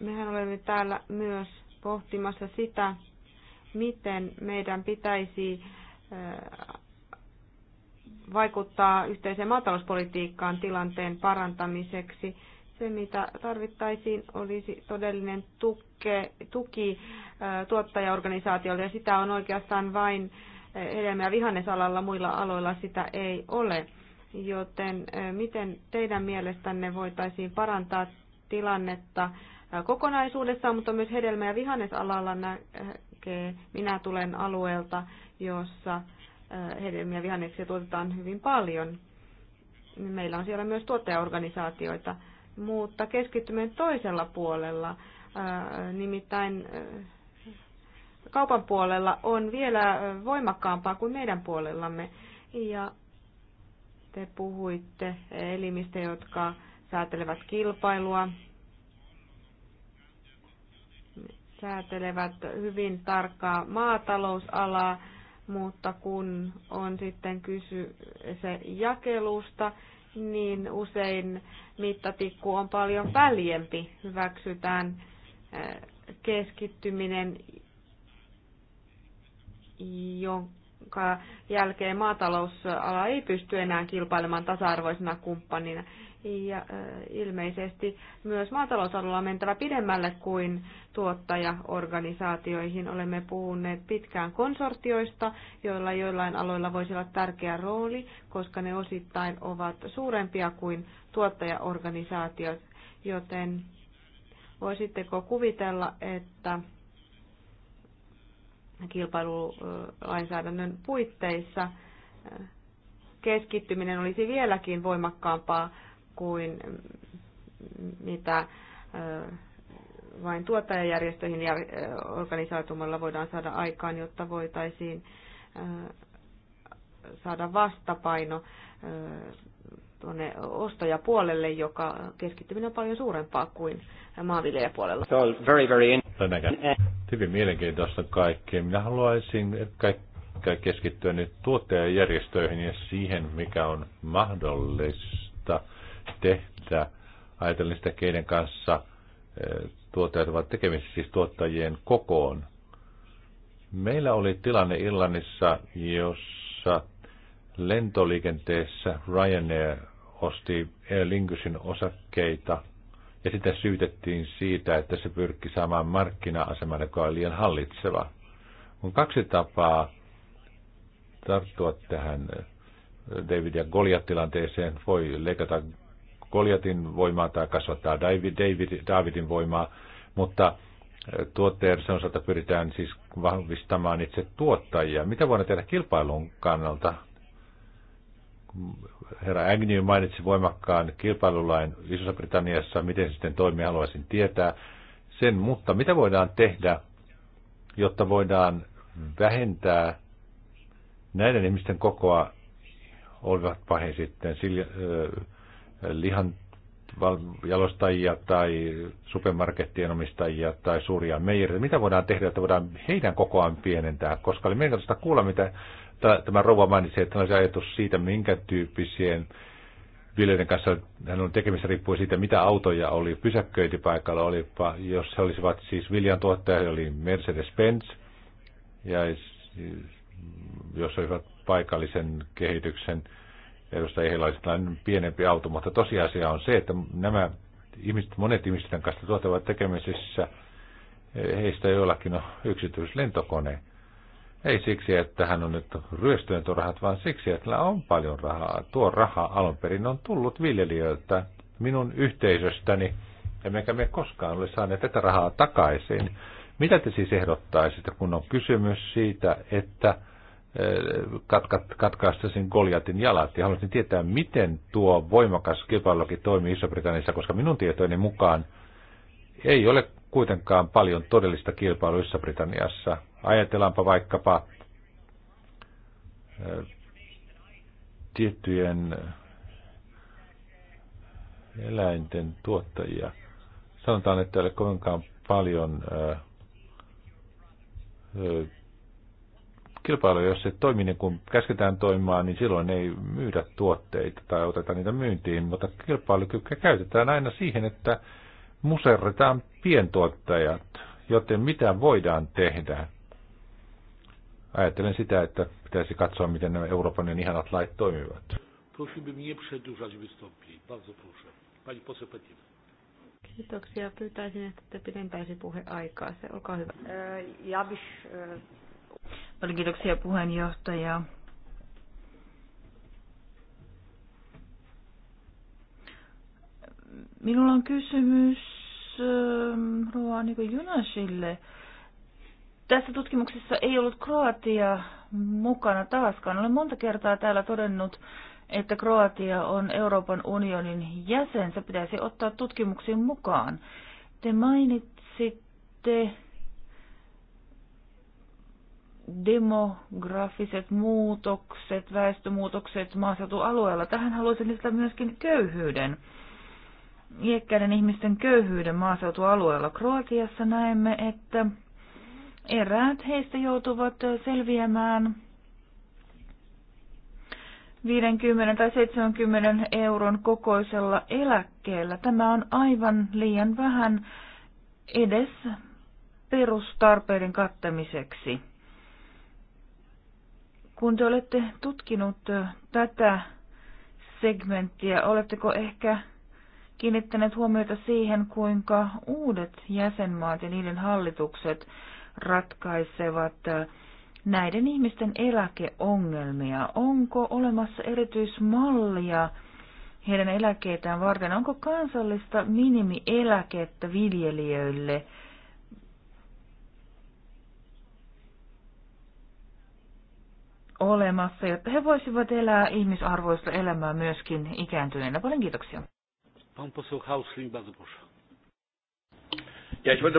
Speaker 2: mehän olemme täällä myös pohtimassa sitä, miten meidän pitäisi eh, vaikuttaa yhteiseen maatalouspolitiikkaan tilanteen parantamiseksi. Se, mitä tarvittaisiin, olisi todellinen tuke, tuki eh, tuottajaorganisaatiolle, ja sitä on oikeastaan vain eh, hedelmä- ja vihannesalalla, muilla aloilla sitä ei ole. Joten miten teidän mielestänne voitaisiin parantaa tilannetta Äh, kokonaisuudessaan, mutta myös hedelmä- ja vihannesalalla näkee. Minä tulen alueelta, jossa äh, hedelmiä ja vihanneksia tuotetaan hyvin paljon. Meillä on siellä myös tuottajaorganisaatioita, mutta keskittymme toisella puolella, äh, nimittäin kaupan puolella on vielä voimakkaampaa kuin meidän puolellamme. Ja te puhuitte elimistä, jotka säätelevät kilpailua, säätelevät hyvin tarkkaa maatalousalaa, mutta kun on sitten kysy se jakelusta, niin usein mittatikku on paljon väljempi. Hyväksytään eh, keskittyminen, jonka jälkeen maatalousala ei pysty enää kilpailemaan tasa-arvoisena kumppanina. Ja eh, ilmeisesti myös maatalousalalla on mentävä pidemmälle kuin tuottajaorganisaatioihin. Olemme puhuneet pitkään konsortioista, joilla joillain aloilla voisi olla tärkeä rooli, koska ne osittain ovat suurempia kuin tuottajaorganisaatiot, joten voisitteko kuvitella, että kilpailulainsäädännön puitteissa eh, keskittyminen olisi vieläkin voimakkaampaa kuin mm, mitä eh, vain tuottajajärjestöihin ja organisoitumalla voidaan saada aikaan, jotta voitaisiin saada vastapaino tuonne ostajapuolelle, joka keskittyminen on paljon suurempaa kuin maanviljelijäpuolella. Se on
Speaker 4: very, very Hyvin mielenkiintoista kaikki. Minä haluaisin kaikkea keskittyä nyt tuottajajärjestöihin ja siihen, mikä on mahdollista tehdä. Ajatellen sitä, keiden kanssa tuottajat ovat tekemisissä siis tuottajien kokoon. Meillä oli tilanne Irlannissa, jossa lentoliikenteessä Ryanair osti Air Lingusin osakkeita ja sitä syytettiin siitä, että se pyrkki saamaan markkina-aseman, joka on liian hallitseva. On kaksi tapaa tarttua tähän David ja Goliat-tilanteeseen. Voi leikata Goliatin voimaa tai kasvattaa David, David, Davidin voimaa, mutta eh, tuotteen se osalta pyritään siis vahvistamaan itse tuottajia. Mitä voidaan tehdä kilpailun kannalta? Herra Agnew mainitsi voimakkaan kilpailulain Isossa-Britanniassa, miten se sitten toimii, haluaisin tietää sen, mutta mitä voidaan tehdä, jotta voidaan vähentää näiden ihmisten kokoa, olivatpa he sitten lihan jalostajia tai supermarkettien omistajia tai suuria meijereitä. Mitä voidaan tehdä, että voidaan heidän kokoaan pienentää? Koska oli mielenkiintoista kuulla, mitä tämä rouva mainitsi, että hän olisi ajatus siitä, minkä tyyppisien viljelijöiden kanssa hän on tekemistä riippuen siitä, mitä autoja oli pysäköintipaikalla. Olipa, jos he olisivat siis viljan viljantuottaja, oli Mercedes-Benz, ja jos olivat paikallisen kehityksen jossa heillä olisi tällainen pienempi auto, mutta tosiasia on se, että nämä ihmiset, monet ihmisten kanssa tuotavat tekemisissä, heistä jollakin on yksityislentokone. Ei siksi, että hän on nyt ryöstönyt rahat, vaan siksi, että hän on paljon rahaa. Tuo raha alun perin on tullut viljelijöiltä, minun yhteisöstäni, emmekä me koskaan ole saaneet tätä rahaa takaisin. Mitä te siis ehdottaisitte, kun on kysymys siitä, että katka, katkaista sen Goliatin jalat. Ja haluaisin tietää, miten tuo voimakas kilpailuki toimii Iso-Britanniassa, koska minun tietojeni mukaan ei ole kuitenkaan paljon todellista kilpailua Iso-Britanniassa. Ajatellaanpa vaikkapa tiettyjen eläinten tuottajia. Sanotaan, että ei ole kovinkaan paljon kilpailu, jos se toimii niin kuin käsketään toimimaan, niin silloin ei myydä tuotteita tai oteta niitä myyntiin, mutta kilpailukykyä käytetään aina siihen, että muserretaan pientuottajat, joten mitä voidaan tehdä? Ajattelen sitä, että pitäisi katsoa, miten nämä Euroopan ja ihanat lait toimivat.
Speaker 2: Kiitoksia. Pyytäisin, että te pidentäisi puheaikaa. Se olkaa hyvä. Ja
Speaker 3: Paljon kiitoksia puheenjohtaja. Minulla on kysymys ähm, Ruoan niin Junasille. Tässä tutkimuksessa ei ollut Kroatia mukana taaskaan. Olen monta kertaa täällä todennut, että Kroatia on Euroopan unionin jäsen. Se pitäisi ottaa tutkimuksiin mukaan. Te mainitsitte demografiset muutokset, väestömuutokset maaseutualueella. Tähän haluaisin lisätä myöskin köyhyyden. Iäkkäiden ihmisten köyhyyden maaseutualueella Kroatiassa näemme, että eräät heistä joutuvat selviämään 50 tai 70 euron kokoisella eläkkeellä. Tämä on aivan liian vähän edes perustarpeiden kattamiseksi. Kun te olette tutkinut tätä segmenttiä, oletteko ehkä kiinnittäneet huomiota siihen, kuinka uudet jäsenmaat ja niiden hallitukset ratkaisevat näiden ihmisten eläkeongelmia? Onko olemassa erityismallia heidän eläkeitään varten? Onko kansallista minimieläkettä viljelijöille? olemassa, jotta he voisivat elää ihmisarvoista elämää myöskin ikääntyneenä. Paljon kiitoksia.
Speaker 1: Ja ähm,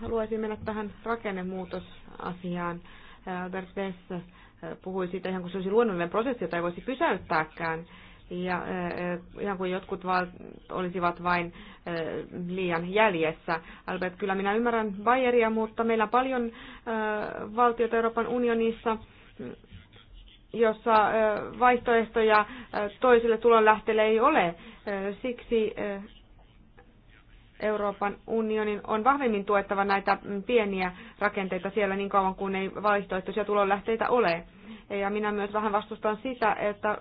Speaker 2: Haluaisin mennä tähän rakennemuutosasiaan. Äh, Bert Vess äh, puhui siitä että se olisi luonnollinen prosessi, jota ei voisi pysäyttääkään ja ihan kuin jotkut val- olisivat vain liian jäljessä. Albert, kyllä minä ymmärrän Bayeria, mutta meillä on paljon valtioita Euroopan unionissa, jossa vaihtoehtoja toisille tulonlähteille ei ole. Siksi Euroopan unionin on vahvemmin tuettava näitä pieniä rakenteita siellä niin kauan kuin ei vaihtoehtoisia tulonlähteitä ole. Ja minä myös vähän vastustan sitä, että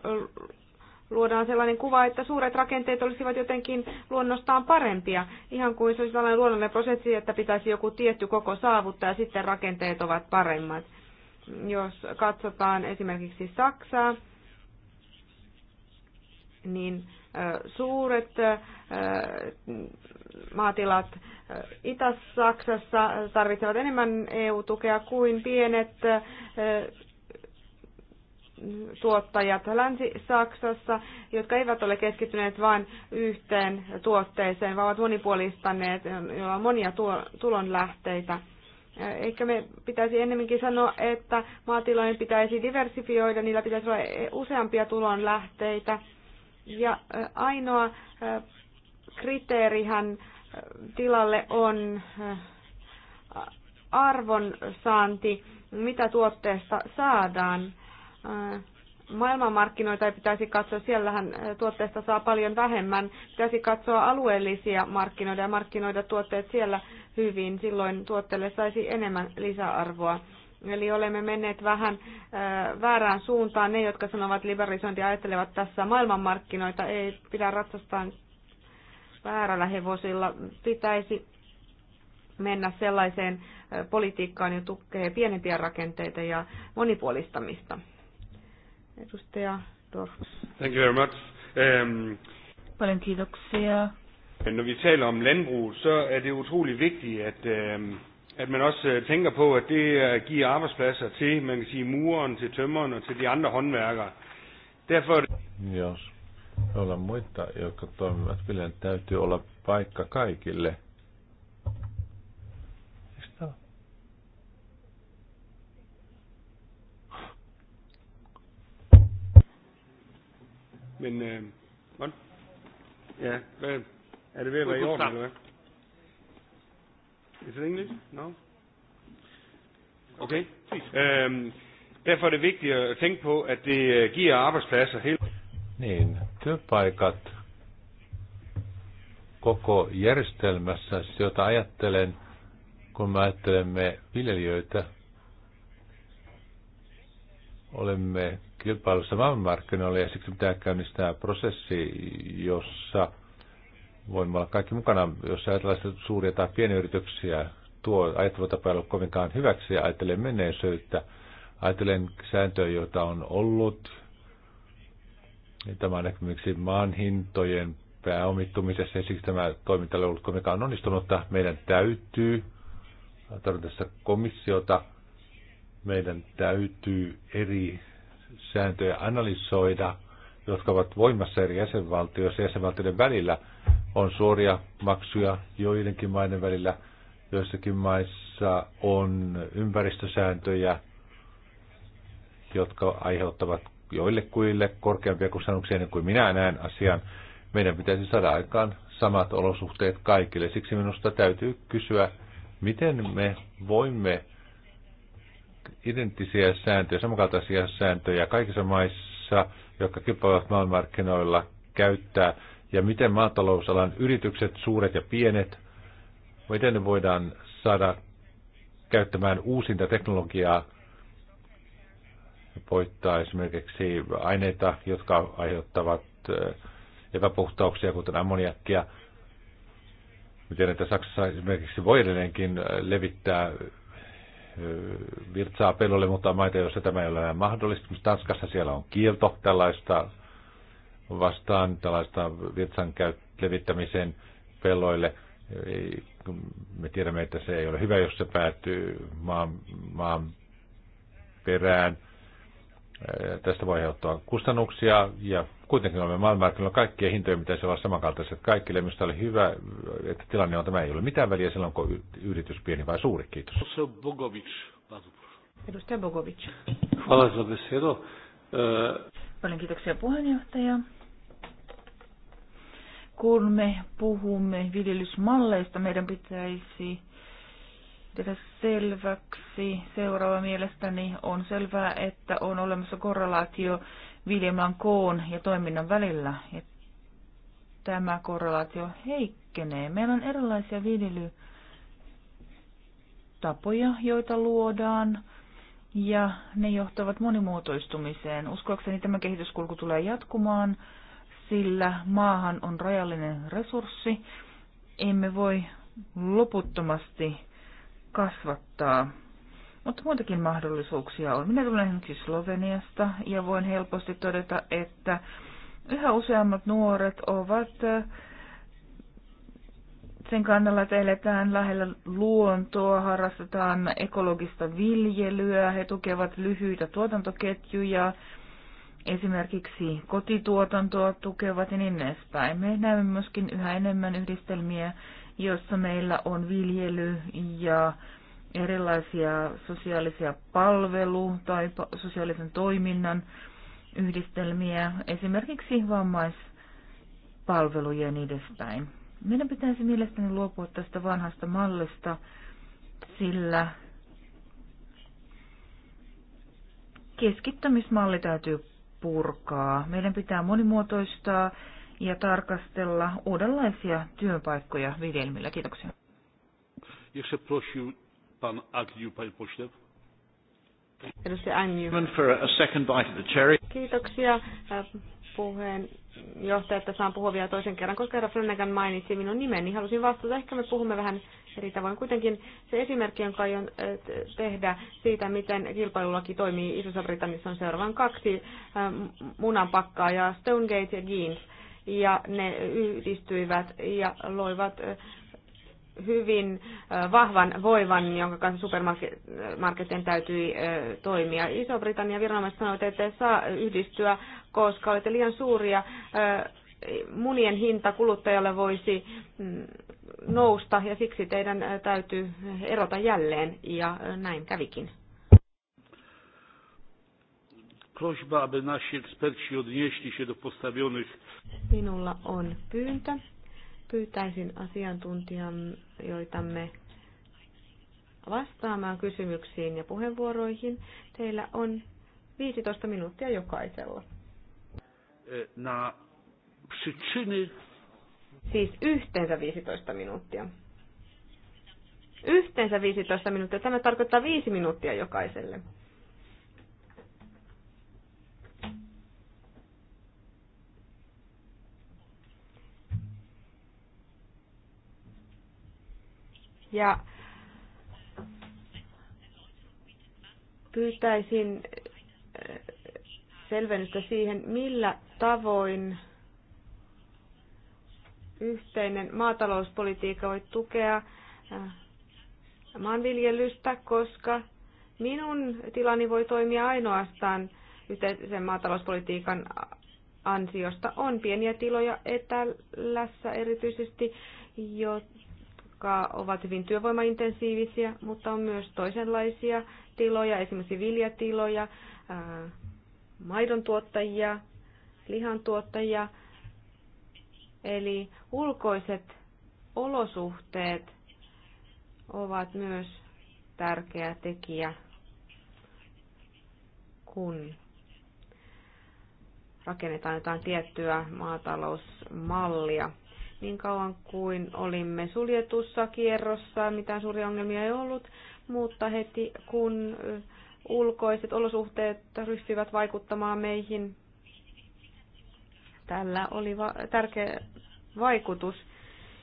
Speaker 2: luodaan sellainen kuva, että suuret rakenteet olisivat jotenkin luonnostaan parempia. Ihan kuin se olisi sellainen luonnollinen prosessi, että pitäisi joku tietty koko saavuttaa ja sitten rakenteet ovat paremmat. Jos katsotaan esimerkiksi Saksaa, niin suuret maatilat Itä-Saksassa tarvitsevat enemmän EU-tukea kuin pienet tuottajat Länsi-Saksassa, jotka eivät ole keskittyneet vain yhteen tuotteeseen, vaan ovat monipuolistaneet, joilla on monia tulonlähteitä. Ehkä me pitäisi ennemminkin sanoa, että maatilojen pitäisi diversifioida, niillä pitäisi olla useampia tulonlähteitä. Ja ainoa kriteerihän tilalle on arvonsaanti, mitä tuotteesta saadaan maailmanmarkkinoita ei pitäisi katsoa, siellähän tuotteesta saa paljon vähemmän. Pitäisi katsoa alueellisia markkinoita ja markkinoida tuotteet siellä hyvin, silloin tuotteelle saisi enemmän lisäarvoa. Eli olemme menneet vähän väärään suuntaan. Ne, jotka sanovat liberalisointia, ajattelevat tässä maailmanmarkkinoita, ei pidä ratsastaa väärällä hevosilla. Pitäisi mennä sellaiseen politiikkaan, joka tukee pienempiä rakenteita ja monipuolistamista. Edustaja Dorf.
Speaker 3: Thank you very much. Um, Paljon
Speaker 2: kiitoksia.
Speaker 3: Når vi taler om landbrug,
Speaker 1: så er det utrolig vigtigt, at, øh, at man også øh, tænker på, at det øh, giver arbejdspladser til, man kan sige, muren, til tømmeren og til de andre håndværkere. Derfor... Er
Speaker 4: Jos olla muita, jotka toimivat, viljan täytyy olla paikka kaikille –
Speaker 1: Men, øh, hvordan? Ja, hvad? Er det ved at være i orden, eller hvad? Is it English? No? Okay. Øhm, derfor er det vigtigt at tænke på, at det øh, giver arbejdspladser helt.
Speaker 4: Niin, työpaikat koko järjestelmässä, jota ajattelen, kun me ajattelemme viljelijöitä, olemme kilpailussa maailmanmarkkinoilla ja siksi pitää käynnistää prosessi, jossa voimme olla kaikki mukana, jos ajatellaan suuria tai pieniä yrityksiä. Tuo ajattelutapa ei ole kovinkaan hyväksi ja ajattelee menneisyyttä. Ajattelen sääntöjä, joita on ollut. Ja niin tämä on esimerkiksi maan hintojen pääomittumisessa ja siksi tämä toiminta ei ollut kovinkaan onnistunutta. Meidän täytyy, tarvitaan tässä komissiota, meidän täytyy eri sääntöjä analysoida, jotka ovat voimassa eri jäsenvaltioissa jäsenvaltioiden välillä. On suoria maksuja joidenkin maiden välillä, joissakin maissa on ympäristösääntöjä, jotka aiheuttavat joille kuille korkeampia kustannuksia, niin kuin minä näen asian. Meidän pitäisi saada aikaan samat olosuhteet kaikille. Siksi minusta täytyy kysyä, miten me voimme identtisiä sääntöjä, samankaltaisia sääntöjä kaikissa maissa, jotka kilpailevat maailmanmarkkinoilla käyttää, ja miten maatalousalan yritykset, suuret ja pienet, miten ne voidaan saada käyttämään uusinta teknologiaa, voittaa esimerkiksi aineita, jotka aiheuttavat eh, epäpuhtauksia, kuten ammoniakkia. Miten näitä Saksassa esimerkiksi voi edelleenkin eh, levittää virtsaa pellolle, mutta on maita, joissa tämä ei ole enää mahdollista. Tanskassa siellä on kielto tällaista vastaan, tällaista virtsan levittämiseen pelloille. Me tiedämme, että se ei ole hyvä, jos se päätyy maan, maan perään. Tästä voi aiheuttaa kustannuksia ja kuitenkin olemme maailmanmarkkinoilla hintoja, hintojen se olla samankaltaiset kaikille. Minusta oli hyvä, että tilanne on tämä. Ei ole mitään väliä silloin, kun yritys pieni vai suuri. Kiitos.
Speaker 3: Edustaja Bogovic. E, Paljon kiitoksia puheenjohtaja. Kun me puhumme viljelysmalleista, meidän pitäisi tehdä selväksi. Seuraava mielestäni on selvää, että on olemassa korrelaatio viljelmän koon ja toiminnan välillä. Ja tämä korrelaatio heikkenee. Meillä on erilaisia viljelytapoja, joita luodaan, ja ne johtavat monimuotoistumiseen. Uskoakseni tämä kehityskulku tulee jatkumaan, sillä maahan on rajallinen resurssi. Emme voi loputtomasti kasvattaa mutta muitakin mahdollisuuksia on. Minä tulen esimerkiksi Sloveniasta ja voin helposti todeta, että yhä useammat nuoret ovat sen kannalla, että eletään lähellä luontoa, harrastetaan ekologista viljelyä, he tukevat lyhyitä tuotantoketjuja, esimerkiksi kotituotantoa tukevat ja niin edespäin. Me näemme myöskin yhä enemmän yhdistelmiä, joissa meillä on viljely ja erilaisia sosiaalisia palvelu- tai sosiaalisen toiminnan yhdistelmiä, esimerkiksi vammaispalveluja ja niin edespäin. Meidän pitäisi mielestäni luopua tästä vanhasta mallista, sillä keskittämismalli täytyy purkaa. Meidän pitää monimuotoistaa ja tarkastella uudenlaisia työpaikkoja viljelmillä.
Speaker 2: Kiitoksia.
Speaker 1: se prosiu... Pan Agnew, panie pośle.
Speaker 2: For a second bite of the cherry. Kiitoksia puheenjohtaja, että saan puhua vielä toisen kerran, koska herra Flanagan mainitsi minun nimeni, niin halusin vastata. Ehkä me puhumme vähän eri tavoin. Kuitenkin se esimerkki, jonka aion tehdä siitä, miten kilpailulaki toimii Isossa britannissa on seuraavan kaksi munanpakkaa ja Stonegate ja Jeans. Ja ne yhdistyivät ja loivat hyvin vahvan voivan, jonka kanssa supermarketin täytyi toimia. Iso-Britannia viranomaiset sanoivat, että ette saa yhdistyä, koska olette liian suuria. Munien hinta kuluttajalle voisi mm, nousta ja siksi teidän täytyy erota jälleen ja näin kävikin.
Speaker 1: Prośba, aby nasi eksperci odnieśli się do postawionych.
Speaker 2: Minulla on pyyntö Pyytäisin asiantuntijoitamme vastaamaan kysymyksiin ja puheenvuoroihin. Teillä on 15 minuuttia jokaisella. E, na przyczyny... Siis yhteensä 15 minuuttia. Yhteensä 15 minuuttia. Tämä tarkoittaa 5 minuuttia jokaiselle. Ja pyytäisin äh, selvennystä siihen, millä tavoin yhteinen maatalouspolitiikka voi tukea äh, maanviljelystä, koska minun tilani voi toimia ainoastaan yhteisen maatalouspolitiikan ansiosta. On pieniä tiloja etelässä erityisesti, jotka jotka ovat hyvin työvoimaintensiivisiä, mutta on myös toisenlaisia tiloja, esimerkiksi viljatiloja, maidontuottajia, lihantuottajia. Eli ulkoiset olosuhteet ovat myös tärkeä tekijä, kun rakennetaan jotain tiettyä maatalousmallia niin kauan kuin olimme suljetussa kierrossa, mitään suuria ongelmia ei ollut, mutta heti kun ulkoiset olosuhteet ryhtyivät vaikuttamaan meihin, tällä oli va- tärkeä vaikutus.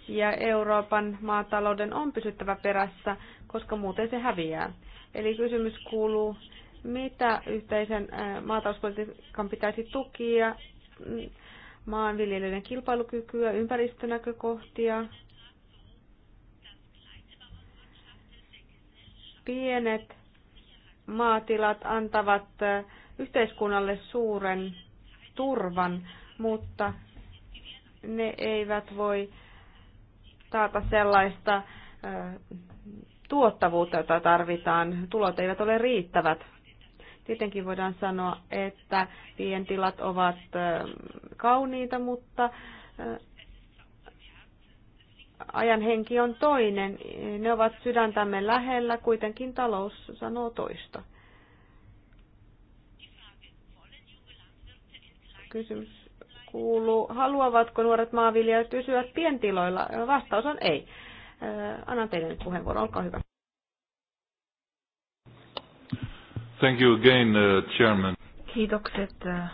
Speaker 2: Ja Euroopan maatalouden on pysyttävä perässä, koska muuten se häviää. Eli kysymys kuuluu, mitä yhteisen maatalouspolitiikan pitäisi tukia, maanviljelijöiden kilpailukykyä, ympäristönäkökohtia. Pienet maatilat antavat yhteiskunnalle suuren turvan, mutta ne eivät voi taata sellaista tuottavuutta, jota tarvitaan. Tulot eivät ole riittävät. Tietenkin voidaan sanoa, että pientilat ovat kauniita, mutta ajan henki on toinen. Ne ovat sydäntämme lähellä, kuitenkin talous sanoo toista. Kysymys kuuluu, haluavatko nuoret maanviljelijät pysyä pientiloilla? Vastaus on ei. Annan teille nyt puheenvuoron, olkaa hyvä.
Speaker 4: Thank you again, uh, Chairman.
Speaker 2: Kiitokset uh,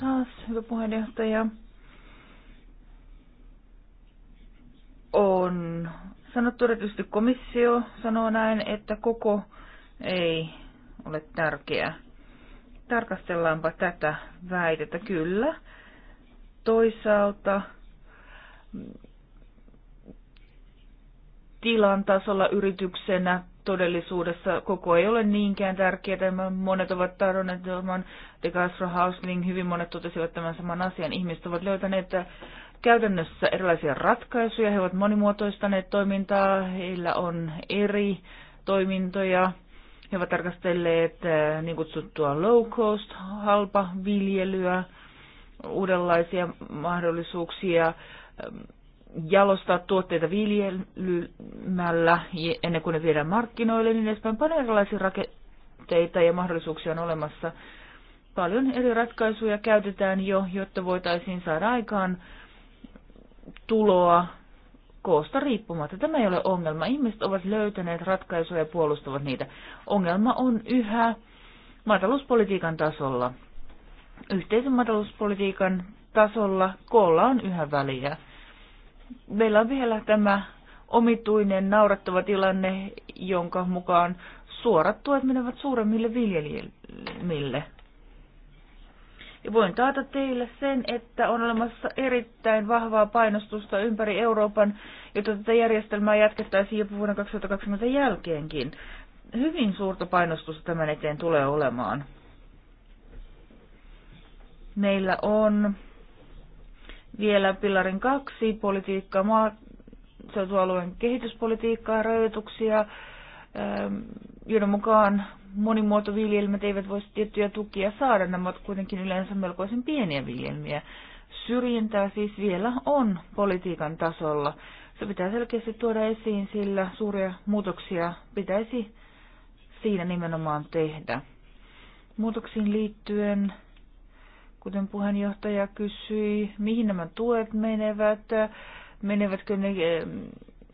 Speaker 2: taas, hyvä puheenjohtaja.
Speaker 3: On sanottu erityisesti komissio sanoo näin, että koko ei ole tärkeä. Tarkastellaanpa tätä väitettä kyllä. Toisaalta mm, tilan tasolla yrityksenä todellisuudessa koko ei ole niinkään tärkeää. Monet ovat tarjonneet oman De Castro Hausling, hyvin monet totesivat tämän saman asian. Ihmiset ovat löytäneet käytännössä erilaisia ratkaisuja, he ovat monimuotoistaneet toimintaa, heillä on eri toimintoja, he ovat tarkastelleet eh, niin kutsuttua low cost, halpa viljelyä, uudenlaisia mahdollisuuksia jalostaa tuotteita viljelymällä ennen kuin ne viedään markkinoille, niin edespäin paljon erilaisia rakenteita ja mahdollisuuksia on olemassa. Paljon eri ratkaisuja käytetään jo, jotta voitaisiin saada aikaan tuloa koosta riippumatta. Tämä ei ole ongelma. Ihmiset ovat löytäneet ratkaisuja ja puolustavat niitä. Ongelma on yhä maatalouspolitiikan tasolla. Yhteisen maatalouspolitiikan tasolla koolla on yhä väliä meillä on vielä tämä omituinen, naurattava tilanne, jonka mukaan suorat tuet menevät suuremmille viljelijille. Ja voin taata teille sen, että on olemassa erittäin vahvaa painostusta ympäri Euroopan, jotta tätä järjestelmää jatkettaisiin jopa vuonna 2020 jälkeenkin. Hyvin suurta painostusta tämän eteen tulee olemaan. Meillä on vielä pilarin kaksi, politiikka, maaseutualueen kehityspolitiikkaa, rajoituksia, ähm, joiden mukaan monimuotoviljelmät eivät voisi tiettyjä tukia saada. Nämä ovat kuitenkin yleensä melkoisen pieniä viljelmiä. Syrjintää siis vielä on politiikan tasolla. Se pitää selkeästi tuoda esiin, sillä suuria muutoksia pitäisi siinä nimenomaan tehdä. Muutoksiin liittyen Kuten puheenjohtaja kysyi, mihin nämä tuet menevät, menevätkö ne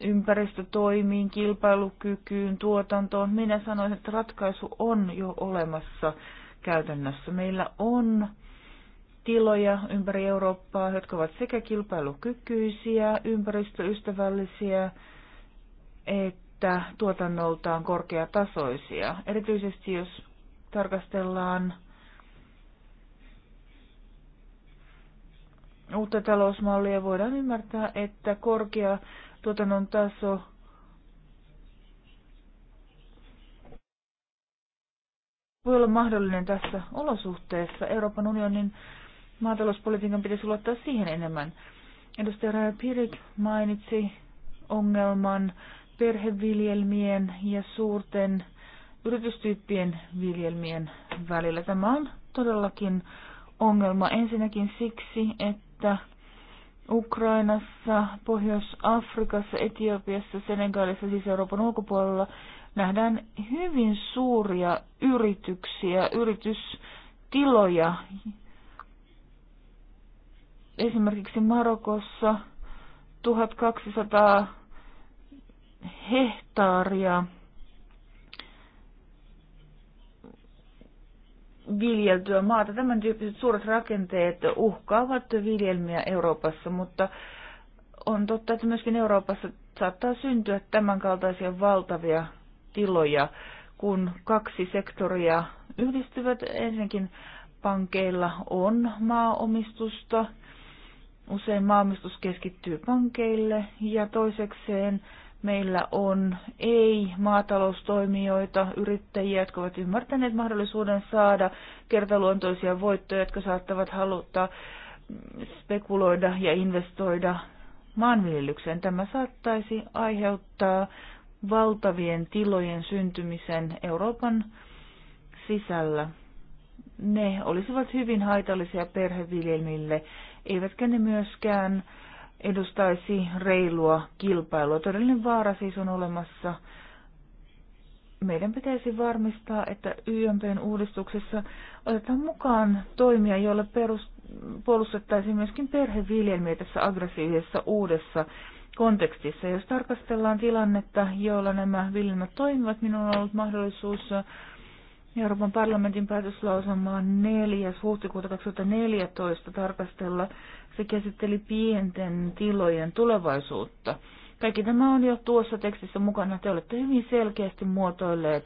Speaker 3: ympäristötoimiin, kilpailukykyyn, tuotantoon. Minä sanoin, että ratkaisu on jo olemassa käytännössä. Meillä on tiloja ympäri Eurooppaa, jotka ovat sekä kilpailukykyisiä, ympäristöystävällisiä, että tuotannoltaan korkeatasoisia. Erityisesti jos tarkastellaan uutta talousmallia, voidaan ymmärtää, että korkea tuotannon taso voi olla mahdollinen tässä olosuhteessa. Euroopan unionin maatalouspolitiikan pitäisi luottaa siihen enemmän. Edustaja Raja Pirik mainitsi ongelman perheviljelmien ja suurten yritystyyppien viljelmien välillä. Tämä on todellakin ongelma ensinnäkin siksi, että että Ukrainassa, Pohjois-Afrikassa, Etiopiassa, Senegalissa, siis Euroopan ulkopuolella, nähdään hyvin suuria yrityksiä, yritystiloja. Esimerkiksi Marokossa 1200 hehtaaria viljeltyä maata. Tämän tyyppiset suuret rakenteet uhkaavat viljelmiä Euroopassa, mutta on totta, että myöskin Euroopassa saattaa syntyä tämänkaltaisia valtavia tiloja, kun kaksi sektoria yhdistyvät. Ensinnäkin pankeilla on maaomistusta, usein maaomistus keskittyy pankeille ja toisekseen Meillä on ei-maataloustoimijoita, yrittäjiä, jotka ovat ymmärtäneet mahdollisuuden saada kertaluontoisia voittoja, jotka saattavat haluta spekuloida ja investoida maanviljelykseen. Tämä saattaisi aiheuttaa valtavien tilojen syntymisen Euroopan sisällä. Ne olisivat hyvin haitallisia perheviljelmille, eivätkä ne myöskään äh, edustaisi reilua kilpailua. Todellinen vaara siis on olemassa. Meidän pitäisi varmistaa, että YMPn uudistuksessa otetaan mukaan toimia, joilla perus, puolustettaisiin myöskin perheviljelmiä tässä aggressiivisessa uudessa kontekstissa. Jos tarkastellaan tilannetta, jolla nämä viljelmät toimivat, minulla on ollut mahdollisuus Euroopan parlamentin päätöslausumaa 4. huhtikuuta 2014 tarkastella. Se käsitteli pienten tilojen tulevaisuutta. Kaikki tämä on jo tuossa tekstissä mukana. Te olette hyvin selkeästi muotoilleet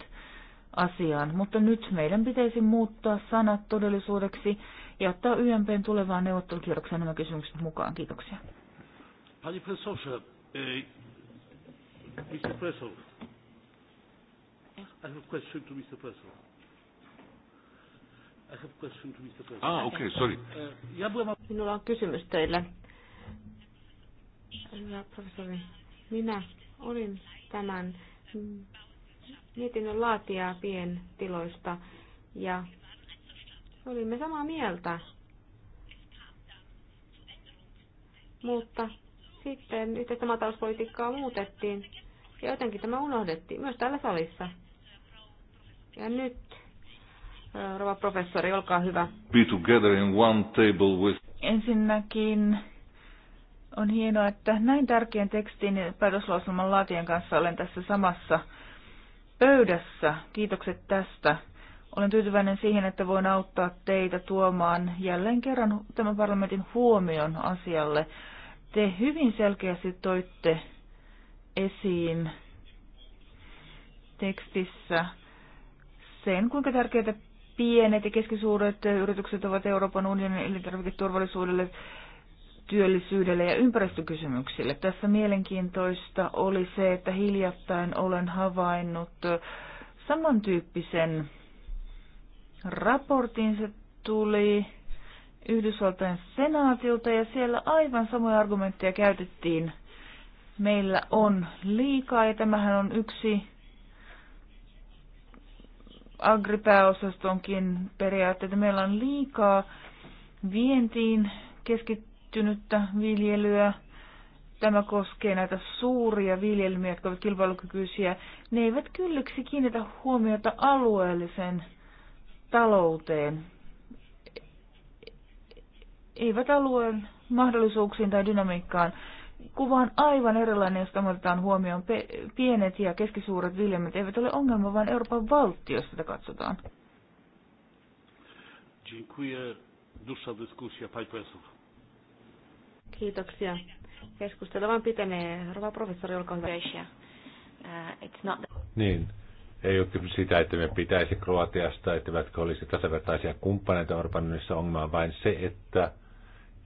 Speaker 3: asiaan, mutta nyt meidän pitäisi muuttaa sanat todellisuudeksi ja ottaa YMPn tulevaan neuvottelukierrokseen nämä kysymykset mukaan. Kiitoksia.
Speaker 1: E, Mr. Professor, I have a question to Mr. Professor. Ah, okei, okay, sorry.
Speaker 2: Minulla on kysymys teille. Hyvä professori, minä olin tämän mietinnön laatijaa pientiloista ja olimme samaa mieltä. Mutta sitten yhteistä maatalouspolitiikkaa muutettiin ja jotenkin tämä unohdettiin, myös täällä salissa. Ja nyt Rova professori, olkaa hyvä.
Speaker 4: Be together in one table with...
Speaker 2: Ensinnäkin
Speaker 3: on hienoa, että näin tärkeän tekstin päätöslauselman laatien kanssa olen tässä samassa pöydässä. Kiitokset tästä. Olen tyytyväinen siihen, että voin auttaa teitä tuomaan jälleen kerran tämän parlamentin huomion asialle. Te hyvin selkeästi toitte esiin tekstissä sen, kuinka tärkeää pienet ja keskisuuret yritykset ovat Euroopan unionin elintarviketurvallisuudelle, työllisyydelle ja ympäristökysymyksille. Tässä mielenkiintoista oli se, että hiljattain olen havainnut samantyyppisen raportin. Se tuli Yhdysvaltain senaatilta ja siellä aivan samoja argumentteja käytettiin. Meillä on liikaa ja tämähän on yksi agripääosastonkin periaatteita. Meillä on liikaa vientiin keskittynyttä viljelyä. Tämä koskee näitä suuria viljelmiä, jotka ovat kilpailukykyisiä. Ne eivät kylliksi kiinnitä huomiota alueelliseen talouteen. Eivät alueen mahdollisuuksiin tai dynamiikkaan kuva on aivan erilainen, jos otetaan huomioon. pienet ja keskisuuret viljelmät eivät ole ongelma, vaan Euroopan valtio, jos sitä katsotaan.
Speaker 2: Kiitoksia. Keskustelu vaan pitenee. Rova professori, olkaa hyvä. Uh, it's not
Speaker 4: Niin. Ei ole kysymys sitä, että me pitäisi Kroatiasta, että olisi tasavertaisia kumppaneita Euroopan unionissa. Ongelma vain se, että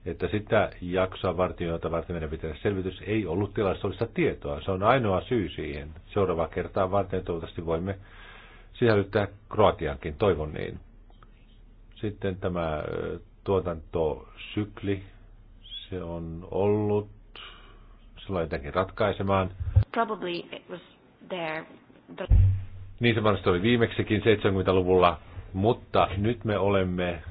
Speaker 4: että sitä jaksoa varten, jota varten meidän pitäisi selvitys, ei ollut tilastollista tietoa. Se on ainoa syy siihen. Seuraavaa kertaa varten toivottavasti voimme sisällyttää Kroatiankin, toivon niin. Sitten tämä tuotantosykli, se on ollut silloin jotenkin ratkaisemaan.
Speaker 3: Probably
Speaker 2: it was there. The...
Speaker 4: Niin se varmasti oli viimeksikin 70-luvulla, mutta nyt me olemme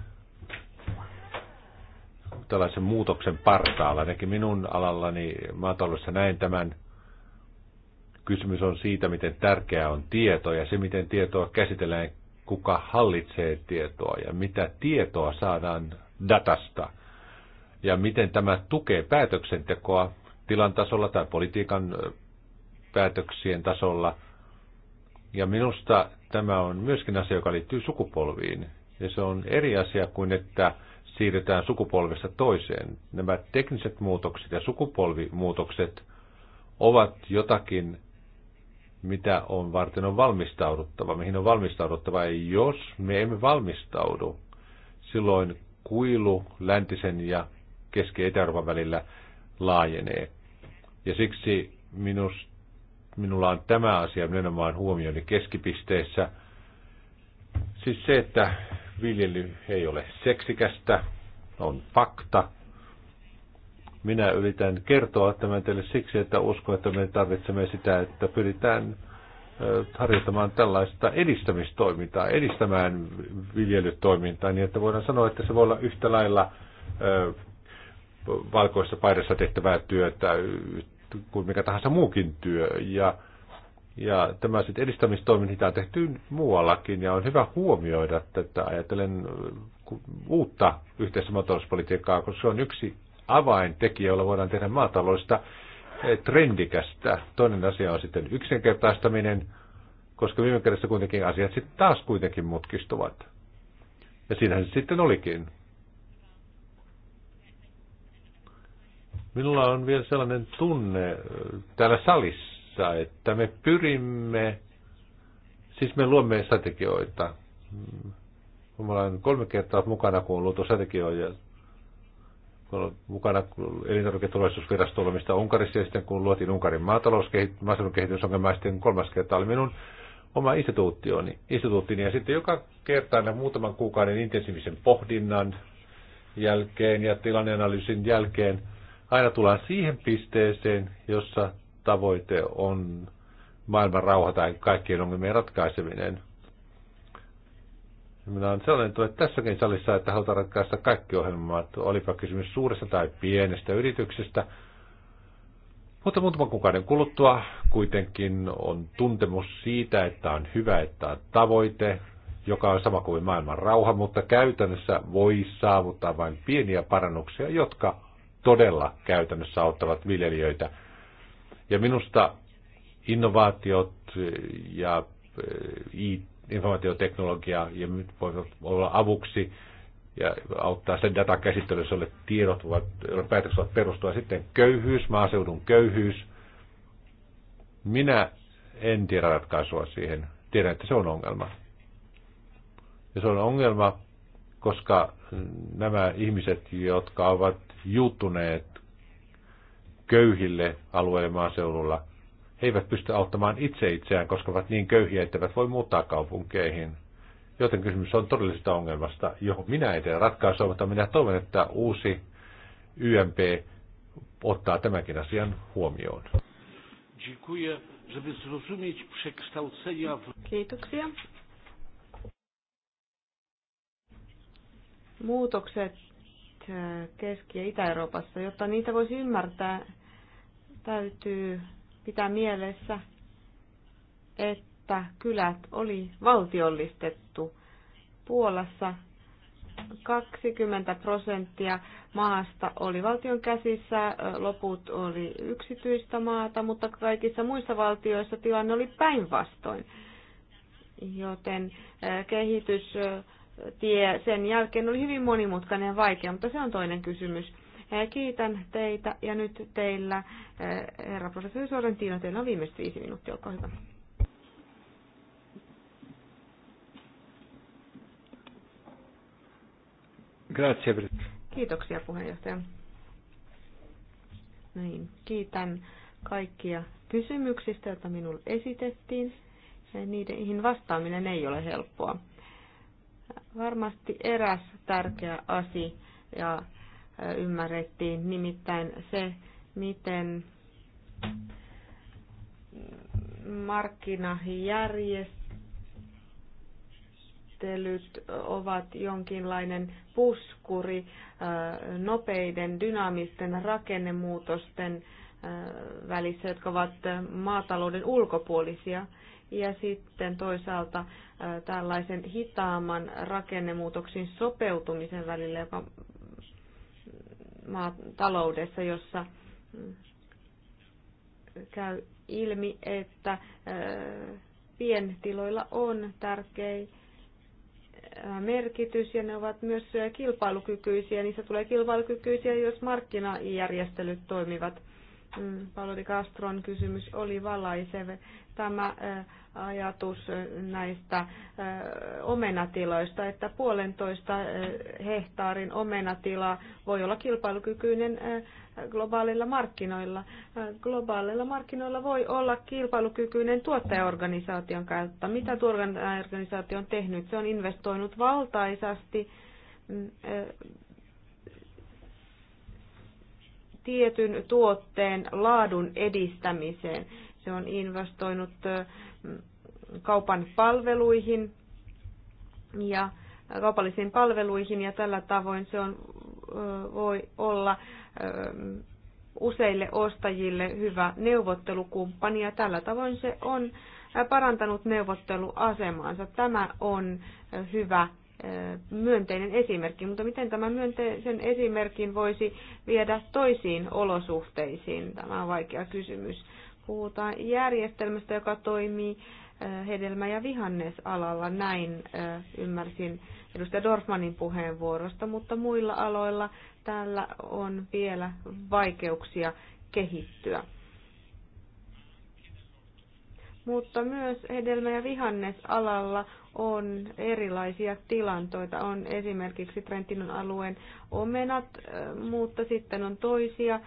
Speaker 4: tällaisen muutoksen partaalla. Ainakin minun alallani maataloudessa näin tämän. Kysymys on siitä, miten tärkeää on tieto ja se, miten tietoa käsitellään, kuka hallitsee tietoa ja mitä tietoa saadaan datasta. Ja miten tämä tukee päätöksentekoa tilan tasolla tai politiikan päätöksien tasolla. Ja minusta tämä on myöskin asia, joka liittyy sukupolviin. Ja se on eri asia kuin, että siirrytään sukupolvesta toiseen. Nämä tekniset muutokset ja sukupolvimuutokset ovat jotakin, mitä on varten on valmistauduttava, mihin on valmistauduttava. Ja jos me emme valmistaudu, silloin kuilu läntisen ja keski- ja välillä laajenee. Ja siksi minus, minulla on tämä asia nimenomaan huomioni keskipisteessä. Siis se, että viljely ei ole seksikästä, on fakta. Minä yritän kertoa tämän teille siksi, että uskon, että me tarvitsemme sitä, että pyritään harjoittamaan tällaista edistämistoimintaa, edistämään viljelytoimintaa, niin että voidaan sanoa, että se voi olla yhtä lailla valkoissa paidassa tehtävää työtä kuin mikä tahansa muukin työ. Ja ja tämä sitten edistämistoiminta on tehty muuallakin ja on hyvä huomioida että ajatellen uutta yhteistä maatalouspolitiikkaa, koska se on yksi avaintekijä, jolla voidaan tehdä maataloudesta eh, trendikästä. Toinen asia on sitten yksinkertaistaminen, koska viime kädessä kuitenkin asiat sitten taas kuitenkin mutkistuvat. Ja siinähän se sitten olikin. Minulla on vielä sellainen tunne täällä salissa, kanssa, että me pyrimme, siis me luomme strategioita. Me ollaan kolme kertaa mukana, kun on luotu strategioita mukana elintarviketurvallisuusvirastolla, mistä Unkarissa, ja sitten kun luotiin Unkarin maaseudun kehitysongelmaa, sitten kolmas kerta oli minun oma instituutioni, instituuttini. Ja sitten joka kerta aina muutaman kuukauden intensiivisen pohdinnan jälkeen ja tilanneanalyysin jälkeen aina tullaan siihen pisteeseen, jossa tavoite on maailman rauha tai kaikkien ongelmien ratkaiseminen. Minä olen sellainen tuo, että tässäkin salissa, että halutaan ratkaista kaikki ohjelmat, olipa kysymys suuresta tai pienestä yrityksestä. Mutta muutaman kuukauden kuluttua kuitenkin on tuntemus siitä, että on hyvä, että on tavoite, joka on sama kuin maailman rauha, mutta käytännössä voi saavuttaa vain pieniä parannuksia, jotka todella käytännössä auttavat viljelijöitä – ja minusta innovaatiot eh, ja eh, informaatioteknologia ja nyt voi olla avuksi ja auttaa sen datan käsittelyssä, jolle tiedot voivat, päätökset voivat perustua. Sitten köyhyys, maaseudun köyhyys. Minä en tiedä ratkaisua siihen. Tiedän, että se on ongelma. Ja se on ongelma, koska nämä ihmiset, jotka ovat juuttuneet köyhille alueille maaseudulla. He eivät pysty auttamaan itse itseään, koska ovat niin köyhiä, että eivät voi muuttaa kaupunkeihin. Joten kysymys on todellisesta ongelmasta, johon minä en tee ratkaisua, mutta minä toivon, että uusi YMP ottaa tämänkin asian huomioon.
Speaker 2: Kiitoksia. Muutokset äh, Keski- ja Itä-Euroopassa, jotta niitä voisi ymmärtää, täytyy pitää mielessä, että kylät oli valtiollistettu. Puolassa 20 prosenttia maasta oli valtion käsissä, loput oli yksityistä maata, mutta kaikissa muissa valtioissa tilanne oli päinvastoin. Joten kehitystie sen jälkeen oli hyvin monimutkainen ja vaikea, mutta se on toinen kysymys. Eh, kiitän teitä ja nyt teillä, eh, herra professori Sorrentino, teillä on viimeiset viisi minuuttia, olkaa hyvä. Grazie. Kiitoksia puheenjohtaja. Niin, kiitän kaikkia kysymyksistä, joita minulle esitettiin. Eh, niihin vastaaminen ei ole helppoa. Varmasti eräs tärkeä asia ja ymmärrettiin, nimittäin se, miten markkinajärjestelyt ovat jonkinlainen puskuri nopeiden dynaamisten rakennemuutosten välissä, jotka ovat maatalouden ulkopuolisia. Ja sitten toisaalta tällaisen hitaamman rakennemuutoksiin sopeutumisen välillä, joka maataloudessa, jossa mm, käy ilmi, että äh, pientiloilla on tärkeä äh, merkitys ja ne ovat myös kilpailukykyisiä. Niissä tulee kilpailukykyisiä, jos markkinajärjestelyt toimivat. Mm, Paolo de Castron kysymys oli valaiseva tämä ajatus näistä omenatiloista, että puolentoista hehtaarin omenatila voi olla kilpailukykyinen globaaleilla markkinoilla. Globaaleilla markkinoilla voi olla kilpailukykyinen tuottajaorganisaation kautta. Mitä tuottajaorganisaatio on tehnyt? Se on investoinut valtaisasti mm, tietyn tuotteen laadun edistämiseen. Se on investoinut mm, kaupan palveluihin ja kaupallisiin palveluihin ja tällä tavoin se on, voi olla mm, useille ostajille hyvä neuvottelukumppani ja tällä tavoin se on parantanut neuvotteluasemaansa. Tämä on hyvä myönteinen esimerkki, mutta miten tämä myönteisen esimerkin voisi viedä toisiin olosuhteisiin? Tämä on vaikea kysymys puhutaan järjestelmästä, joka toimii äh, hedelmä- ja vihannesalalla. Näin äh, ymmärsin edustaja Dorfmanin puheenvuorosta, mutta muilla aloilla täällä on vielä vaikeuksia kehittyä. Mutta myös hedelmä- ja vihannesalalla on erilaisia tilantoita. On esimerkiksi Trentinon alueen omenat, äh, mutta sitten on toisia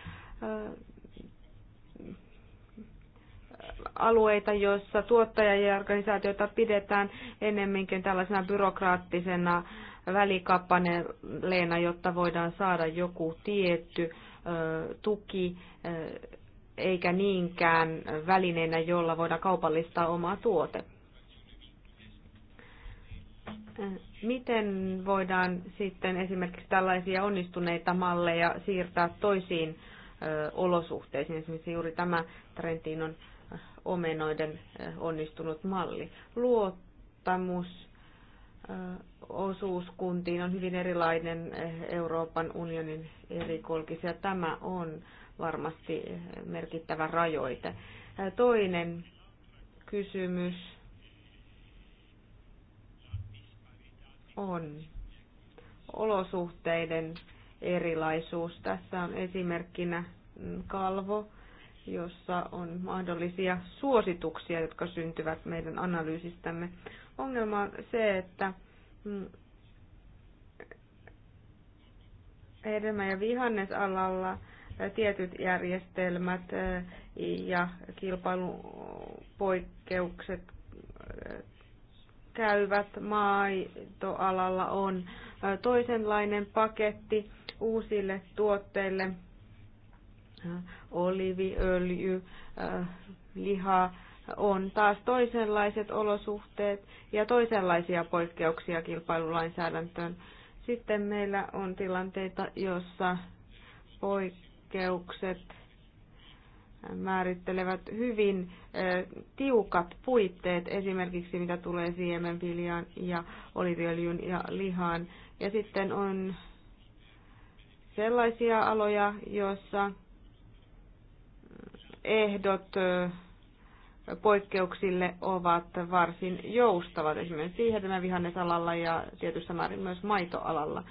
Speaker 2: alueita, joissa tuottajia ja organisaatioita pidetään enemminkin tällaisena byrokraattisena välikappaneleena, jotta voidaan saada joku tietty tuki eikä niinkään välineenä, jolla voidaan kaupallistaa omaa tuote. Miten voidaan sitten esimerkiksi tällaisia onnistuneita malleja siirtää toisiin olosuhteisiin? Esimerkiksi juuri tämä Trentinon omenoiden onnistunut malli. Luottamus osuuskuntiin on hyvin erilainen Euroopan unionin eri kolkissa ja tämä on varmasti merkittävä rajoite. Toinen kysymys on olosuhteiden erilaisuus. Tässä on esimerkkinä mm, kalvo, jossa on mahdollisia suosituksia, jotka syntyvät meidän analyysistämme. Ongelma on se, että mm, hedelmä- ja vihannesalalla tietyt järjestelmät ja kilpailupoikkeukset käyvät maitoalalla on toisenlainen paketti uusille tuotteille oliviöljy, äh, liha, on taas toisenlaiset olosuhteet ja toisenlaisia poikkeuksia kilpailulainsäädäntöön. Sitten meillä on tilanteita, joissa poikkeukset määrittelevät hyvin äh, tiukat puitteet, esimerkiksi mitä tulee siemenviljaan ja oliviöljyn ja lihaan. Ja sitten on sellaisia aloja, joissa ehdot poikkeuksille ovat varsin joustavat, esimerkiksi siihen vihannesalalla ja tietyssä määrin myös maitoalalla.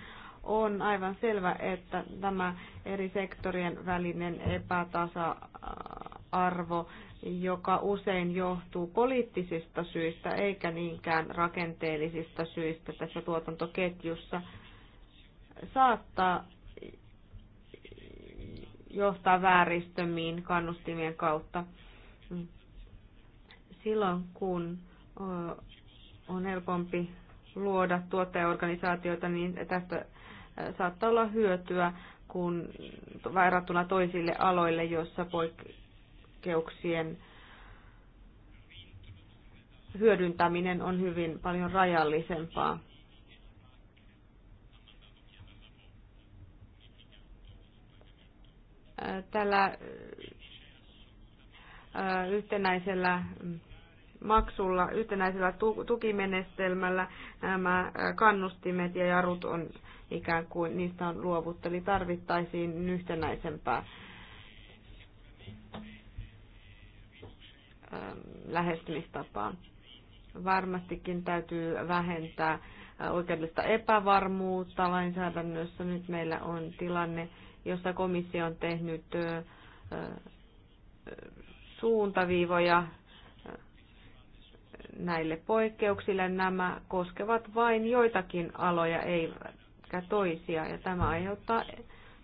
Speaker 2: On aivan selvä, että tämä eri sektorien välinen epätasa-arvo, joka usein johtuu poliittisista syistä eikä niinkään rakenteellisista syistä tässä tuotantoketjussa, saattaa johtaa vääristömiin kannustimien kautta. Silloin kun on helpompi luoda tuottajaorganisaatioita, niin tästä saattaa olla hyötyä kun verrattuna toisille aloille, joissa poikkeuksien hyödyntäminen on hyvin paljon rajallisempaa. tällä äh, yhtenäisellä maksulla, yhtenäisellä tukimenestelmällä nämä äh, kannustimet ja jarut on ikään kuin niistä on luovuttu, eli tarvittaisiin yhtenäisempää äh, lähestymistapaa. Varmastikin täytyy vähentää oikeudellista epävarmuutta lainsäädännössä. Nyt meillä on tilanne, jossa komissio on tehnyt suuntaviivoja näille poikkeuksille. Nämä koskevat vain joitakin aloja, eikä toisia, ja tämä aiheuttaa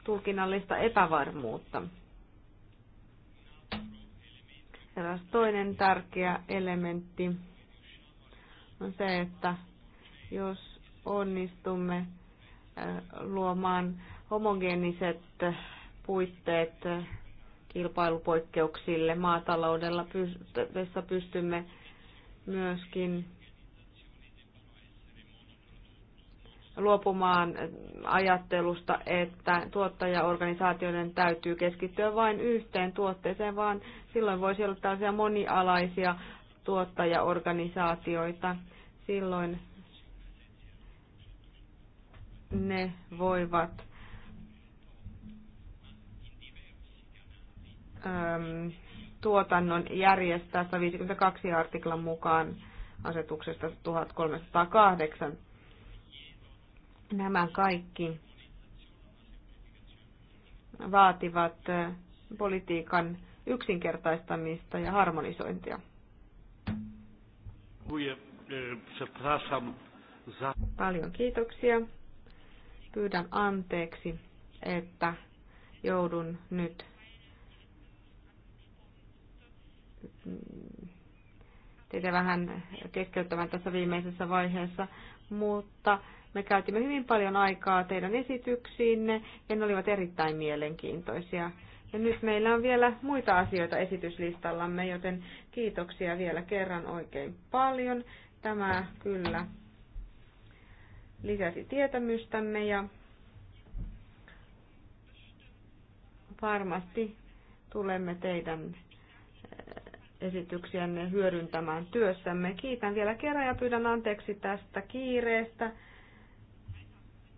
Speaker 2: tulkinnallista epävarmuutta. Eräs toinen tärkeä elementti on se, että jos onnistumme luomaan homogeeniset puitteet kilpailupoikkeuksille maataloudella, jossa pystymme myöskin luopumaan ajattelusta, että tuottajaorganisaatioiden täytyy keskittyä vain yhteen tuotteeseen, vaan silloin voisi olla tällaisia monialaisia tuottajaorganisaatioita. Silloin ne voivat Ähm, tuotannon järjestää 152 artiklan mukaan asetuksesta 1308. Nämä kaikki vaativat äh, politiikan yksinkertaistamista ja harmonisointia.
Speaker 1: E,
Speaker 2: Paljon kiitoksia. Pyydän anteeksi, että joudun nyt teitä vähän keskeyttämään tässä viimeisessä vaiheessa, mutta me käytimme hyvin paljon aikaa teidän esityksiinne ja ne olivat erittäin mielenkiintoisia. Ja nyt meillä on vielä muita asioita esityslistallamme, joten kiitoksia vielä kerran oikein paljon. Tämä kyllä lisäsi tietämystämme ja varmasti tulemme teidän esityksiänne hyödyntämään työssämme. Kiitän vielä kerran ja pyydän anteeksi tästä kiireestä.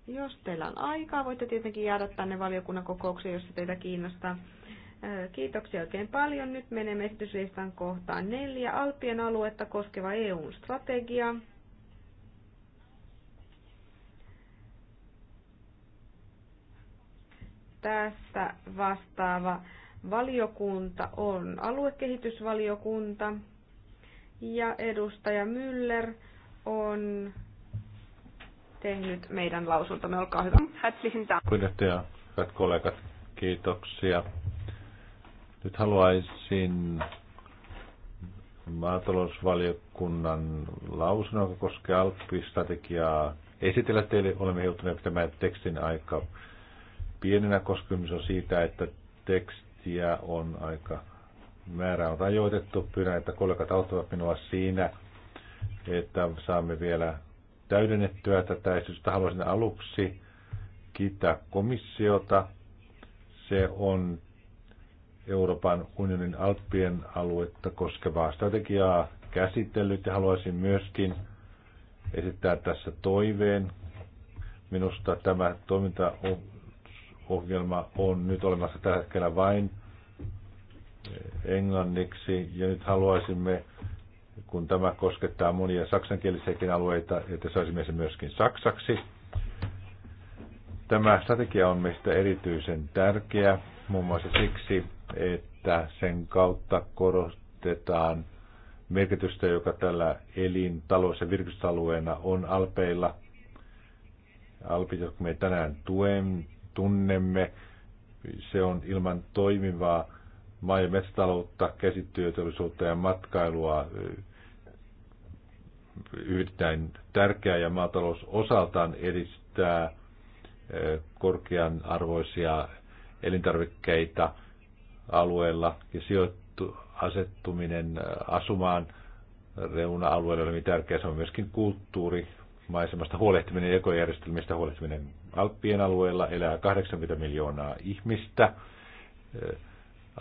Speaker 2: Jos teillä on aikaa, voitte tietenkin jäädä tänne valiokunnan kokoukseen, jos se teitä kiinnostaa. Kiitoksia oikein paljon. Nyt menemme esityslistan kohtaan neljä. Alpien aluetta koskeva EU-strategia. Tässä vastaava valiokunta on aluekehitysvaliokunta ja edustaja Müller on tehnyt meidän lausuntomme. Olkaa hyvä. Herzlichen Dank.
Speaker 4: hyvät kollegat, kiitoksia. Nyt haluaisin maatalousvaliokunnan lausunnon, joka koskee Alppi-strategiaa, esitellä teille. Olemme joutuneet pitämään tekstin aika pienenä, koska on siitä, että teksti ja on aika, määrä on rajoitettu. Pyydän, että kollegat auttavat minua siinä, että saamme vielä täydennettyä tätä esitystä. Haluaisin aluksi kiittää komissiota. Se on Euroopan unionin Alppien aluetta koskevaa strategiaa käsitellyt ja haluaisin myöskin esittää tässä toiveen. Minusta tämä toiminta on ohjelma on nyt olemassa tällä hetkellä vain englanniksi, ja nyt haluaisimme, kun tämä koskettaa monia saksankielisiäkin alueita, että saisimme sen myöskin saksaksi. Tämä strategia on meistä erityisen tärkeä, muun muassa siksi, että sen kautta korostetaan merkitystä, joka tällä elin-, talous- ja virkistysalueena on Alpeilla. Alpit, jotka me tänään tuen, tunnemme. Se on ilman toimivaa maa- ja metsätaloutta, käsityöteollisuutta ja matkailua eh, yhdittäin tärkeää ja maatalous osaltaan edistää eh, korkean arvoisia elintarvikkeita alueella ja sijoittu asettuminen eh, asumaan reuna-alueelle on tärkeää. Se on myöskin kulttuuri, maisemasta huolehtiminen ja ekojärjestelmistä huolehtiminen. Alppien alueella elää 80 miljoonaa ihmistä,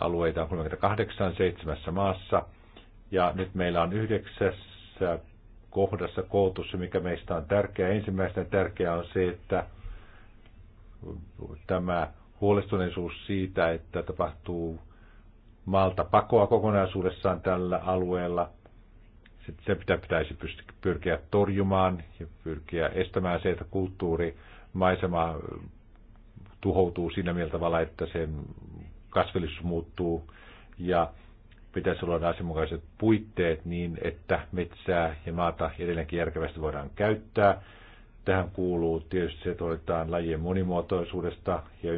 Speaker 4: alueita on 38 seitsemässä maassa, ja nyt meillä on yhdeksässä kohdassa koulutus, mikä meistä on tärkeää. Ensimmäisenä tärkeää on se, että tämä huolestuneisuus siitä, että tapahtuu maalta pakoa kokonaisuudessaan tällä alueella – se pitää, pitäisi pyrkiä torjumaan ja pyrkiä estämään se, että maisema tuhoutuu siinä mieltä tavalla, että sen kasvillisuus muuttuu ja pitäisi olla asianmukaiset puitteet niin, että metsää ja maata edelleenkin järkevästi voidaan käyttää. Tähän kuuluu tietysti se, että hoidetaan lajien monimuotoisuudesta ja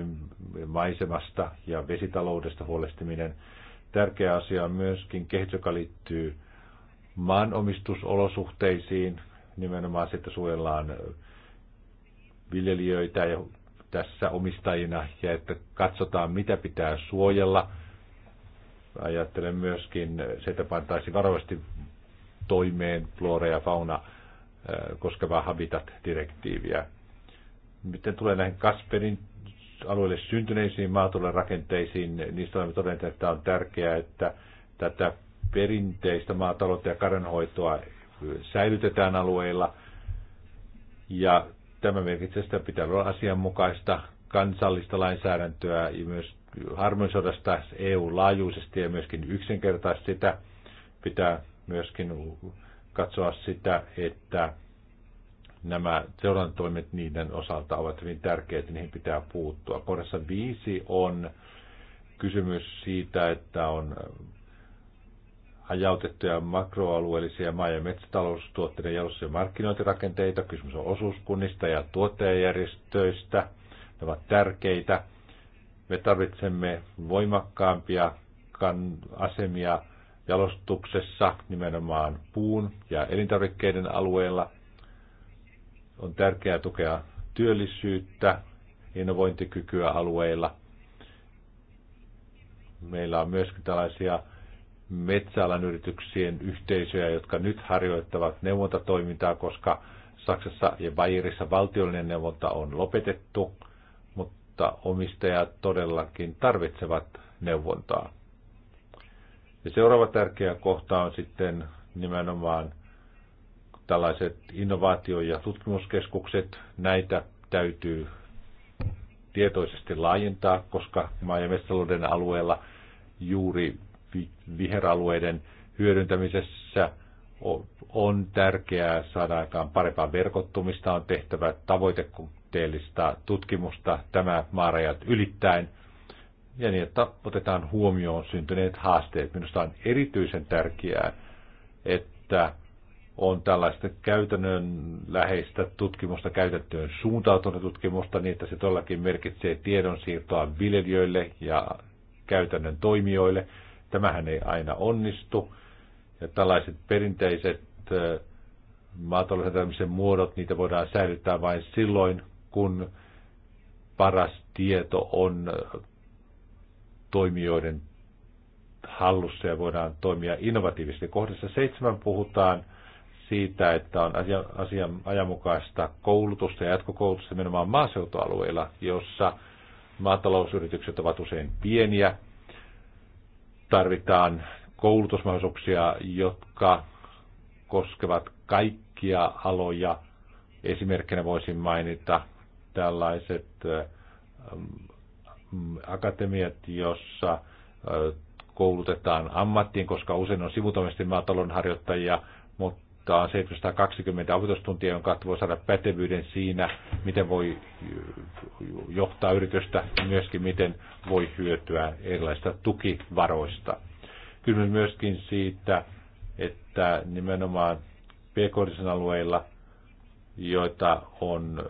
Speaker 4: maisemasta ja vesitaloudesta huolestiminen. Tärkeä asia on myöskin kehitys, joka liittyy maanomistusolosuhteisiin. Nimenomaan sitä suojellaan viljelijöitä ja tässä omistajina ja että katsotaan, mitä pitää suojella. Ajattelen myöskin se, että pantaisi varovasti toimeen flora ja fauna äh, koskevaa Habitat-direktiiviä. Miten tulee näihin Kasperin alueelle syntyneisiin maatulen rakenteisiin, niistä olemme todenneet, että on tärkeää, että tätä perinteistä maataloutta ja karjanhoitoa säilytetään alueilla. Ja tämä merkitsee sitä, pitää olla asianmukaista kansallista lainsäädäntöä ja myös harmonisoida sitä EU-laajuisesti ja myöskin yksinkertaista sitä. Pitää myöskin katsoa sitä, että nämä seurantoimet niiden osalta ovat hyvin tärkeitä, niihin pitää puuttua. Kohdassa viisi on kysymys siitä, että on hajautettuja makroalueellisia maa- ja metsätaloustuotteiden jalostus- ja markkinointirakenteita. Kysymys on osuuskunnista ja tuottajajärjestöistä. Ne ovat tärkeitä. Me tarvitsemme voimakkaampia asemia jalostuksessa, nimenomaan puun ja elintarvikkeiden alueella. On tärkeää tukea työllisyyttä, innovointikykyä alueilla. Meillä on myöskin tällaisia metsäalan yrityksien yhteisöjä, jotka nyt harjoittavat neuvontatoimintaa, koska Saksassa ja Bayerissa valtiollinen neuvonta on lopetettu, mutta omistajat todellakin tarvitsevat neuvontaa. Ja seuraava tärkeä kohta on sitten nimenomaan tällaiset innovaatio- ja tutkimuskeskukset. Näitä täytyy tietoisesti laajentaa, koska maa- ja metsätalouden alueella juuri viheralueiden hyödyntämisessä on tärkeää saada aikaan parempaa verkottumista, on tehtävä tavoitekuteellista tutkimusta tämä maarajat ylittäen ja niin, että otetaan huomioon syntyneet haasteet. Minusta on erityisen tärkeää, että on tällaista käytännön läheistä tutkimusta, käytettyön suuntautunut tutkimusta, niin että se todellakin merkitsee tiedonsiirtoa viljelijöille ja käytännön toimijoille – Tämähän ei aina onnistu. Ja tällaiset perinteiset maatalouden muodot, niitä voidaan säilyttää vain silloin, kun paras tieto on toimijoiden hallussa ja voidaan toimia innovatiivisesti. Kohdassa seitsemän puhutaan siitä, että on asian, asian ajanmukaista koulutusta ja jatkokoulutusta nimenomaan maaseutualueilla, jossa maatalousyritykset ovat usein pieniä Tarvitaan koulutusmahdollisuuksia, jotka koskevat kaikkia aloja. Esimerkkinä voisin mainita tällaiset mm, akatemiat, jossa koulutetaan ammattiin, koska usein on sivutoimisesti maatalon harjoittajia, ottaa 720 avutustuntia, jonka voi saada pätevyyden siinä, miten voi eh, johtaa yritystä ja myöskin miten voi hyötyä erilaisista tukivaroista. Kysymys myöskin siitä, että nimenomaan pk alueilla, joita on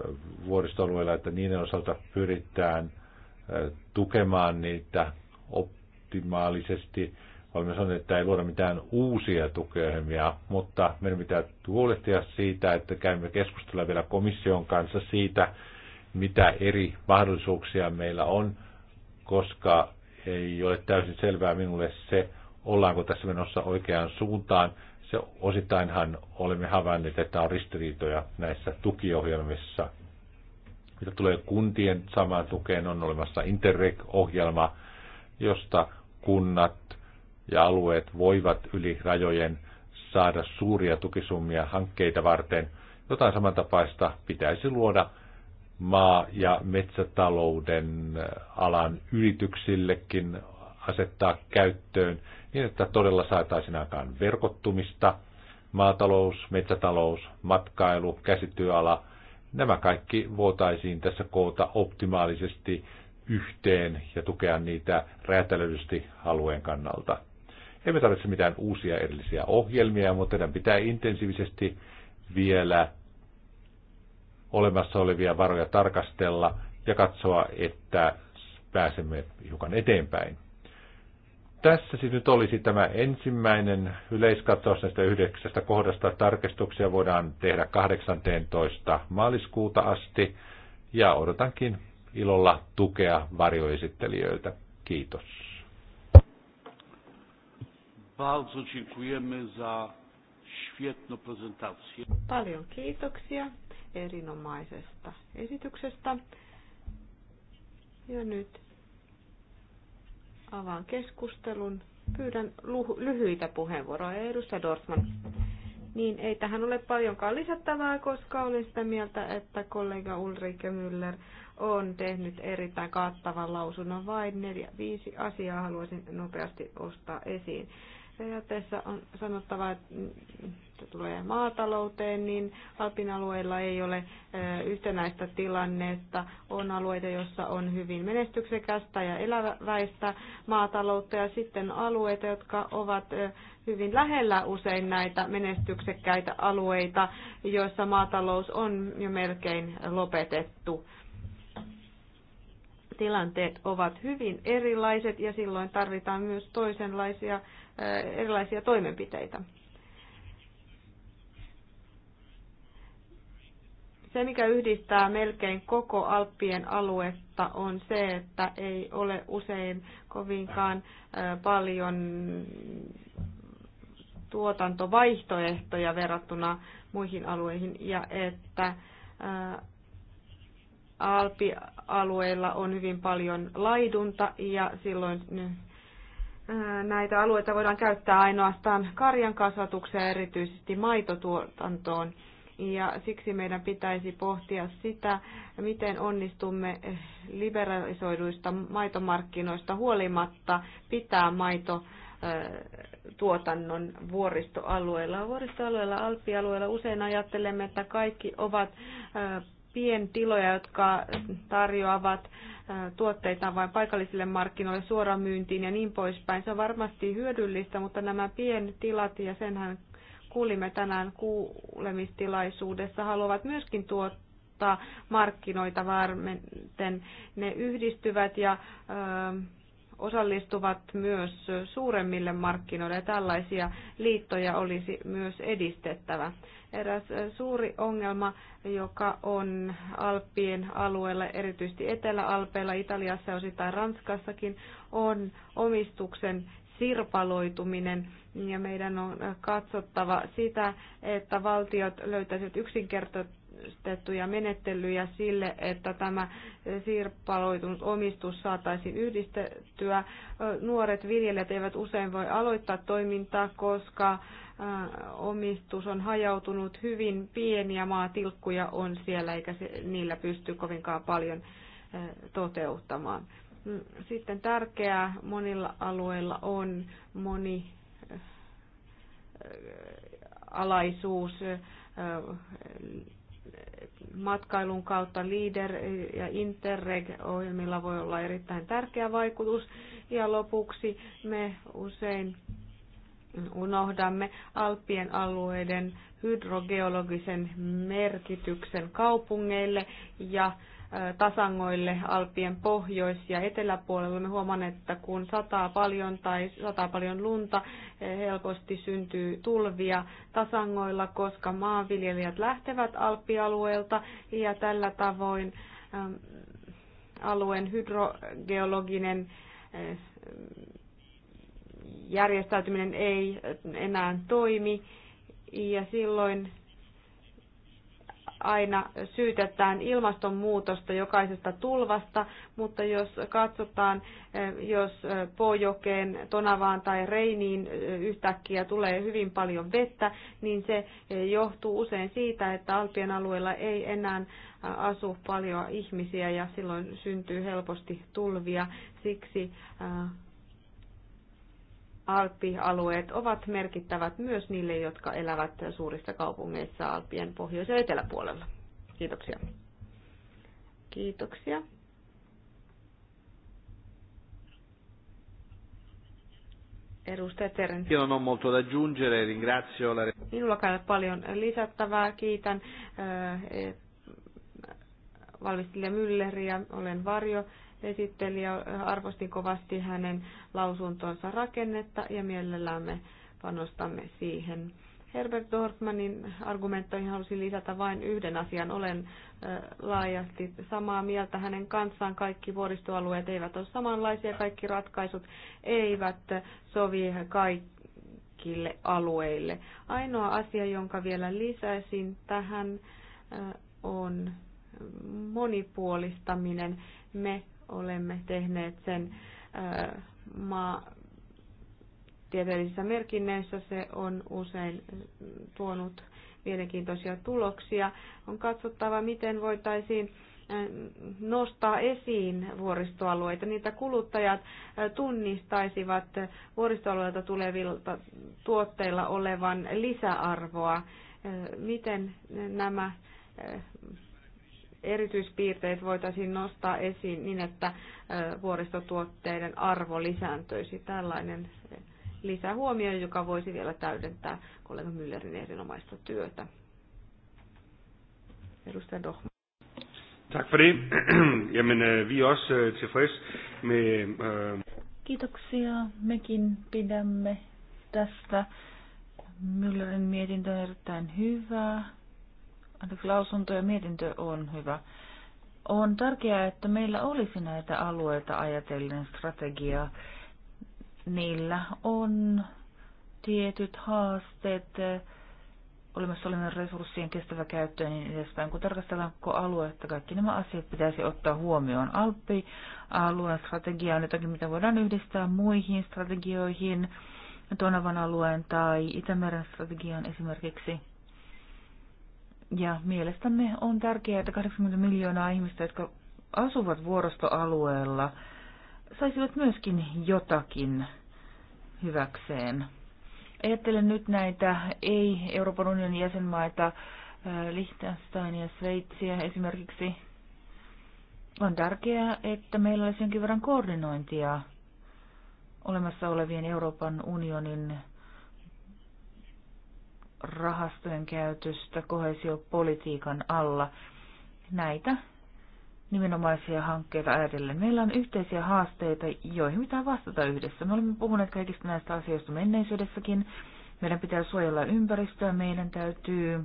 Speaker 4: vuoristoalueilla, että niiden osalta pyritään eh, tukemaan niitä optimaalisesti – Olemme sanoneet, että ei luoda mitään uusia tukiohjelmia, mutta meidän pitää huolehtia siitä, että käymme keskustella vielä komission kanssa siitä, mitä eri mahdollisuuksia meillä on, koska ei ole täysin selvää minulle se, ollaanko tässä menossa oikeaan suuntaan. Se ositainhan olemme havainneet, että on ristiriitoja näissä tukiohjelmissa. Mitä tulee kuntien samaan tukeen, on olemassa Interreg-ohjelma, josta kunnat ja alueet voivat yli rajojen saada suuria tukisummia hankkeita varten. Jotain samantapaista pitäisi luoda maa- ja metsätalouden äh, alan yrityksillekin asettaa käyttöön niin, että todella saataisiin aikaan verkottumista. Maatalous, metsätalous, matkailu, käsityöala, nämä kaikki voitaisiin tässä koota optimaalisesti yhteen ja tukea niitä räätälöidysti alueen kannalta. Emme tarvitse mitään uusia erillisiä ohjelmia, mutta meidän pitää intensiivisesti vielä olemassa olevia varoja tarkastella ja katsoa, että pääsemme hiukan eteenpäin. Tässä siis nyt olisi tämä ensimmäinen yleiskatsaus näistä yhdeksästä kohdasta. Tarkistuksia voidaan tehdä 18. maaliskuuta asti ja odotankin ilolla tukea varjoesittelijöiltä.
Speaker 1: Kiitos. Bardzo dziękujemy za świetną prezentację.
Speaker 2: Paljon kiitoksia erinomaisesta esityksestä. Ja nyt avaan keskustelun. Pyydän lyhyitä puheenvuoroja. Edustaja Dorfman. Niin ei tähän ole paljonkaan lisättävää, koska olen sitä mieltä, että kollega Ulrike Müller on tehnyt erittäin kattavan lausunnon. Vain neljä, viisi asiaa haluaisin nopeasti ostaa esiin. Periaatteessa on sanottava, että tulee maatalouteen, niin Alpin alueilla ei ole yhtenäistä tilannetta. On alueita, joissa on hyvin menestyksekästä ja eläväistä maataloutta ja sitten alueita, jotka ovat hyvin lähellä usein näitä menestyksekkäitä alueita, joissa maatalous on jo melkein lopetettu tilanteet ovat hyvin erilaiset ja silloin tarvitaan myös toisenlaisia erilaisia toimenpiteitä. Se, mikä yhdistää melkein koko Alppien aluetta, on se, että ei ole usein kovinkaan paljon tuotantovaihtoehtoja verrattuna muihin alueihin ja että Alpialueilla on hyvin paljon laidunta ja silloin näitä alueita voidaan käyttää ainoastaan karjan kasvatukseen, erityisesti maitotuotantoon. Ja siksi meidän pitäisi pohtia sitä, miten onnistumme liberalisoiduista maitomarkkinoista huolimatta pitää maito tuotannon vuoristoalueella. Vuoristoalueella, alppialueella usein ajattelemme, että kaikki ovat pientiloja, jotka tarjoavat tuotteita vain paikallisille markkinoille suoraan myyntiin ja niin poispäin. Se on varmasti hyödyllistä, mutta nämä pientilat, ja senhän kuulimme tänään kuulemistilaisuudessa, haluavat myöskin tuottaa markkinoita varmenten. Ne yhdistyvät ja osallistuvat myös suuremmille markkinoille. Tällaisia liittoja olisi myös edistettävä. Eräs suuri ongelma, joka on Alppien alueella, erityisesti Etelä-Alpeilla, Italiassa ja osittain Ranskassakin, on omistuksen sirpaloituminen ja meidän on katsottava sitä, että valtiot löytäisivät yksinkertaisesti tehostettuja menettelyjä sille, että tämä sirpaloitunut omistus saataisiin yhdistettyä. Nuoret viljelijät eivät usein voi aloittaa toimintaa, koska omistus on hajautunut hyvin pieniä maatilkkuja on siellä, eikä niillä pysty kovinkaan paljon toteuttamaan. Mm, sitten tärkeää monilla alueilla on moni alaisuus, matkailun kautta LEADER ja Interreg-ohjelmilla voi olla erittäin tärkeä vaikutus. Ja lopuksi me usein unohdamme Alppien alueiden hydrogeologisen merkityksen kaupungeille ja tasangoille Alpien pohjois- ja eteläpuolella. Me huomaan, että kun sataa paljon tai sataa paljon lunta, helposti syntyy tulvia tasangoilla, koska maanviljelijät lähtevät Alppialueelta ja tällä tavoin alueen hydrogeologinen äh, järjestäytyminen ei enää toimi ja silloin aina syytetään ilmastonmuutosta jokaisesta tulvasta, mutta jos katsotaan, eh, jos eh, Pohjokeen, Tonavaan tai Reiniin eh, yhtäkkiä tulee hyvin paljon vettä, niin se johtuu usein siitä, että Alpien alueella ei enää asu paljon ihmisiä ja silloin syntyy helposti tulvia. Siksi Alppialueet ovat merkittävät myös niille, jotka elävät suurissa kaupungeissa Alpien pohjois- ja eteläpuolella. Kiitoksia. Kiitoksia. Edustaja Teren.
Speaker 1: Io non ho molto da aggiungere, ringrazio
Speaker 4: la...
Speaker 2: Minullakaan paljon lisättävää, kiitän eh, e- valmistelija Mülleriä, olen varjo ja Arvostin kovasti hänen lausuntonsa rakennetta ja mielellämme panostamme siihen. Herbert Dorfmanin argumenttoihin halusin lisätä vain yhden asian. Olen laajasti samaa mieltä hänen kanssaan. Kaikki vuoristoalueet eivät ole samanlaisia, kaikki ratkaisut eivät sovi kaikille alueille. Ainoa asia, jonka vielä lisäisin tähän, on monipuolistaminen. Me olemme tehneet sen maatieteellisissä merkinnöissä. Se on usein tuonut mielenkiintoisia tuloksia. On katsottava, miten voitaisiin nostaa esiin vuoristoalueita. Niitä kuluttajat tunnistaisivat vuoristoalueilta tulevilta tuotteilla olevan lisäarvoa. Miten nämä erityispiirteet voitaisiin nostaa esiin niin, että vuoristotuotteiden arvo lisääntyisi. Tällainen lisähuomio, joka voisi vielä täydentää kollega Müllerin erinomaista työtä. Edustaja Dohma.
Speaker 4: Tack för det. (clears throat) Jamen, øh, vi är er också øh, tillfreds med... Øh,
Speaker 3: Kiitoksia. Mekin pidämme tästä Müllerin mietintö on erittäin hyvää anteeksi, lausunto ja mietintö on hyvä. On tärkeää, että meillä olisi näitä alueita ajatellen strategia, Niillä on tietyt haasteet, olemassa olevien resurssien kestävä käyttö ja niin edespäin. Kun tarkastellaan koko aluetta, kaikki nämä asiat pitäisi ottaa huomioon. Alppi-alueen strategia on jotakin, mitä voidaan yhdistää muihin strategioihin, Tonavan alueen tai Itämeren strategiaan esimerkiksi. Ja mielestämme on tärkeää, että 80 miljoonaa ihmistä, jotka asuvat vuoristoalueella, saisivat myöskin jotakin hyväkseen. Ajattelen nyt näitä ei-Euroopan unionin jäsenmaita, äh, Liechtenstein ja Sveitsiä esimerkiksi. On tärkeää, että meillä olisi jonkin verran koordinointia olemassa olevien Euroopan unionin rahastojen käytöstä kohesiopolitiikan alla. Näitä nimenomaisia hankkeita ajatellen. Meillä on yhteisiä haasteita, joihin pitää vastata yhdessä. Me olemme puhuneet kaikista näistä asioista menneisyydessäkin. Meidän pitää suojella ympäristöä, meidän täytyy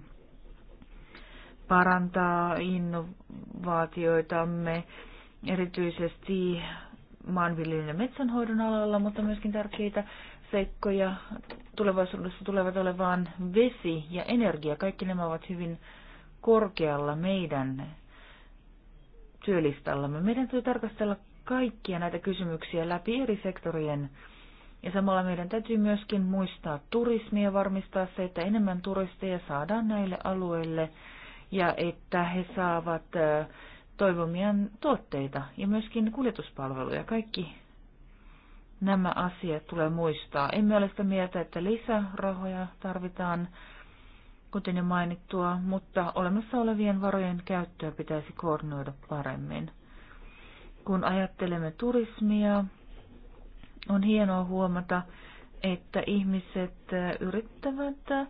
Speaker 3: parantaa innovaatioitamme, erityisesti maanviljelyn ja metsänhoidon alalla, mutta myöskin tärkeitä seikkoja tulevaisuudessa tulevat olemaan vesi ja energia. Kaikki nämä ovat hyvin korkealla meidän työlistallamme. Meidän täytyy tarkastella kaikkia näitä kysymyksiä läpi eri sektorien. Ja samalla meidän täytyy myöskin muistaa turismia ja varmistaa se, että enemmän turisteja saadaan näille alueille ja että he saavat toivomiaan tuotteita ja myöskin kuljetuspalveluja. Kaikki nämä asiat tulee muistaa. Emme ole sitä mieltä, että lisärahoja tarvitaan, kuten jo mainittua, mutta olemassa olevien varojen käyttöä pitäisi koordinoida paremmin. Kun ajattelemme turismia, on hienoa huomata, että ihmiset yrittävät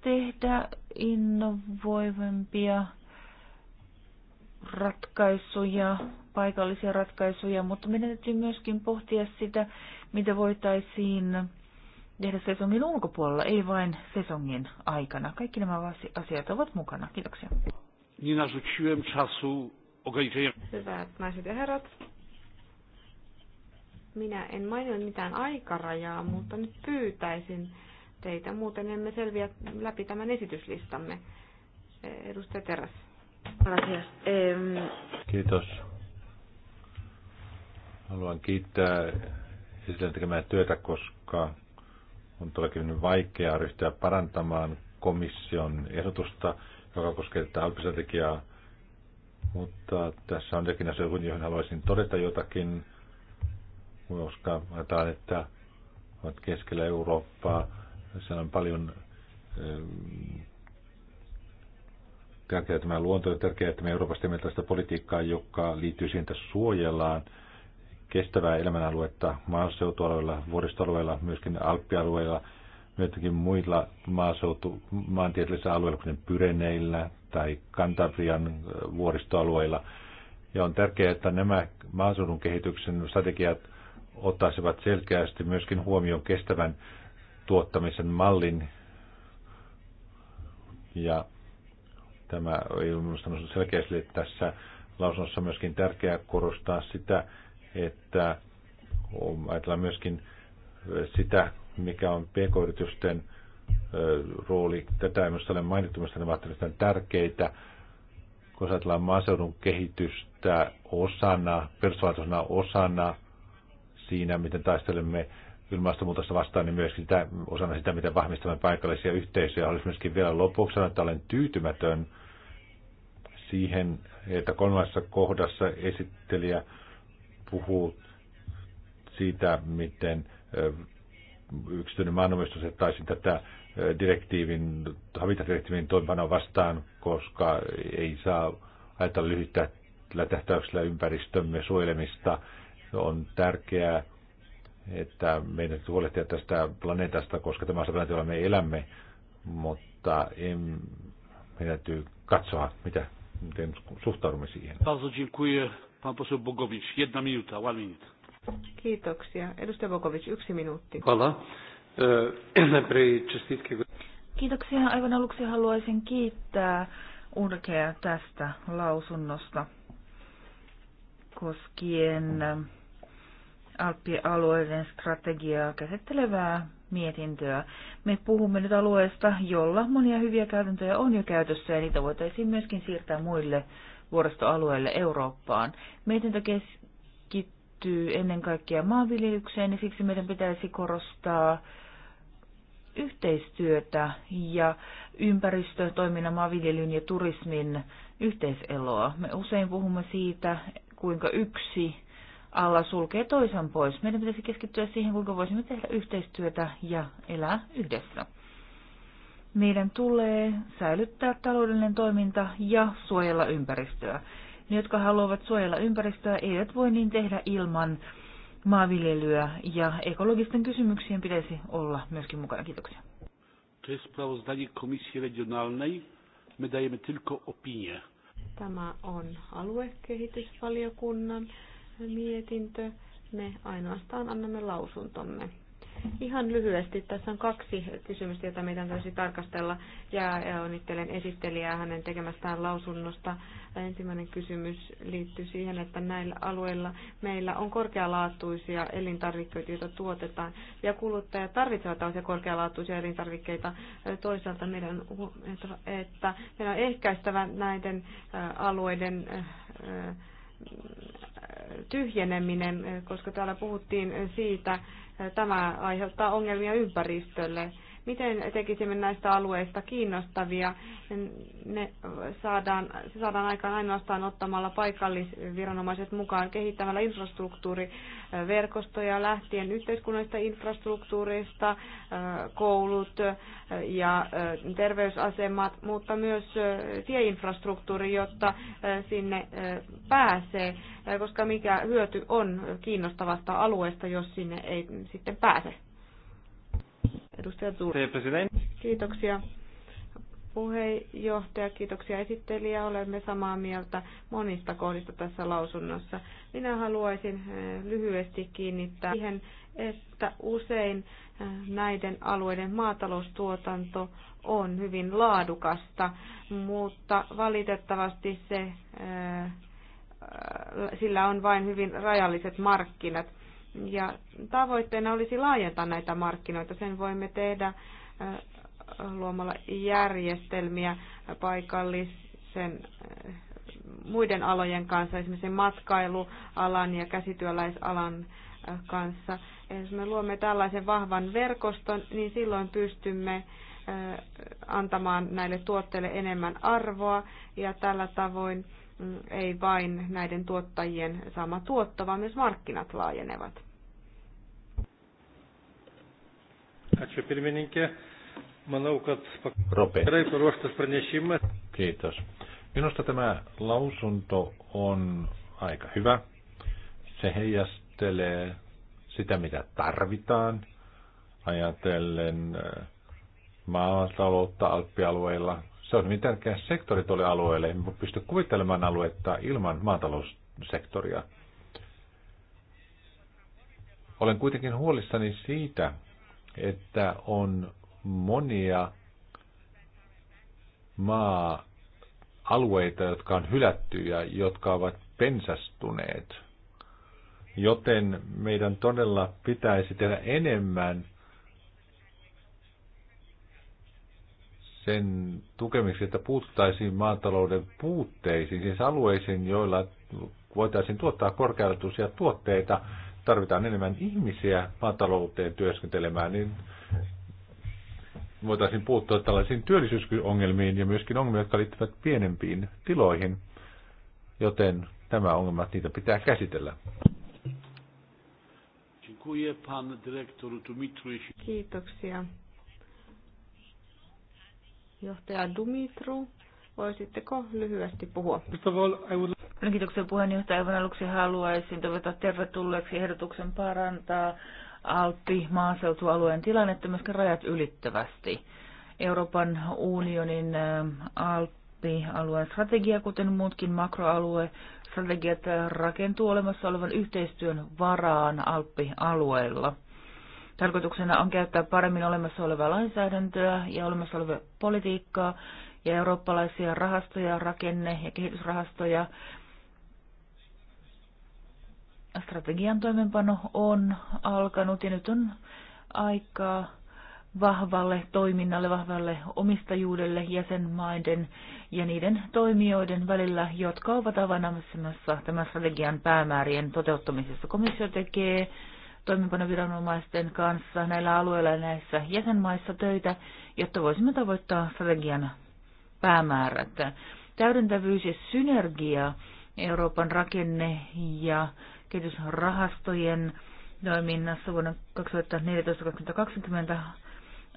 Speaker 3: tehdä innovoivampia ratkaisuja, paikallisia ratkaisuja, mutta meidän täytyy myöskin pohtia sitä, mitä voitaisiin tehdä sesongin ulkopuolella, ei vain sesongin aikana. Kaikki nämä asiat ovat mukana. Kiitoksia.
Speaker 2: Hyvät naiset ja herrat, minä en maininnut mitään aikarajaa, mutta nyt pyytäisin teitä, muuten emme selviä läpi tämän esityslistamme. Edustaja Teräs. Gracias.
Speaker 4: Kiitos. Haluan kiittää esitän tekemään työtä, koska on todellakin vaikeaa ryhtyä parantamaan komission ehdotusta, joka koskee tätä alkustrategiaa. Mutta tässä on jokin asia, johon haluaisin todeta jotakin, koska ajatellaan, että olet keskellä Eurooppaa. Siellä on paljon tärkeää tämä luonto ja tärkeää, että me Euroopassa teemme tällaista politiikkaa, joka liittyy siihen, että suojellaan kestävää elämänaluetta maaseutualueilla, vuoristoalueilla, myöskin alppialueilla, myöskin muilla maaseutu, maantieteellisillä alueilla, kuten Pyreneillä tai Kantabrian äh, vuoristoalueilla. Ja on tärkeää, että nämä maaseudun kehityksen strategiat ottaisivat selkeästi myöskin huomioon kestävän tuottamisen mallin ja Tämä ei ole minusta selkeästi tässä lausunnossa myöskin tärkeää korostaa sitä, että ajatellaan myöskin sitä, mikä on pk-yritysten rooli. Tätä ei minusta ole mainittu, mistä ne ovat tärkeitä. Kun ajatellaan maaseudun kehitystä osana, perusvaltaisena osana siinä, miten taistelemme ilmastonmuutosta vastaan, niin myöskin sitä, osana sitä, miten vahvistamme paikallisia yhteisöjä. Haluaisin myöskin vielä lopuksi sanoa, että olen tyytymätön siihen, että kolmannessa kohdassa esittelijä puhuu siitä, miten yksityinen maanomistus ottaisi tätä direktiivin, habitadirektiivin toimivana vastaan, koska ei saa ajatella lyhyttä tähtäyksellä ympäristömme suojelemista. On tärkeää että meidän täytyy huolehtia tästä planeetasta, koska tämä on se planeetta, jolla me elämme, mutta en, meidän täytyy katsoa, mitä, miten suhtaudumme
Speaker 1: siihen.
Speaker 2: Kiitoksia. Edustaja Bogovic, yksi minuutti.
Speaker 1: Ehm, (clears throat)
Speaker 3: Kiitoksia. Aivan aluksi haluaisin kiittää Urkea tästä lausunnosta koskien mm Alppialueiden alueiden strategiaa käsittelevää mietintöä. Me puhumme nyt alueesta, jolla monia hyviä käytäntöjä on jo käytössä ja niitä voitaisiin myöskin siirtää muille vuoristoalueille Eurooppaan. Mietintö keskittyy ennen kaikkea maanviljelykseen ja siksi meidän pitäisi korostaa yhteistyötä ja ympäristötoiminnan, maanviljelyn ja turismin yhteiseloa. Me usein puhumme siitä, kuinka yksi alla sulkee toisen pois. Meidän pitäisi keskittyä siihen, kuinka voisimme tehdä yhteistyötä ja elää yhdessä. Meidän tulee säilyttää taloudellinen toiminta ja suojella ympäristöä. Ne, jotka haluavat suojella ympäristöä, eivät voi niin tehdä ilman maanviljelyä ja ekologisten kysymyksien pitäisi olla myöskin mukana. Kiitoksia.
Speaker 2: Tämä on aluekehitysvaliokunnan mietintö. Me ainoastaan annamme lausuntomme. Ihan lyhyesti, tässä on kaksi kysymystä, joita meidän täytyy tarkastella, ja onnittelen esittelijää hänen tekemästään lausunnosta. Ensimmäinen kysymys liittyy siihen, että näillä alueilla meillä on korkealaatuisia elintarvikkeita, joita tuotetaan, ja kuluttajat tarvitsevat tällaisia korkealaatuisia elintarvikkeita. Toisaalta meidän että meidän on ehkäistävä näiden alueiden tyhjeneminen, koska täällä puhuttiin siitä, tämä aiheuttaa ongelmia ympäristölle. Miten tekisimme näistä alueista kiinnostavia? Ne saadaan, se saadaan aikaan ainoastaan ottamalla paikallisviranomaiset mukaan kehittämällä infrastruktuuriverkostoja lähtien yhteiskunnallisesta infrastruktuurista, koulut ja terveysasemat, mutta myös tieinfrastruktuuri, jotta sinne pääsee, koska mikä hyöty on kiinnostavasta alueesta, jos sinne ei sitten pääse. Edustaja Zuur. Kiitoksia puheenjohtaja, kiitoksia esittelijä. Olemme samaa mieltä monista kohdista tässä lausunnossa. Minä haluaisin eh, lyhyesti kiinnittää siihen, että usein eh, näiden alueiden maataloustuotanto on hyvin laadukasta, mutta valitettavasti se, eh, sillä on vain hyvin rajalliset markkinat. Ja tavoitteena olisi laajentaa näitä markkinoita. Sen voimme tehdä luomalla järjestelmiä paikallisen muiden alojen kanssa, esimerkiksi matkailualan ja käsityöläisalan kanssa. Jos me luomme tällaisen vahvan verkoston, niin silloin pystymme antamaan näille tuotteille enemmän arvoa ja tällä tavoin mm, ei vain näiden tuottajien sama tuotto, vaan myös markkinat laajenevat.
Speaker 1: Ačiū pirmininkė. Manau, kad tikrai paruoštas pranešimas.
Speaker 4: Kiitos. Minusta tämä lausunto on aika hyvä. Se heijastelee sitä, mitä tarvitaan ajatellen eh, maataloutta alppialueilla. Se on hyvin tärkeä sektori tuolle alueelle. Emme pysty kuvittelemaan aluetta ilman maataloussektoria. Olen kuitenkin huolissani siitä, että on monia maa-alueita, jotka on hylätty ja jotka ovat pensastuneet. Joten meidän todella pitäisi tehdä enemmän sen tukemiseksi, että puuttaisiin maatalouden puutteisiin, siis alueisiin, joilla voitaisiin tuottaa korkealaatuisia tuotteita, tarvitaan enemmän ihmisiä maatalouteen työskentelemään, niin voitaisiin puuttua tällaisiin työllisyysongelmiin ja myöskin ongelmiin, jotka liittyvät pienempiin tiloihin, joten nämä ongelmat, niitä pitää käsitellä.
Speaker 2: Kiitoksia. Johtaja Dumitru, voisitteko lyhyesti puhua?
Speaker 3: Kiitoksia puheenjohtaja. Aivan aluksi haluaisin toivottaa tervetulleeksi ehdotuksen parantaa Alppi maaseutualueen tilannetta myöskin rajat ylittävästi. Euroopan unionin ähm, Alppi-alueen strategia, kuten muutkin makroalue strategiat rakentuu olemassa olevan yhteistyön varaan Alppi-alueella. Tarkoituksena on käyttää paremmin olemassa olevaa lainsäädäntöä ja olemassa olevaa politiikkaa ja eurooppalaisia rahastoja, rakenne- ja kehitysrahastoja strategian toimenpano on alkanut ja nyt on aikaa vahvalle toiminnalle, vahvalle omistajuudelle jäsenmaiden ja niiden toimijoiden välillä, jotka ovat avainamassa tämän strategian päämäärien toteuttamisessa. Komissio tekee toimenpanoviranomaisten kanssa näillä alueilla ja näissä jäsenmaissa töitä, jotta voisimme tavoittaa strategian päämäärät. Täydentävyys ja synergia Euroopan rakenne- ja kehitysrahastojen toiminnassa vuonna 2014-2020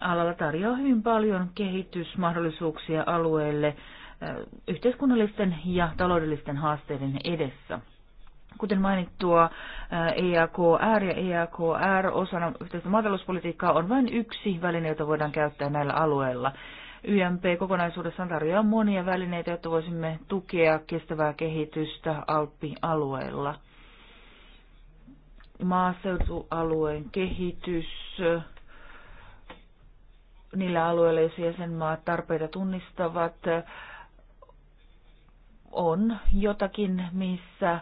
Speaker 3: alalla tarjoaa hyvin paljon kehitysmahdollisuuksia alueelle eh, yhteiskunnallisten ja taloudellisten haasteiden edessä. Kuten mainittua, EAKR eh, e ja EAKR osana yhteistä maatalouspolitiikkaa on vain yksi väline, jota voidaan käyttää näillä alueilla. YMP kokonaisuudessaan tarjoaa monia välineitä, jotta voisimme tukea kestävää kehitystä Alppi-alueella maaseutualueen kehitys niillä alueilla, jos jäsenmaat tarpeita tunnistavat, on jotakin, missä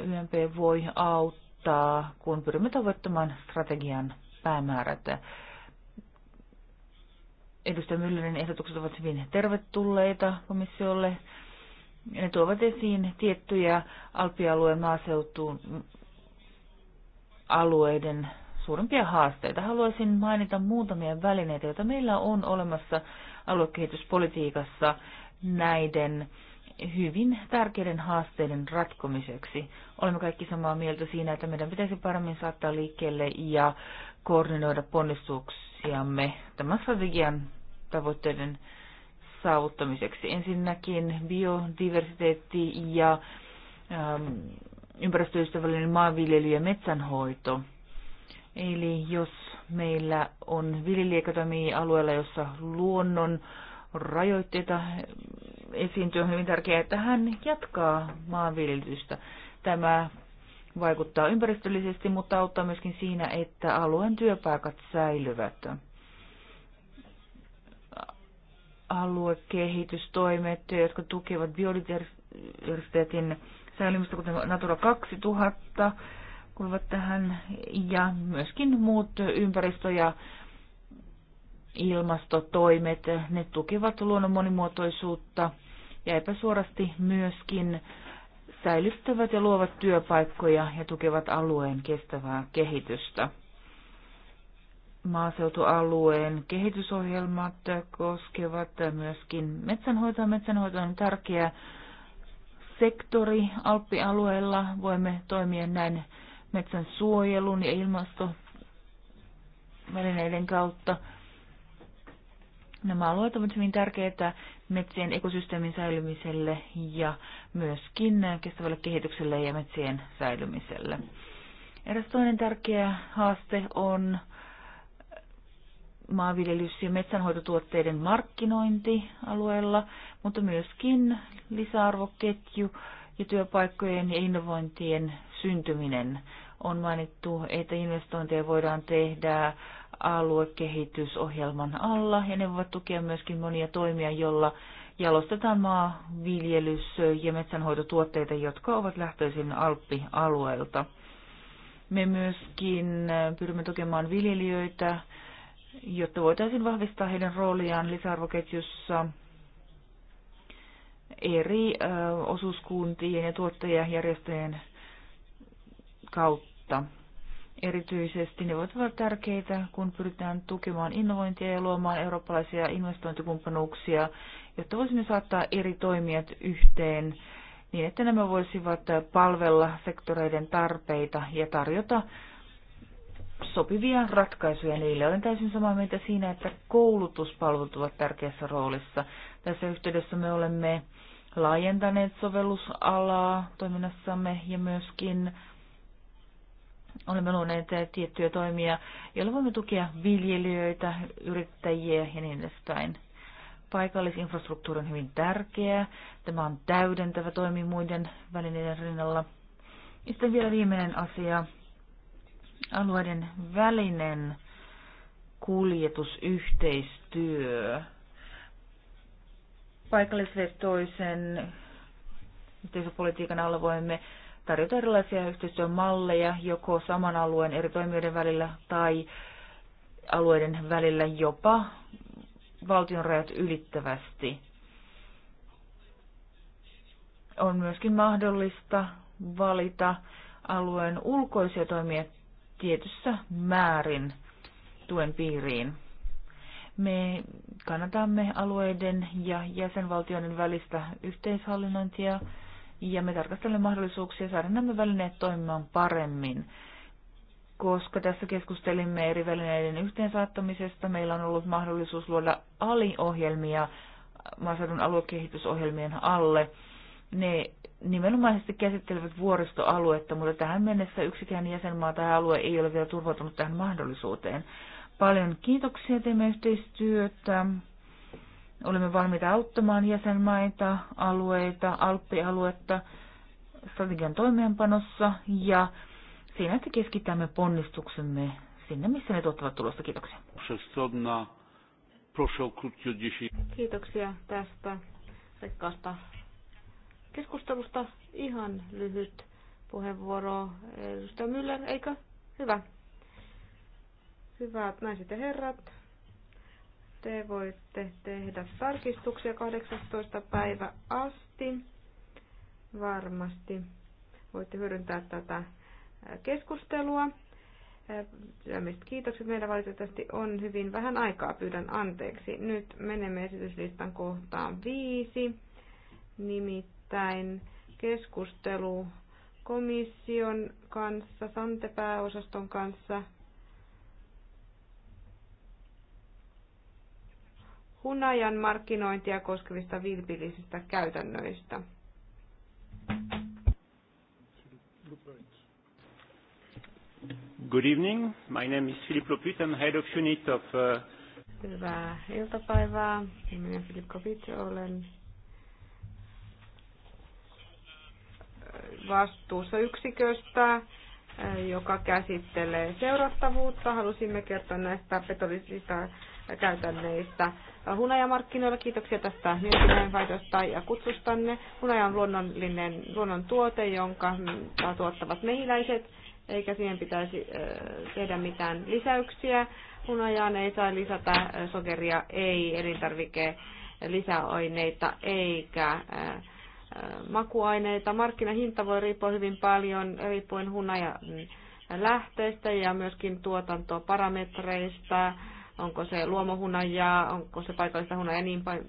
Speaker 3: YMP voi auttaa, kun pyrimme tavoittamaan strategian päämäärät. Edustaja Myllerin ehdotukset ovat hyvin tervetulleita komissiolle. Ne tuovat esiin tiettyjä alppialueen maaseutuun alueiden suurimpia haasteita. Haluaisin mainita muutamia välineitä, joita meillä on olemassa aluekehityspolitiikassa näiden hyvin tärkeiden haasteiden ratkomiseksi. Olemme kaikki samaa mieltä siinä, että meidän pitäisi paremmin saattaa liikkeelle ja koordinoida ponnistuksiamme tämän strategian tavoitteiden saavuttamiseksi. Ensinnäkin biodiversiteetti ja ähm, ympäristöystävällinen maanviljely ja metsänhoito. Eli jos meillä on viljelijä, alueella, jossa luonnon rajoitteita esiintyy, on hyvin tärkeää, että hän jatkaa maanviljelystä. Tämä vaikuttaa ympäristöllisesti, mutta auttaa myöskin siinä, että alueen työpaikat säilyvät. Aluekehitystoimet, jotka tukevat biodiversiteetin säilymistä, kuten Natura 2000, kuuluvat tähän, ja myöskin muut ympäristö- ja ilmastotoimet, ne tukevat luonnon monimuotoisuutta ja epäsuorasti myöskin säilyttävät ja luovat työpaikkoja ja tukevat alueen kestävää kehitystä. Maaseutualueen kehitysohjelmat koskevat myöskin metsänhoitoa. Metsänhoito on tärkeä sektori Alppialueella. Voimme toimia näin metsän suojelun ja ilmastovälineiden kautta. Nämä alueet ovat hyvin tärkeitä metsien ekosysteemin säilymiselle ja myöskin kestävälle kehitykselle ja metsien säilymiselle. Eräs toinen tärkeä haaste on maanviljelys- ja metsänhoitotuotteiden markkinointi alueella, mutta myöskin lisäarvoketju ja työpaikkojen ja innovointien syntyminen. On mainittu, että investointeja voidaan tehdä aluekehitysohjelman alla ja ne voivat tukea myöskin monia toimia, joilla jalostetaan maanviljelys- ja metsänhoitotuotteita, jotka ovat lähtöisin Alppi-alueelta. Me myöskin pyrimme tukemaan viljelijöitä jotta voitaisiin vahvistaa heidän rooliaan lisäarvoketjussa eri osuuskuntien ja tuottajajärjestöjen kautta. Erityisesti ne voivat olla tärkeitä, kun pyritään tukemaan innovointia ja luomaan eurooppalaisia investointikumppanuuksia, jotta voisimme saattaa eri toimijat yhteen niin, että nämä voisivat palvella sektoreiden tarpeita ja tarjota sopivia ratkaisuja niille. Olen täysin samaa mieltä siinä, että koulutuspalvelut ovat tärkeässä roolissa. Tässä yhteydessä me olemme laajentaneet sovellusalaa toiminnassamme ja myöskin olemme luoneet tiettyjä toimia, joilla voimme tukea viljelijöitä, yrittäjiä ja niin edespäin. Paikallisinfrastruktuuri on hyvin tärkeä. Tämä on täydentävä toimi muiden välineiden rinnalla. Ja sitten vielä viimeinen asia, alueiden välinen kuljetusyhteistyö. Paikallisvetoisen yhteisöpolitiikan alla voimme tarjota erilaisia yhteistyömalleja joko saman alueen eri toimijoiden välillä tai alueiden välillä jopa valtion rajat ylittävästi. On myöskin mahdollista valita alueen ulkoisia toimijat tietyssä määrin tuen piiriin. Me kannatamme alueiden ja jäsenvaltioiden välistä yhteishallinnointia ja me tarkastelemme mahdollisuuksia saada nämä välineet toimimaan paremmin. Koska tässä keskustelimme eri välineiden yhteensaattamisesta, meillä on ollut mahdollisuus luoda aliohjelmia maaseudun aluekehitysohjelmien alle ne nimenomaisesti käsittelevät vuoristoaluetta, mutta tähän mennessä yksikään jäsenmaa tai alue ei ole vielä turvautunut tähän mahdollisuuteen. Paljon kiitoksia teemme yhteistyötä. Olemme valmiita auttamaan jäsenmaita, alueita, alppialuetta strategian toimeenpanossa ja siinä, että keskitämme ponnistuksemme sinne, missä ne tuottavat
Speaker 1: tulosta. Kiitoksia.
Speaker 2: Kiitoksia tästä rikkaasta keskustelusta. Ihan lyhyt puheenvuoro. Edustaja Müller, eikö? Hyvä. Hyvät naiset ja herrat, te voitte tehdä tarkistuksia 18. päivä asti. Varmasti voitte hyödyntää tätä keskustelua. Sydämiset kiitokset. Meillä valitettavasti on hyvin vähän aikaa, pyydän anteeksi. Nyt menemme esityslistan kohtaan viisi, nimittäin nimittäin keskustelu komission kanssa, Sante-pääosaston kanssa. hunajan markkinointia koskevista vilpillisistä käytännöistä.
Speaker 4: Good evening. My name is Philip Lopit. I'm head of unit of... Uh...
Speaker 2: Hyvää iltapäivää. Minä Philip Kopit olen vastuussa yksiköstä, eh, joka käsittelee seurattavuutta. Halusimme kertoa näistä petollisista käytänneistä hunajamarkkinoilla. Kiitoksia tästä mietinnänvaihdosta ja kutsustanne. Hunaja on luonnollinen luonnon tuote, jonka tuottavat mehiläiset, eikä siihen pitäisi eh, tehdä mitään lisäyksiä. Hunajaan ei saa lisätä eh, sokeria, ei elintarvike lisäaineita eikä makuaineita. Markkinahinta voi riippua hyvin paljon riippuen hunajan lähteistä ja myöskin tuotantoparametreista, onko se luomohunaja, onko se paikallista hunaja ja niin päin.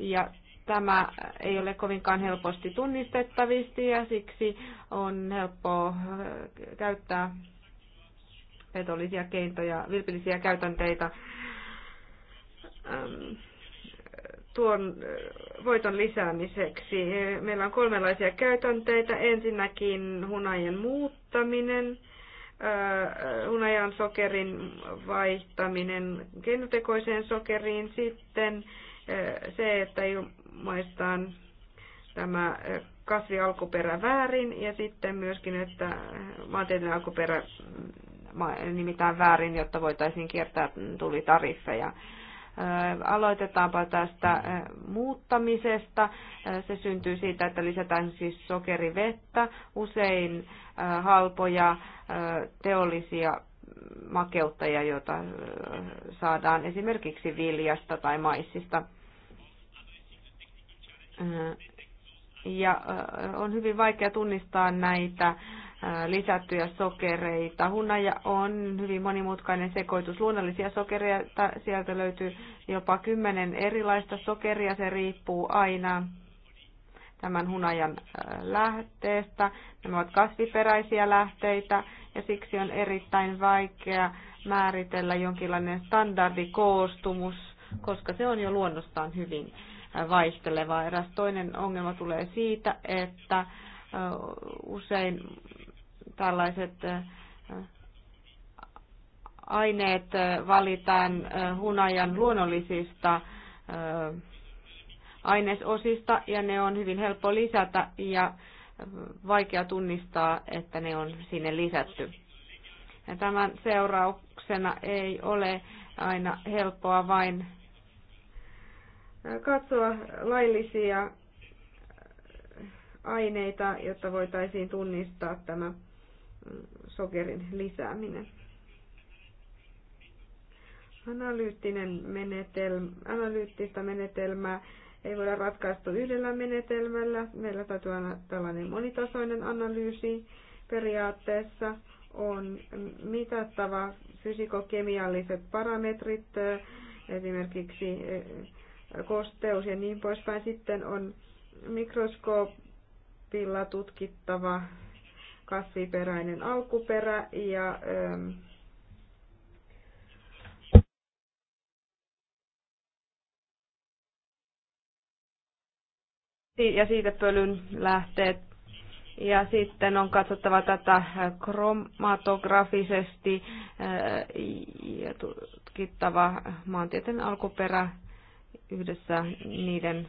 Speaker 2: Ja tämä ei ole kovinkaan helposti tunnistettavasti ja siksi on helppo äh, käyttää petollisia keintoja, vilpillisiä käytänteitä tuon voiton lisäämiseksi. Meillä on kolmenlaisia käytänteitä. Ensinnäkin hunajan muuttaminen, hunajan sokerin vaihtaminen keinotekoiseen sokeriin, sitten se, että maistaan tämä kasvialkuperä väärin ja sitten myöskin, että maantieteen alkuperä mm, nimitään väärin, jotta voitaisiin kiertää tulitariffeja. tariffeja Aloitetaanpa tästä muuttamisesta. Se syntyy siitä, että lisätään siis sokerivettä, usein halpoja teollisia makeuttajia, joita saadaan esimerkiksi viljasta tai maissista. Ja on hyvin vaikea tunnistaa näitä lisättyjä sokereita. Hunaja on hyvin monimutkainen sekoitus luonnollisia sokereja. Sieltä löytyy jopa kymmenen erilaista sokeria. Se riippuu aina tämän hunajan lähteestä. Nämä ovat kasviperäisiä lähteitä ja siksi on erittäin vaikea määritellä jonkinlainen standardikoostumus, koska se on jo luonnostaan hyvin vaihtelevaa. Eräs toinen ongelma tulee siitä, että usein tällaiset aineet valitaan hunajan luonnollisista ainesosista ja ne on hyvin helppo lisätä ja vaikea tunnistaa, että ne on sinne lisätty. Ja tämän seurauksena ei ole aina helppoa vain katsoa laillisia aineita, jotta voitaisiin tunnistaa tämä sokerin lisääminen. Analyyttinen menetelmä, analyyttistä menetelmää ei voida ratkaista yhdellä menetelmällä. Meillä täytyy olla tällainen monitasoinen analyysi periaatteessa. On mitattava fysikokemialliset parametrit, esimerkiksi eh, kosteus ja niin poispäin. Sitten on mikroskoopilla tutkittava kasviperäinen alkuperä ja ähm, ja siitä pölyn lähteet. Ja sitten on katsottava tätä äh, kromatografisesti äh, ja tutkittava maantieteen alkuperä yhdessä niiden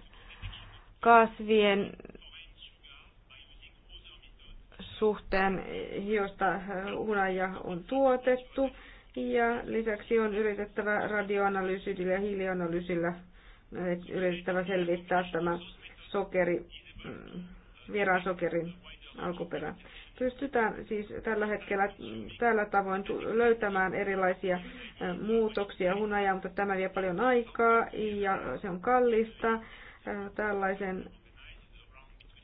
Speaker 2: kasvien suhteen, josta äh, hunajia on tuotettu. Ja lisäksi on yritettävä radioanalyysillä ja hiilianalyysillä äh, yritettävä selvittää tämä sokeri, mm, vieraan sokerin alkuperä. Pystytään siis tällä hetkellä mm, tällä tavoin löytämään erilaisia äh, muutoksia hunajaa, mutta tämä vie paljon aikaa ja se on kallista. Tällaisen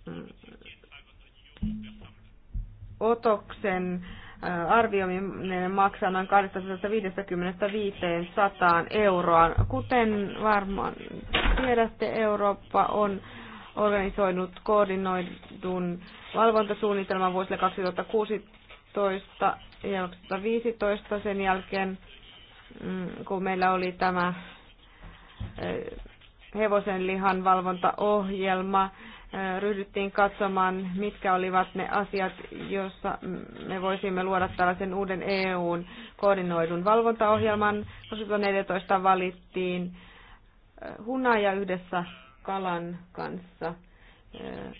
Speaker 2: mm, otoksen arvioiminen maksaa noin 250-500 euroa. Kuten varmaan tiedätte, Eurooppa on organisoinut koordinoidun valvontasuunnitelman vuosille 2016 ja 2015 sen jälkeen, mm, kun meillä oli tämä hevosen lihan valvontaohjelma ryhdyttiin katsomaan, mitkä olivat ne asiat, joissa me voisimme luoda tällaisen uuden EUn koordinoidun valvontaohjelman. 2014 valittiin eh, hunaja yhdessä kalan kanssa eh,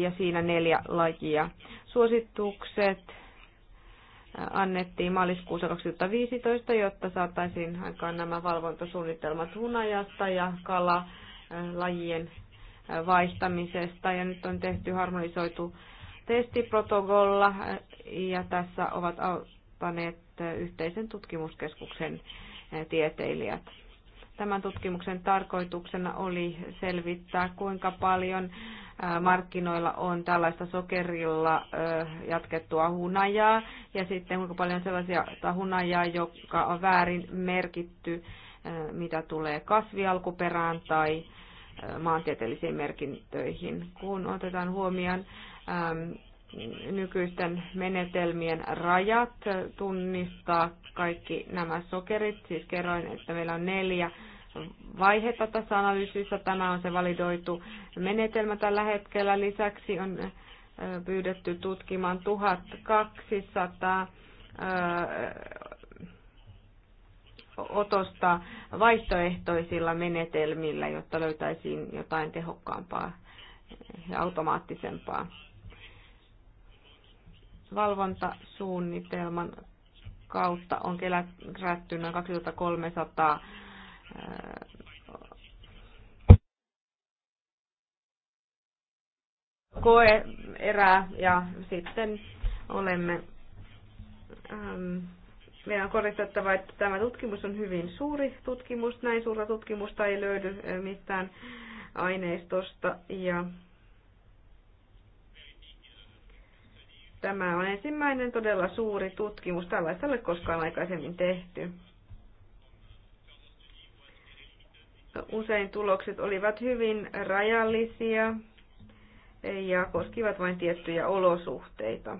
Speaker 2: ja siinä neljä lajia. Suositukset eh, annettiin maaliskuussa 2015, jotta saataisiin aikaan nämä valvontasuunnitelmat hunajasta ja kala lajien vaihtamisesta ja nyt on tehty harmonisoitu testiprotokolla ja tässä ovat auttaneet yhteisen tutkimuskeskuksen tieteilijät. Tämän tutkimuksen tarkoituksena oli selvittää, kuinka paljon markkinoilla on tällaista sokerilla jatkettua hunajaa ja sitten kuinka paljon sellaisia hunajaa, joka on väärin merkitty, mitä tulee kasvialkuperään tai Äh, maantieteellisiin merkintöihin, kun otetaan huomioon ähm, nykyisten menetelmien rajat äh, tunnistaa kaikki nämä sokerit. Siis kerroin, että meillä on neljä vaihetta tässä analyysissä. Tämä on se validoitu menetelmä tällä hetkellä. Lisäksi on äh, pyydetty tutkimaan 1200 otosta vaihtoehtoisilla menetelmillä, jotta löytäisiin jotain tehokkaampaa ja automaattisempaa. Valvontasuunnitelman kautta on kerätty noin 2300 koe-erää ja sitten olemme meidän on korostettava, että tämä tutkimus on hyvin suuri tutkimus. Näin suurta tutkimusta ei löydy eh, mitään aineistosta. Ja tämä on ensimmäinen todella suuri tutkimus. Tällaista ei ole koskaan aikaisemmin tehty. Usein tulokset olivat hyvin rajallisia ja koskivat vain tiettyjä olosuhteita.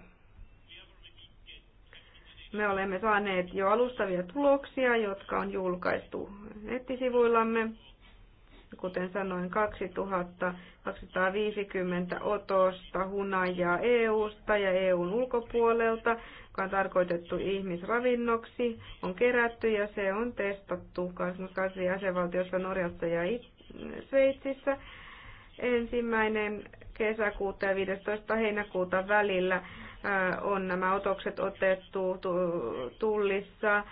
Speaker 2: Me olemme saaneet jo alustavia tuloksia, jotka on julkaistu nettisivuillamme. Kuten sanoin, 2250 otosta hunajaa EU-sta ja EUn ulkopuolelta, joka on tarkoitettu ihmisravinnoksi, on kerätty ja se on testattu 22 jäsenvaltiossa Norjassa ja Sveitsissä. Ensimmäinen kesäkuuta ja 15. heinäkuuta välillä on nämä otokset otettu tullissa,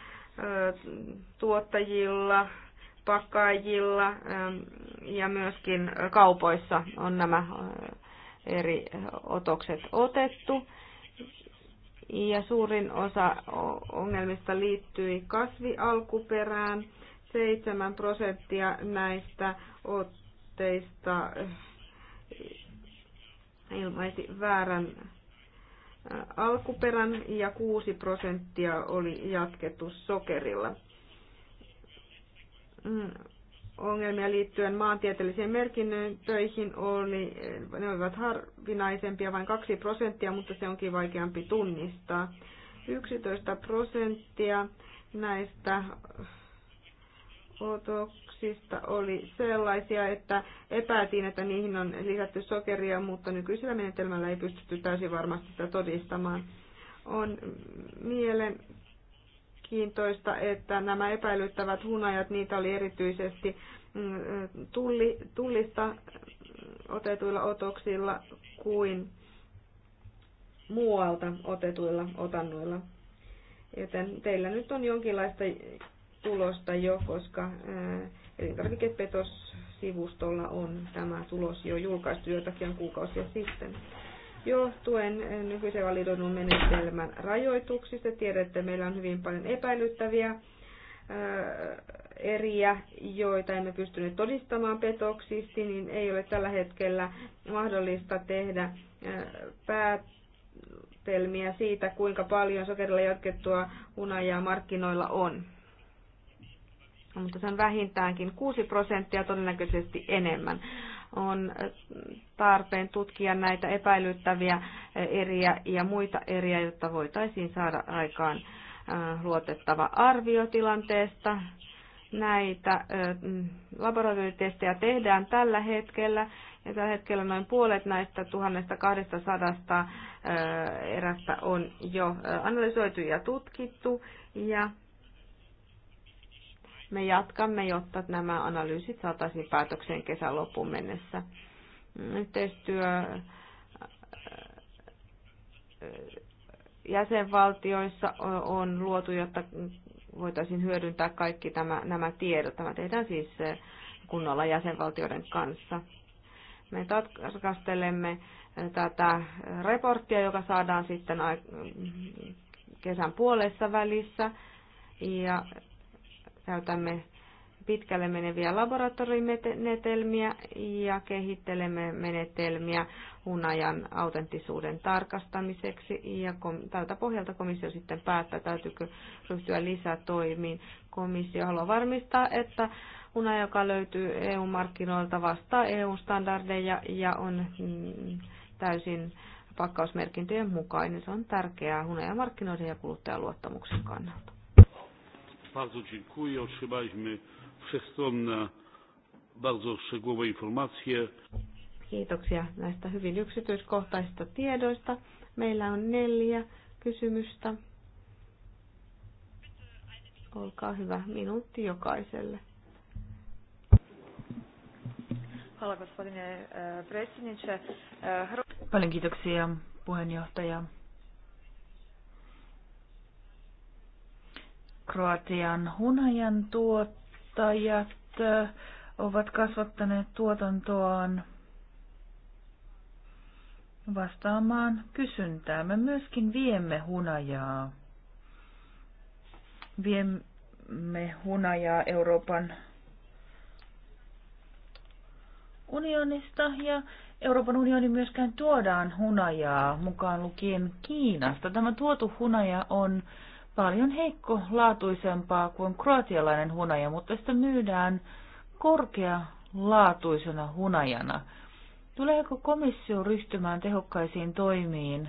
Speaker 2: tuottajilla, pakkaajilla ja myöskin kaupoissa on nämä eri otokset otettu. Ja suurin osa ongelmista liittyi kasvialkuperään. 7 prosenttia näistä otteista ilmaisi väärän alkuperän ja 6 prosenttia oli jatkettu sokerilla. Mm, ongelmia liittyen maantieteellisiin merkinnöihin oli, ne olivat harvinaisempia vain 2 prosenttia, mutta se onkin vaikeampi tunnistaa. 11 prosenttia näistä annoksista oli sellaisia, että epäätiin, että niihin on lisätty sokeria, mutta nykyisellä menetelmällä ei pystytty täysin varmasti sitä todistamaan. On mielenkiintoista, että nämä epäilyttävät hunajat, niitä oli erityisesti mm, tulli, tullista otetuilla otoksilla kuin muualta otetuilla otannoilla. Joten teillä nyt on jonkinlaista tulosta jo, koska elintarvikepetossivustolla sivustolla on tämä tulos jo julkaistu joitakin kuukausia sitten. Johtuen nykyisen validoidun menetelmän rajoituksista tiedätte, että meillä on hyvin paljon epäilyttäviä eriä, joita emme pystyneet todistamaan petoksiksi, niin ei ole tällä hetkellä mahdollista tehdä päätelmiä siitä, kuinka paljon sokerilla jatkettua hunajaa markkinoilla on mutta se on vähintäänkin 6 prosenttia todennäköisesti enemmän. On äh, tarpeen tutkia näitä epäilyttäviä äh, eriä ja muita eriä, jotta voitaisiin saada aikaan äh, luotettava arvio tilanteesta. Näitä mm, laboratoriotestejä tehdään tällä hetkellä ja tällä hetkellä noin puolet näistä 1200 erästä on jo analysoitu ja tutkittu ja me jatkamme, jotta nämä analyysit saataisiin päätökseen kesän loppuun mennessä. Yhteistyö jäsenvaltioissa on luotu, jotta voitaisiin hyödyntää kaikki tämä, nämä tiedot. Tämä tehdään siis kunnolla jäsenvaltioiden kanssa. Me tarkastelemme tätä raporttia, joka saadaan sitten kesän puolessa välissä. Ja Käytämme pitkälle meneviä laboratorimenetelmiä ja kehittelemme menetelmiä hunajan autenttisuuden tarkastamiseksi ja tältä pohjalta komissio sitten päättää, täytyykö ryhtyä lisätoimiin. Komissio haluaa varmistaa, että huna, joka löytyy EU-markkinoilta, vastaa EU-standardeja ja on mm, täysin pakkausmerkintöjen mukainen. Se on tärkeää markkinoiden ja kuluttajaluottamuksen kannalta.
Speaker 1: Bardzo dziękuję. Otrzymaliśmy wszechstronne, bardzo szczegółowe informacje.
Speaker 2: Kiitoksia näistä hyvin yksityiskohtaisista tiedoista. Meillä on neljä kysymystä. Olkaa hyvä, minuutti jokaiselle. Eh, eh, Paljon
Speaker 3: kiitoksia puheenjohtaja. Kroatian hunajan tuottajat ovat kasvattaneet tuotantoaan vastaamaan kysyntää. Me myöskin viemme hunajaa. Viemme hunajaa Euroopan unionista ja Euroopan unioni myöskään tuodaan hunajaa mukaan lukien Kiinasta. Tämä tuotu hunaja on äh, paljon heikko laatuisempaa kuin kroatialainen hunaja, mutta sitä myydään korkealaatuisena hunajana. Tuleeko komissio ryhtymään tehokkaisiin toimiin,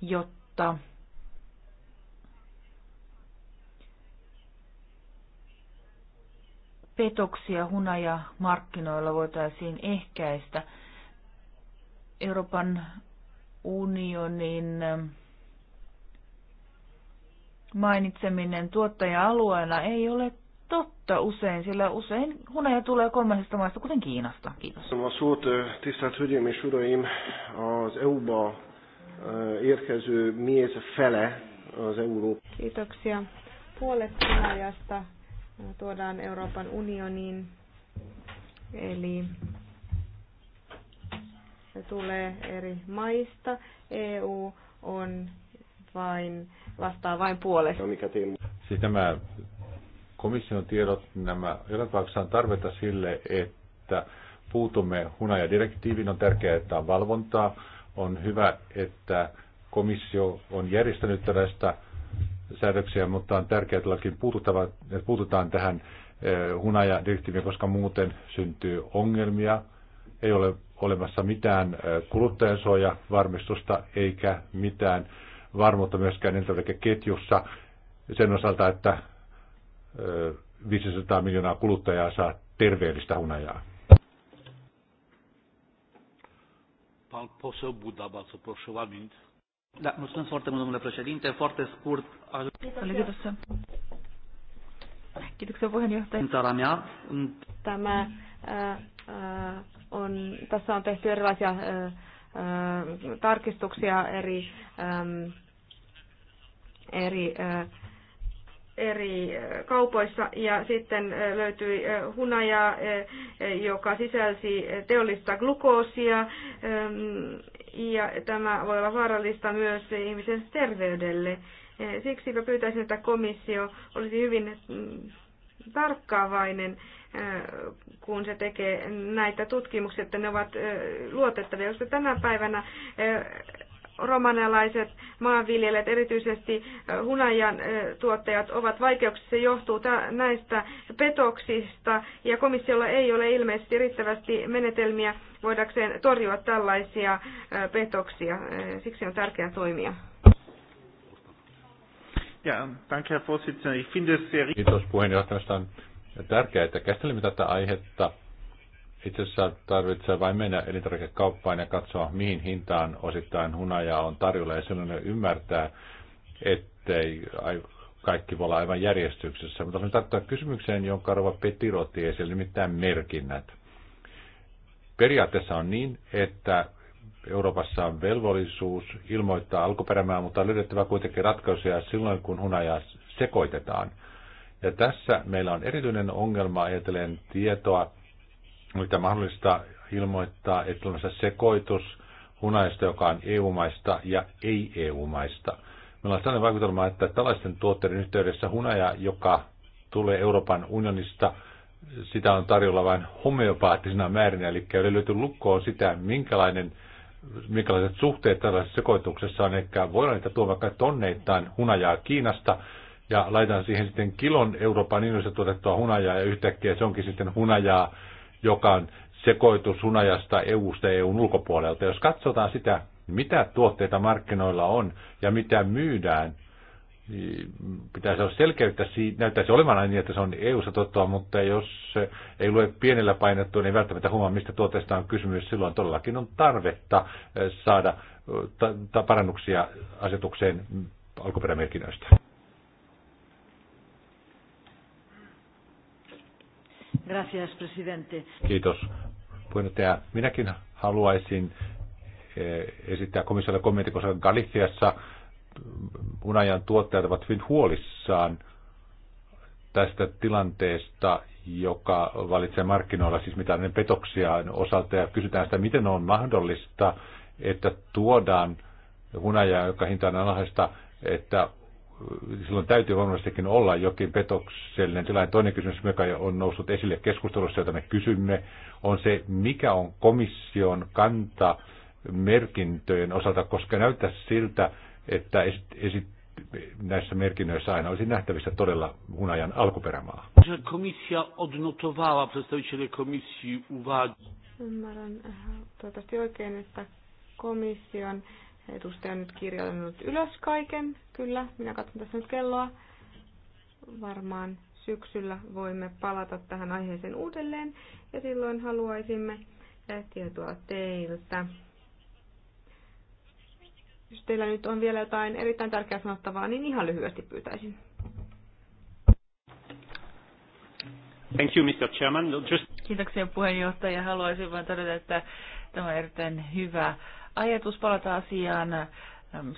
Speaker 3: jotta petoksia hunaja markkinoilla voitaisiin ehkäistä? Euroopan unionin mainitseminen tuottaja-alueena ei ole totta usein, sillä usein huneja tulee kolmansista maista, kuten Kiinasta. Kiitos.
Speaker 5: Tämä tisztelt
Speaker 2: hölgyeim és uraim, az EU-ba mies fele az Euroopan. Kiitoksia. Puolet Venäjästä tuodaan Euroopan unioniin, eli se tulee eri maista. EU on vain vastaa vain no, tiimu?
Speaker 4: Siis nämä komission tiedot, nämä on tarvetta sille, että puutumme hunajadirektiiviin. On tärkeää, että on valvontaa. On hyvä, että komissio on järjestänyt tällaista säädöksiä, mutta on tärkeää, että puututaan tähän eh, hunajadirektiiviin, koska muuten syntyy ongelmia. Ei ole olemassa mitään eh, kuluttajansuojavarmistusta eikä mitään varmuutta myöskään elintarvikeketjussa sen osalta, että 500 miljoonaa kuluttajaa saa terveellistä hunajaa.
Speaker 1: Pan poseł Buda, bardzo proszę, łamić. Da, mulțumesc foarte mult, domnule președinte. Foarte scurt, Kiitoksia.
Speaker 2: Kiitoksia puheenjohtaja. Tämä äh, äh, on, tässä on tehty erilaisia äh, äh, tarkistuksia eri äh, eri, äh, eri äh, kaupoissa ja sitten äh, löytyi hunaja, joka sisälsi teollista glukoosia ähm, ja tämä voi olla vaarallista myös ihmisen terveydelle. Siksi mä pyytäisin, että komissio olisi hyvin mm, tarkkaavainen, kun se tekee näitä tutkimuksia, että ne ovat luotettavia, koska tänä päivänä romanialaiset maanviljelijät, erityisesti hunajan tuottajat, ovat vaikeuksissa. Se johtuu näistä petoksista ja komissiolla ei ole ilmeisesti riittävästi menetelmiä voidakseen torjua tällaisia petoksia. Siksi on tärkeää toimia.
Speaker 4: Ja, danke, Herr Vorsitzender. Ich finde es sehr... Kiitos puheenjohtajasta. On tärkeää, että käsittelemme tätä aihetta itse asiassa tarvitsee vain mennä elintarvikekauppaan ja katsoa, mihin hintaan osittain hunajaa on tarjolla, ja silloin ne ymmärtää, ettei kaikki voi olla aivan järjestyksessä. Mutta haluaisin tarttua kysymykseen, jonka Rova Petir otti esille, nimittäin merkinnät. Periaatteessa on niin, että Euroopassa on velvollisuus ilmoittaa alkuperämää, mutta on löydettävä kuitenkin ratkaisuja silloin, kun hunajaa sekoitetaan. Ja tässä meillä on erityinen ongelma ajatellen tietoa mitä mahdollista ilmoittaa, että se sekoitus hunajasta, joka on EU-maista ja ei-EU-maista. Meillä on sellainen vaikutelma, että tällaisten tuotteiden yhteydessä hunaja, joka tulee Euroopan unionista, sitä on tarjolla vain homeopaattisena määrinä, eli ei ole löyty lukkoon sitä, minkälainen, minkälaiset suhteet tällaisessa sekoituksessa on. Eli voi olla, että tuo vaikka tonneittain hunajaa Kiinasta, ja laitan siihen sitten kilon Euroopan unionista tuotettua hunajaa, ja yhtäkkiä se onkin sitten hunajaa joka on sekoitus hunajasta EU-sta EUn ulkopuolelta. Jos katsotaan sitä, mitä tuotteita markkinoilla on ja mitä myydään, niin pitäisi olla selkeyttä, näyttäisi olevan aina niin, että se on eu sa totta, mutta jos ei lue pienellä painettua, niin välttämättä huomaa, mistä tuotteesta on kysymys. Silloin todellakin on tarvetta eh, saada eh, parannuksia asetukseen alkuperämerkinnöistä.
Speaker 3: Gracias, presidente.
Speaker 4: Kiitos. Puheenjohtaja, minäkin haluaisin eh, esittää komissiolle kommentti, koska Galiciassa unajan tuottajat ovat hyvin huolissaan tästä tilanteesta, joka valitsee markkinoilla, siis mitä ne petoksia osalta, ja kysytään sitä, miten on mahdollista, että tuodaan hunajaa, joka hinta on alhaista, että silloin täytyy varmastikin olla jokin petoksellinen tilanne. Toinen kysymys, joka on noussut esille keskustelussa, jota me kysymme, on se, mikä on komission kanta merkintöjen osalta, koska näyttää siltä, että esit, esit, näissä merkinnöissä aina olisi nähtävissä todella hunajan alkuperämaa.
Speaker 1: Komissio odnotovala przedstawiciele komisji uvaa.
Speaker 2: Ymmärrän toivottavasti oikein, että komission Edustaja on nyt kirjoittanut ylös kaiken. Kyllä, minä katson tässä nyt kelloa. Varmaan syksyllä voimme palata tähän aiheeseen uudelleen ja silloin haluaisimme eh, tietoa teiltä. Jos teillä nyt on vielä jotain erittäin tärkeää sanottavaa, niin ihan lyhyesti pyytäisin.
Speaker 4: Thank you, Mr. Chairman. Just...
Speaker 3: Kiitoksia puheenjohtaja. Haluaisin vain todeta, että tämä on erittäin hyvä ajatus palata asiaan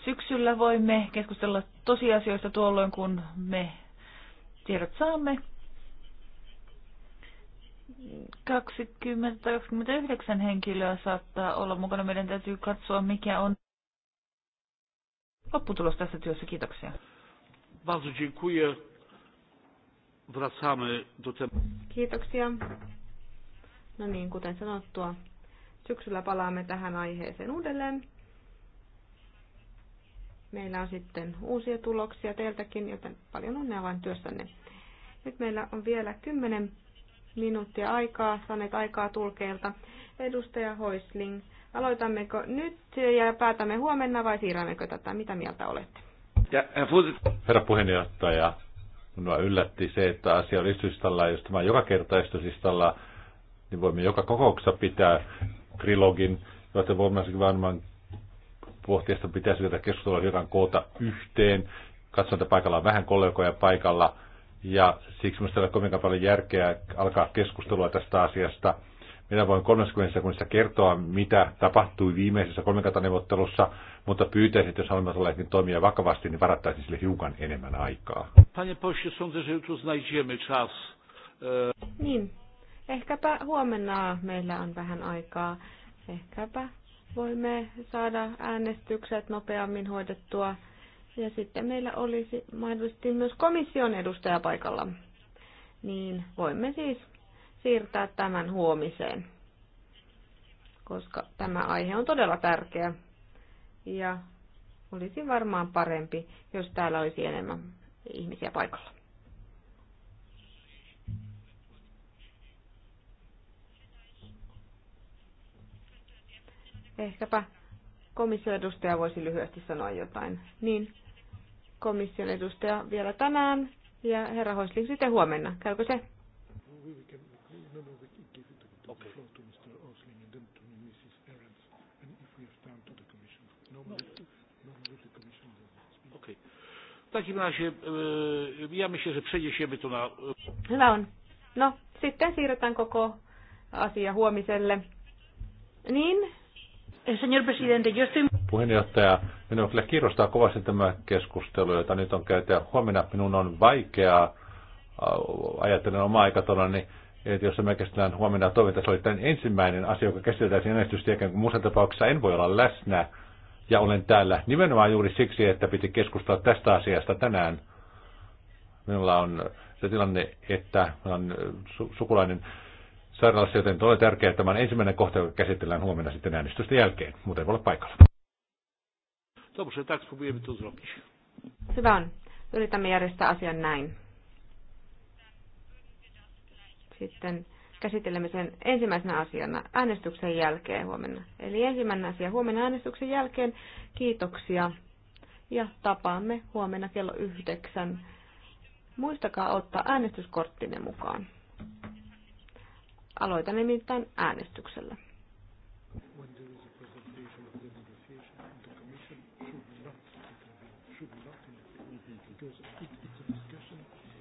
Speaker 3: syksyllä. Voimme keskustella tosiasioista tuolloin, kun me tiedot saamme. 20-29 henkilöä saattaa olla mukana. Meidän täytyy katsoa, mikä on lopputulos tässä työssä. Kiitoksia.
Speaker 1: Bardzo dziękuję. Wracamy do tematu.
Speaker 2: Kiitoksia. No niin, kuten sanottua, Syksyllä palaamme tähän aiheeseen uudelleen. Meillä on sitten uusia tuloksia teiltäkin, joten paljon onnea vain työssänne. Nyt meillä on vielä 10 minuuttia aikaa, saaneet aikaa tulkeilta. Edustaja Hoisling, aloitammeko nyt ja päätämme huomenna vai siirrämmekö tätä? Mitä mieltä olette?
Speaker 4: Ja, herra puheenjohtaja, minua yllätti se, että asia oli istuslistalla, jos tämä joka kerta istuslistalla, niin voimme joka kokouksessa pitää trilogin, joten voimme varmaan pohtia, että pitäisi tätä keskustelua jotain koota yhteen. Katson, että paikalla on vähän kollegoja paikalla, ja siksi minusta ei ole kovinkaan paljon järkeä alkaa keskustelua tästä asiasta. Minä voin 30 sekunnissa kertoa, mitä tapahtui viimeisessä kolmikantaneuvottelussa, mutta pyytäisin, että jos haluamme olla niin toimia vakavasti, niin
Speaker 1: varattaisiin sille hiukan enemmän aikaa. Panie pośle, sądzę, że jutro znajdziemy czas. E-
Speaker 2: niin, Ehkäpä huomenna meillä on vähän aikaa. Ehkäpä voimme saada äänestykset nopeammin hoidettua. Ja sitten meillä olisi mahdollisesti myös komission edustaja paikalla. Niin voimme siis siirtää tämän huomiseen, koska tämä aihe on todella tärkeä. Ja olisi varmaan parempi, jos täällä olisi enemmän ihmisiä paikalla. Ehkäpä komission edustaja voisi lyhyesti sanoa jotain. Niin, komission edustaja vielä tänään ja herra Hoisling sitten huomenna. Käykö se?
Speaker 1: W takim razie e, ja myślę, że przeniesiemy to na... E,
Speaker 2: Hyvä on. No, sitten siirretään koko asia huomiselle. Niin, Eh, señor presidente, yo estoy...
Speaker 4: Puheenjohtaja, minua kyllä kiinnostaa kovasti tämä keskustelu, jota nyt on käyty. Huomenna minun on vaikeaa, äh, ajatella omaa aikatona, niin että jos me käsitellään huomenna toiminta, se oli tämän ensimmäinen asia, joka käsitellään sen äänestystiekään, kun muussa tapauksessa en voi olla läsnä. Ja olen täällä nimenomaan juuri siksi, että piti keskustella tästä asiasta tänään. Minulla on se tilanne, että minulla on su- sukulainen sairaalassa, joten on tärkeää, että tämä ensimmäinen kohta, joka käsitellään huomenna sitten äänestysten jälkeen. Muuten voi olla paikalla.
Speaker 2: Hyvä on. Yritämme järjestää asian näin. Sitten käsittelemme sen ensimmäisenä asiana äänestyksen jälkeen huomenna. Eli ensimmäinen asia huomenna äänestyksen jälkeen. Kiitoksia ja tapaamme huomenna kello yhdeksän. Muistakaa ottaa äänestyskorttinne mukaan. Aloitan nimittäin äänestyksellä.
Speaker 5: because it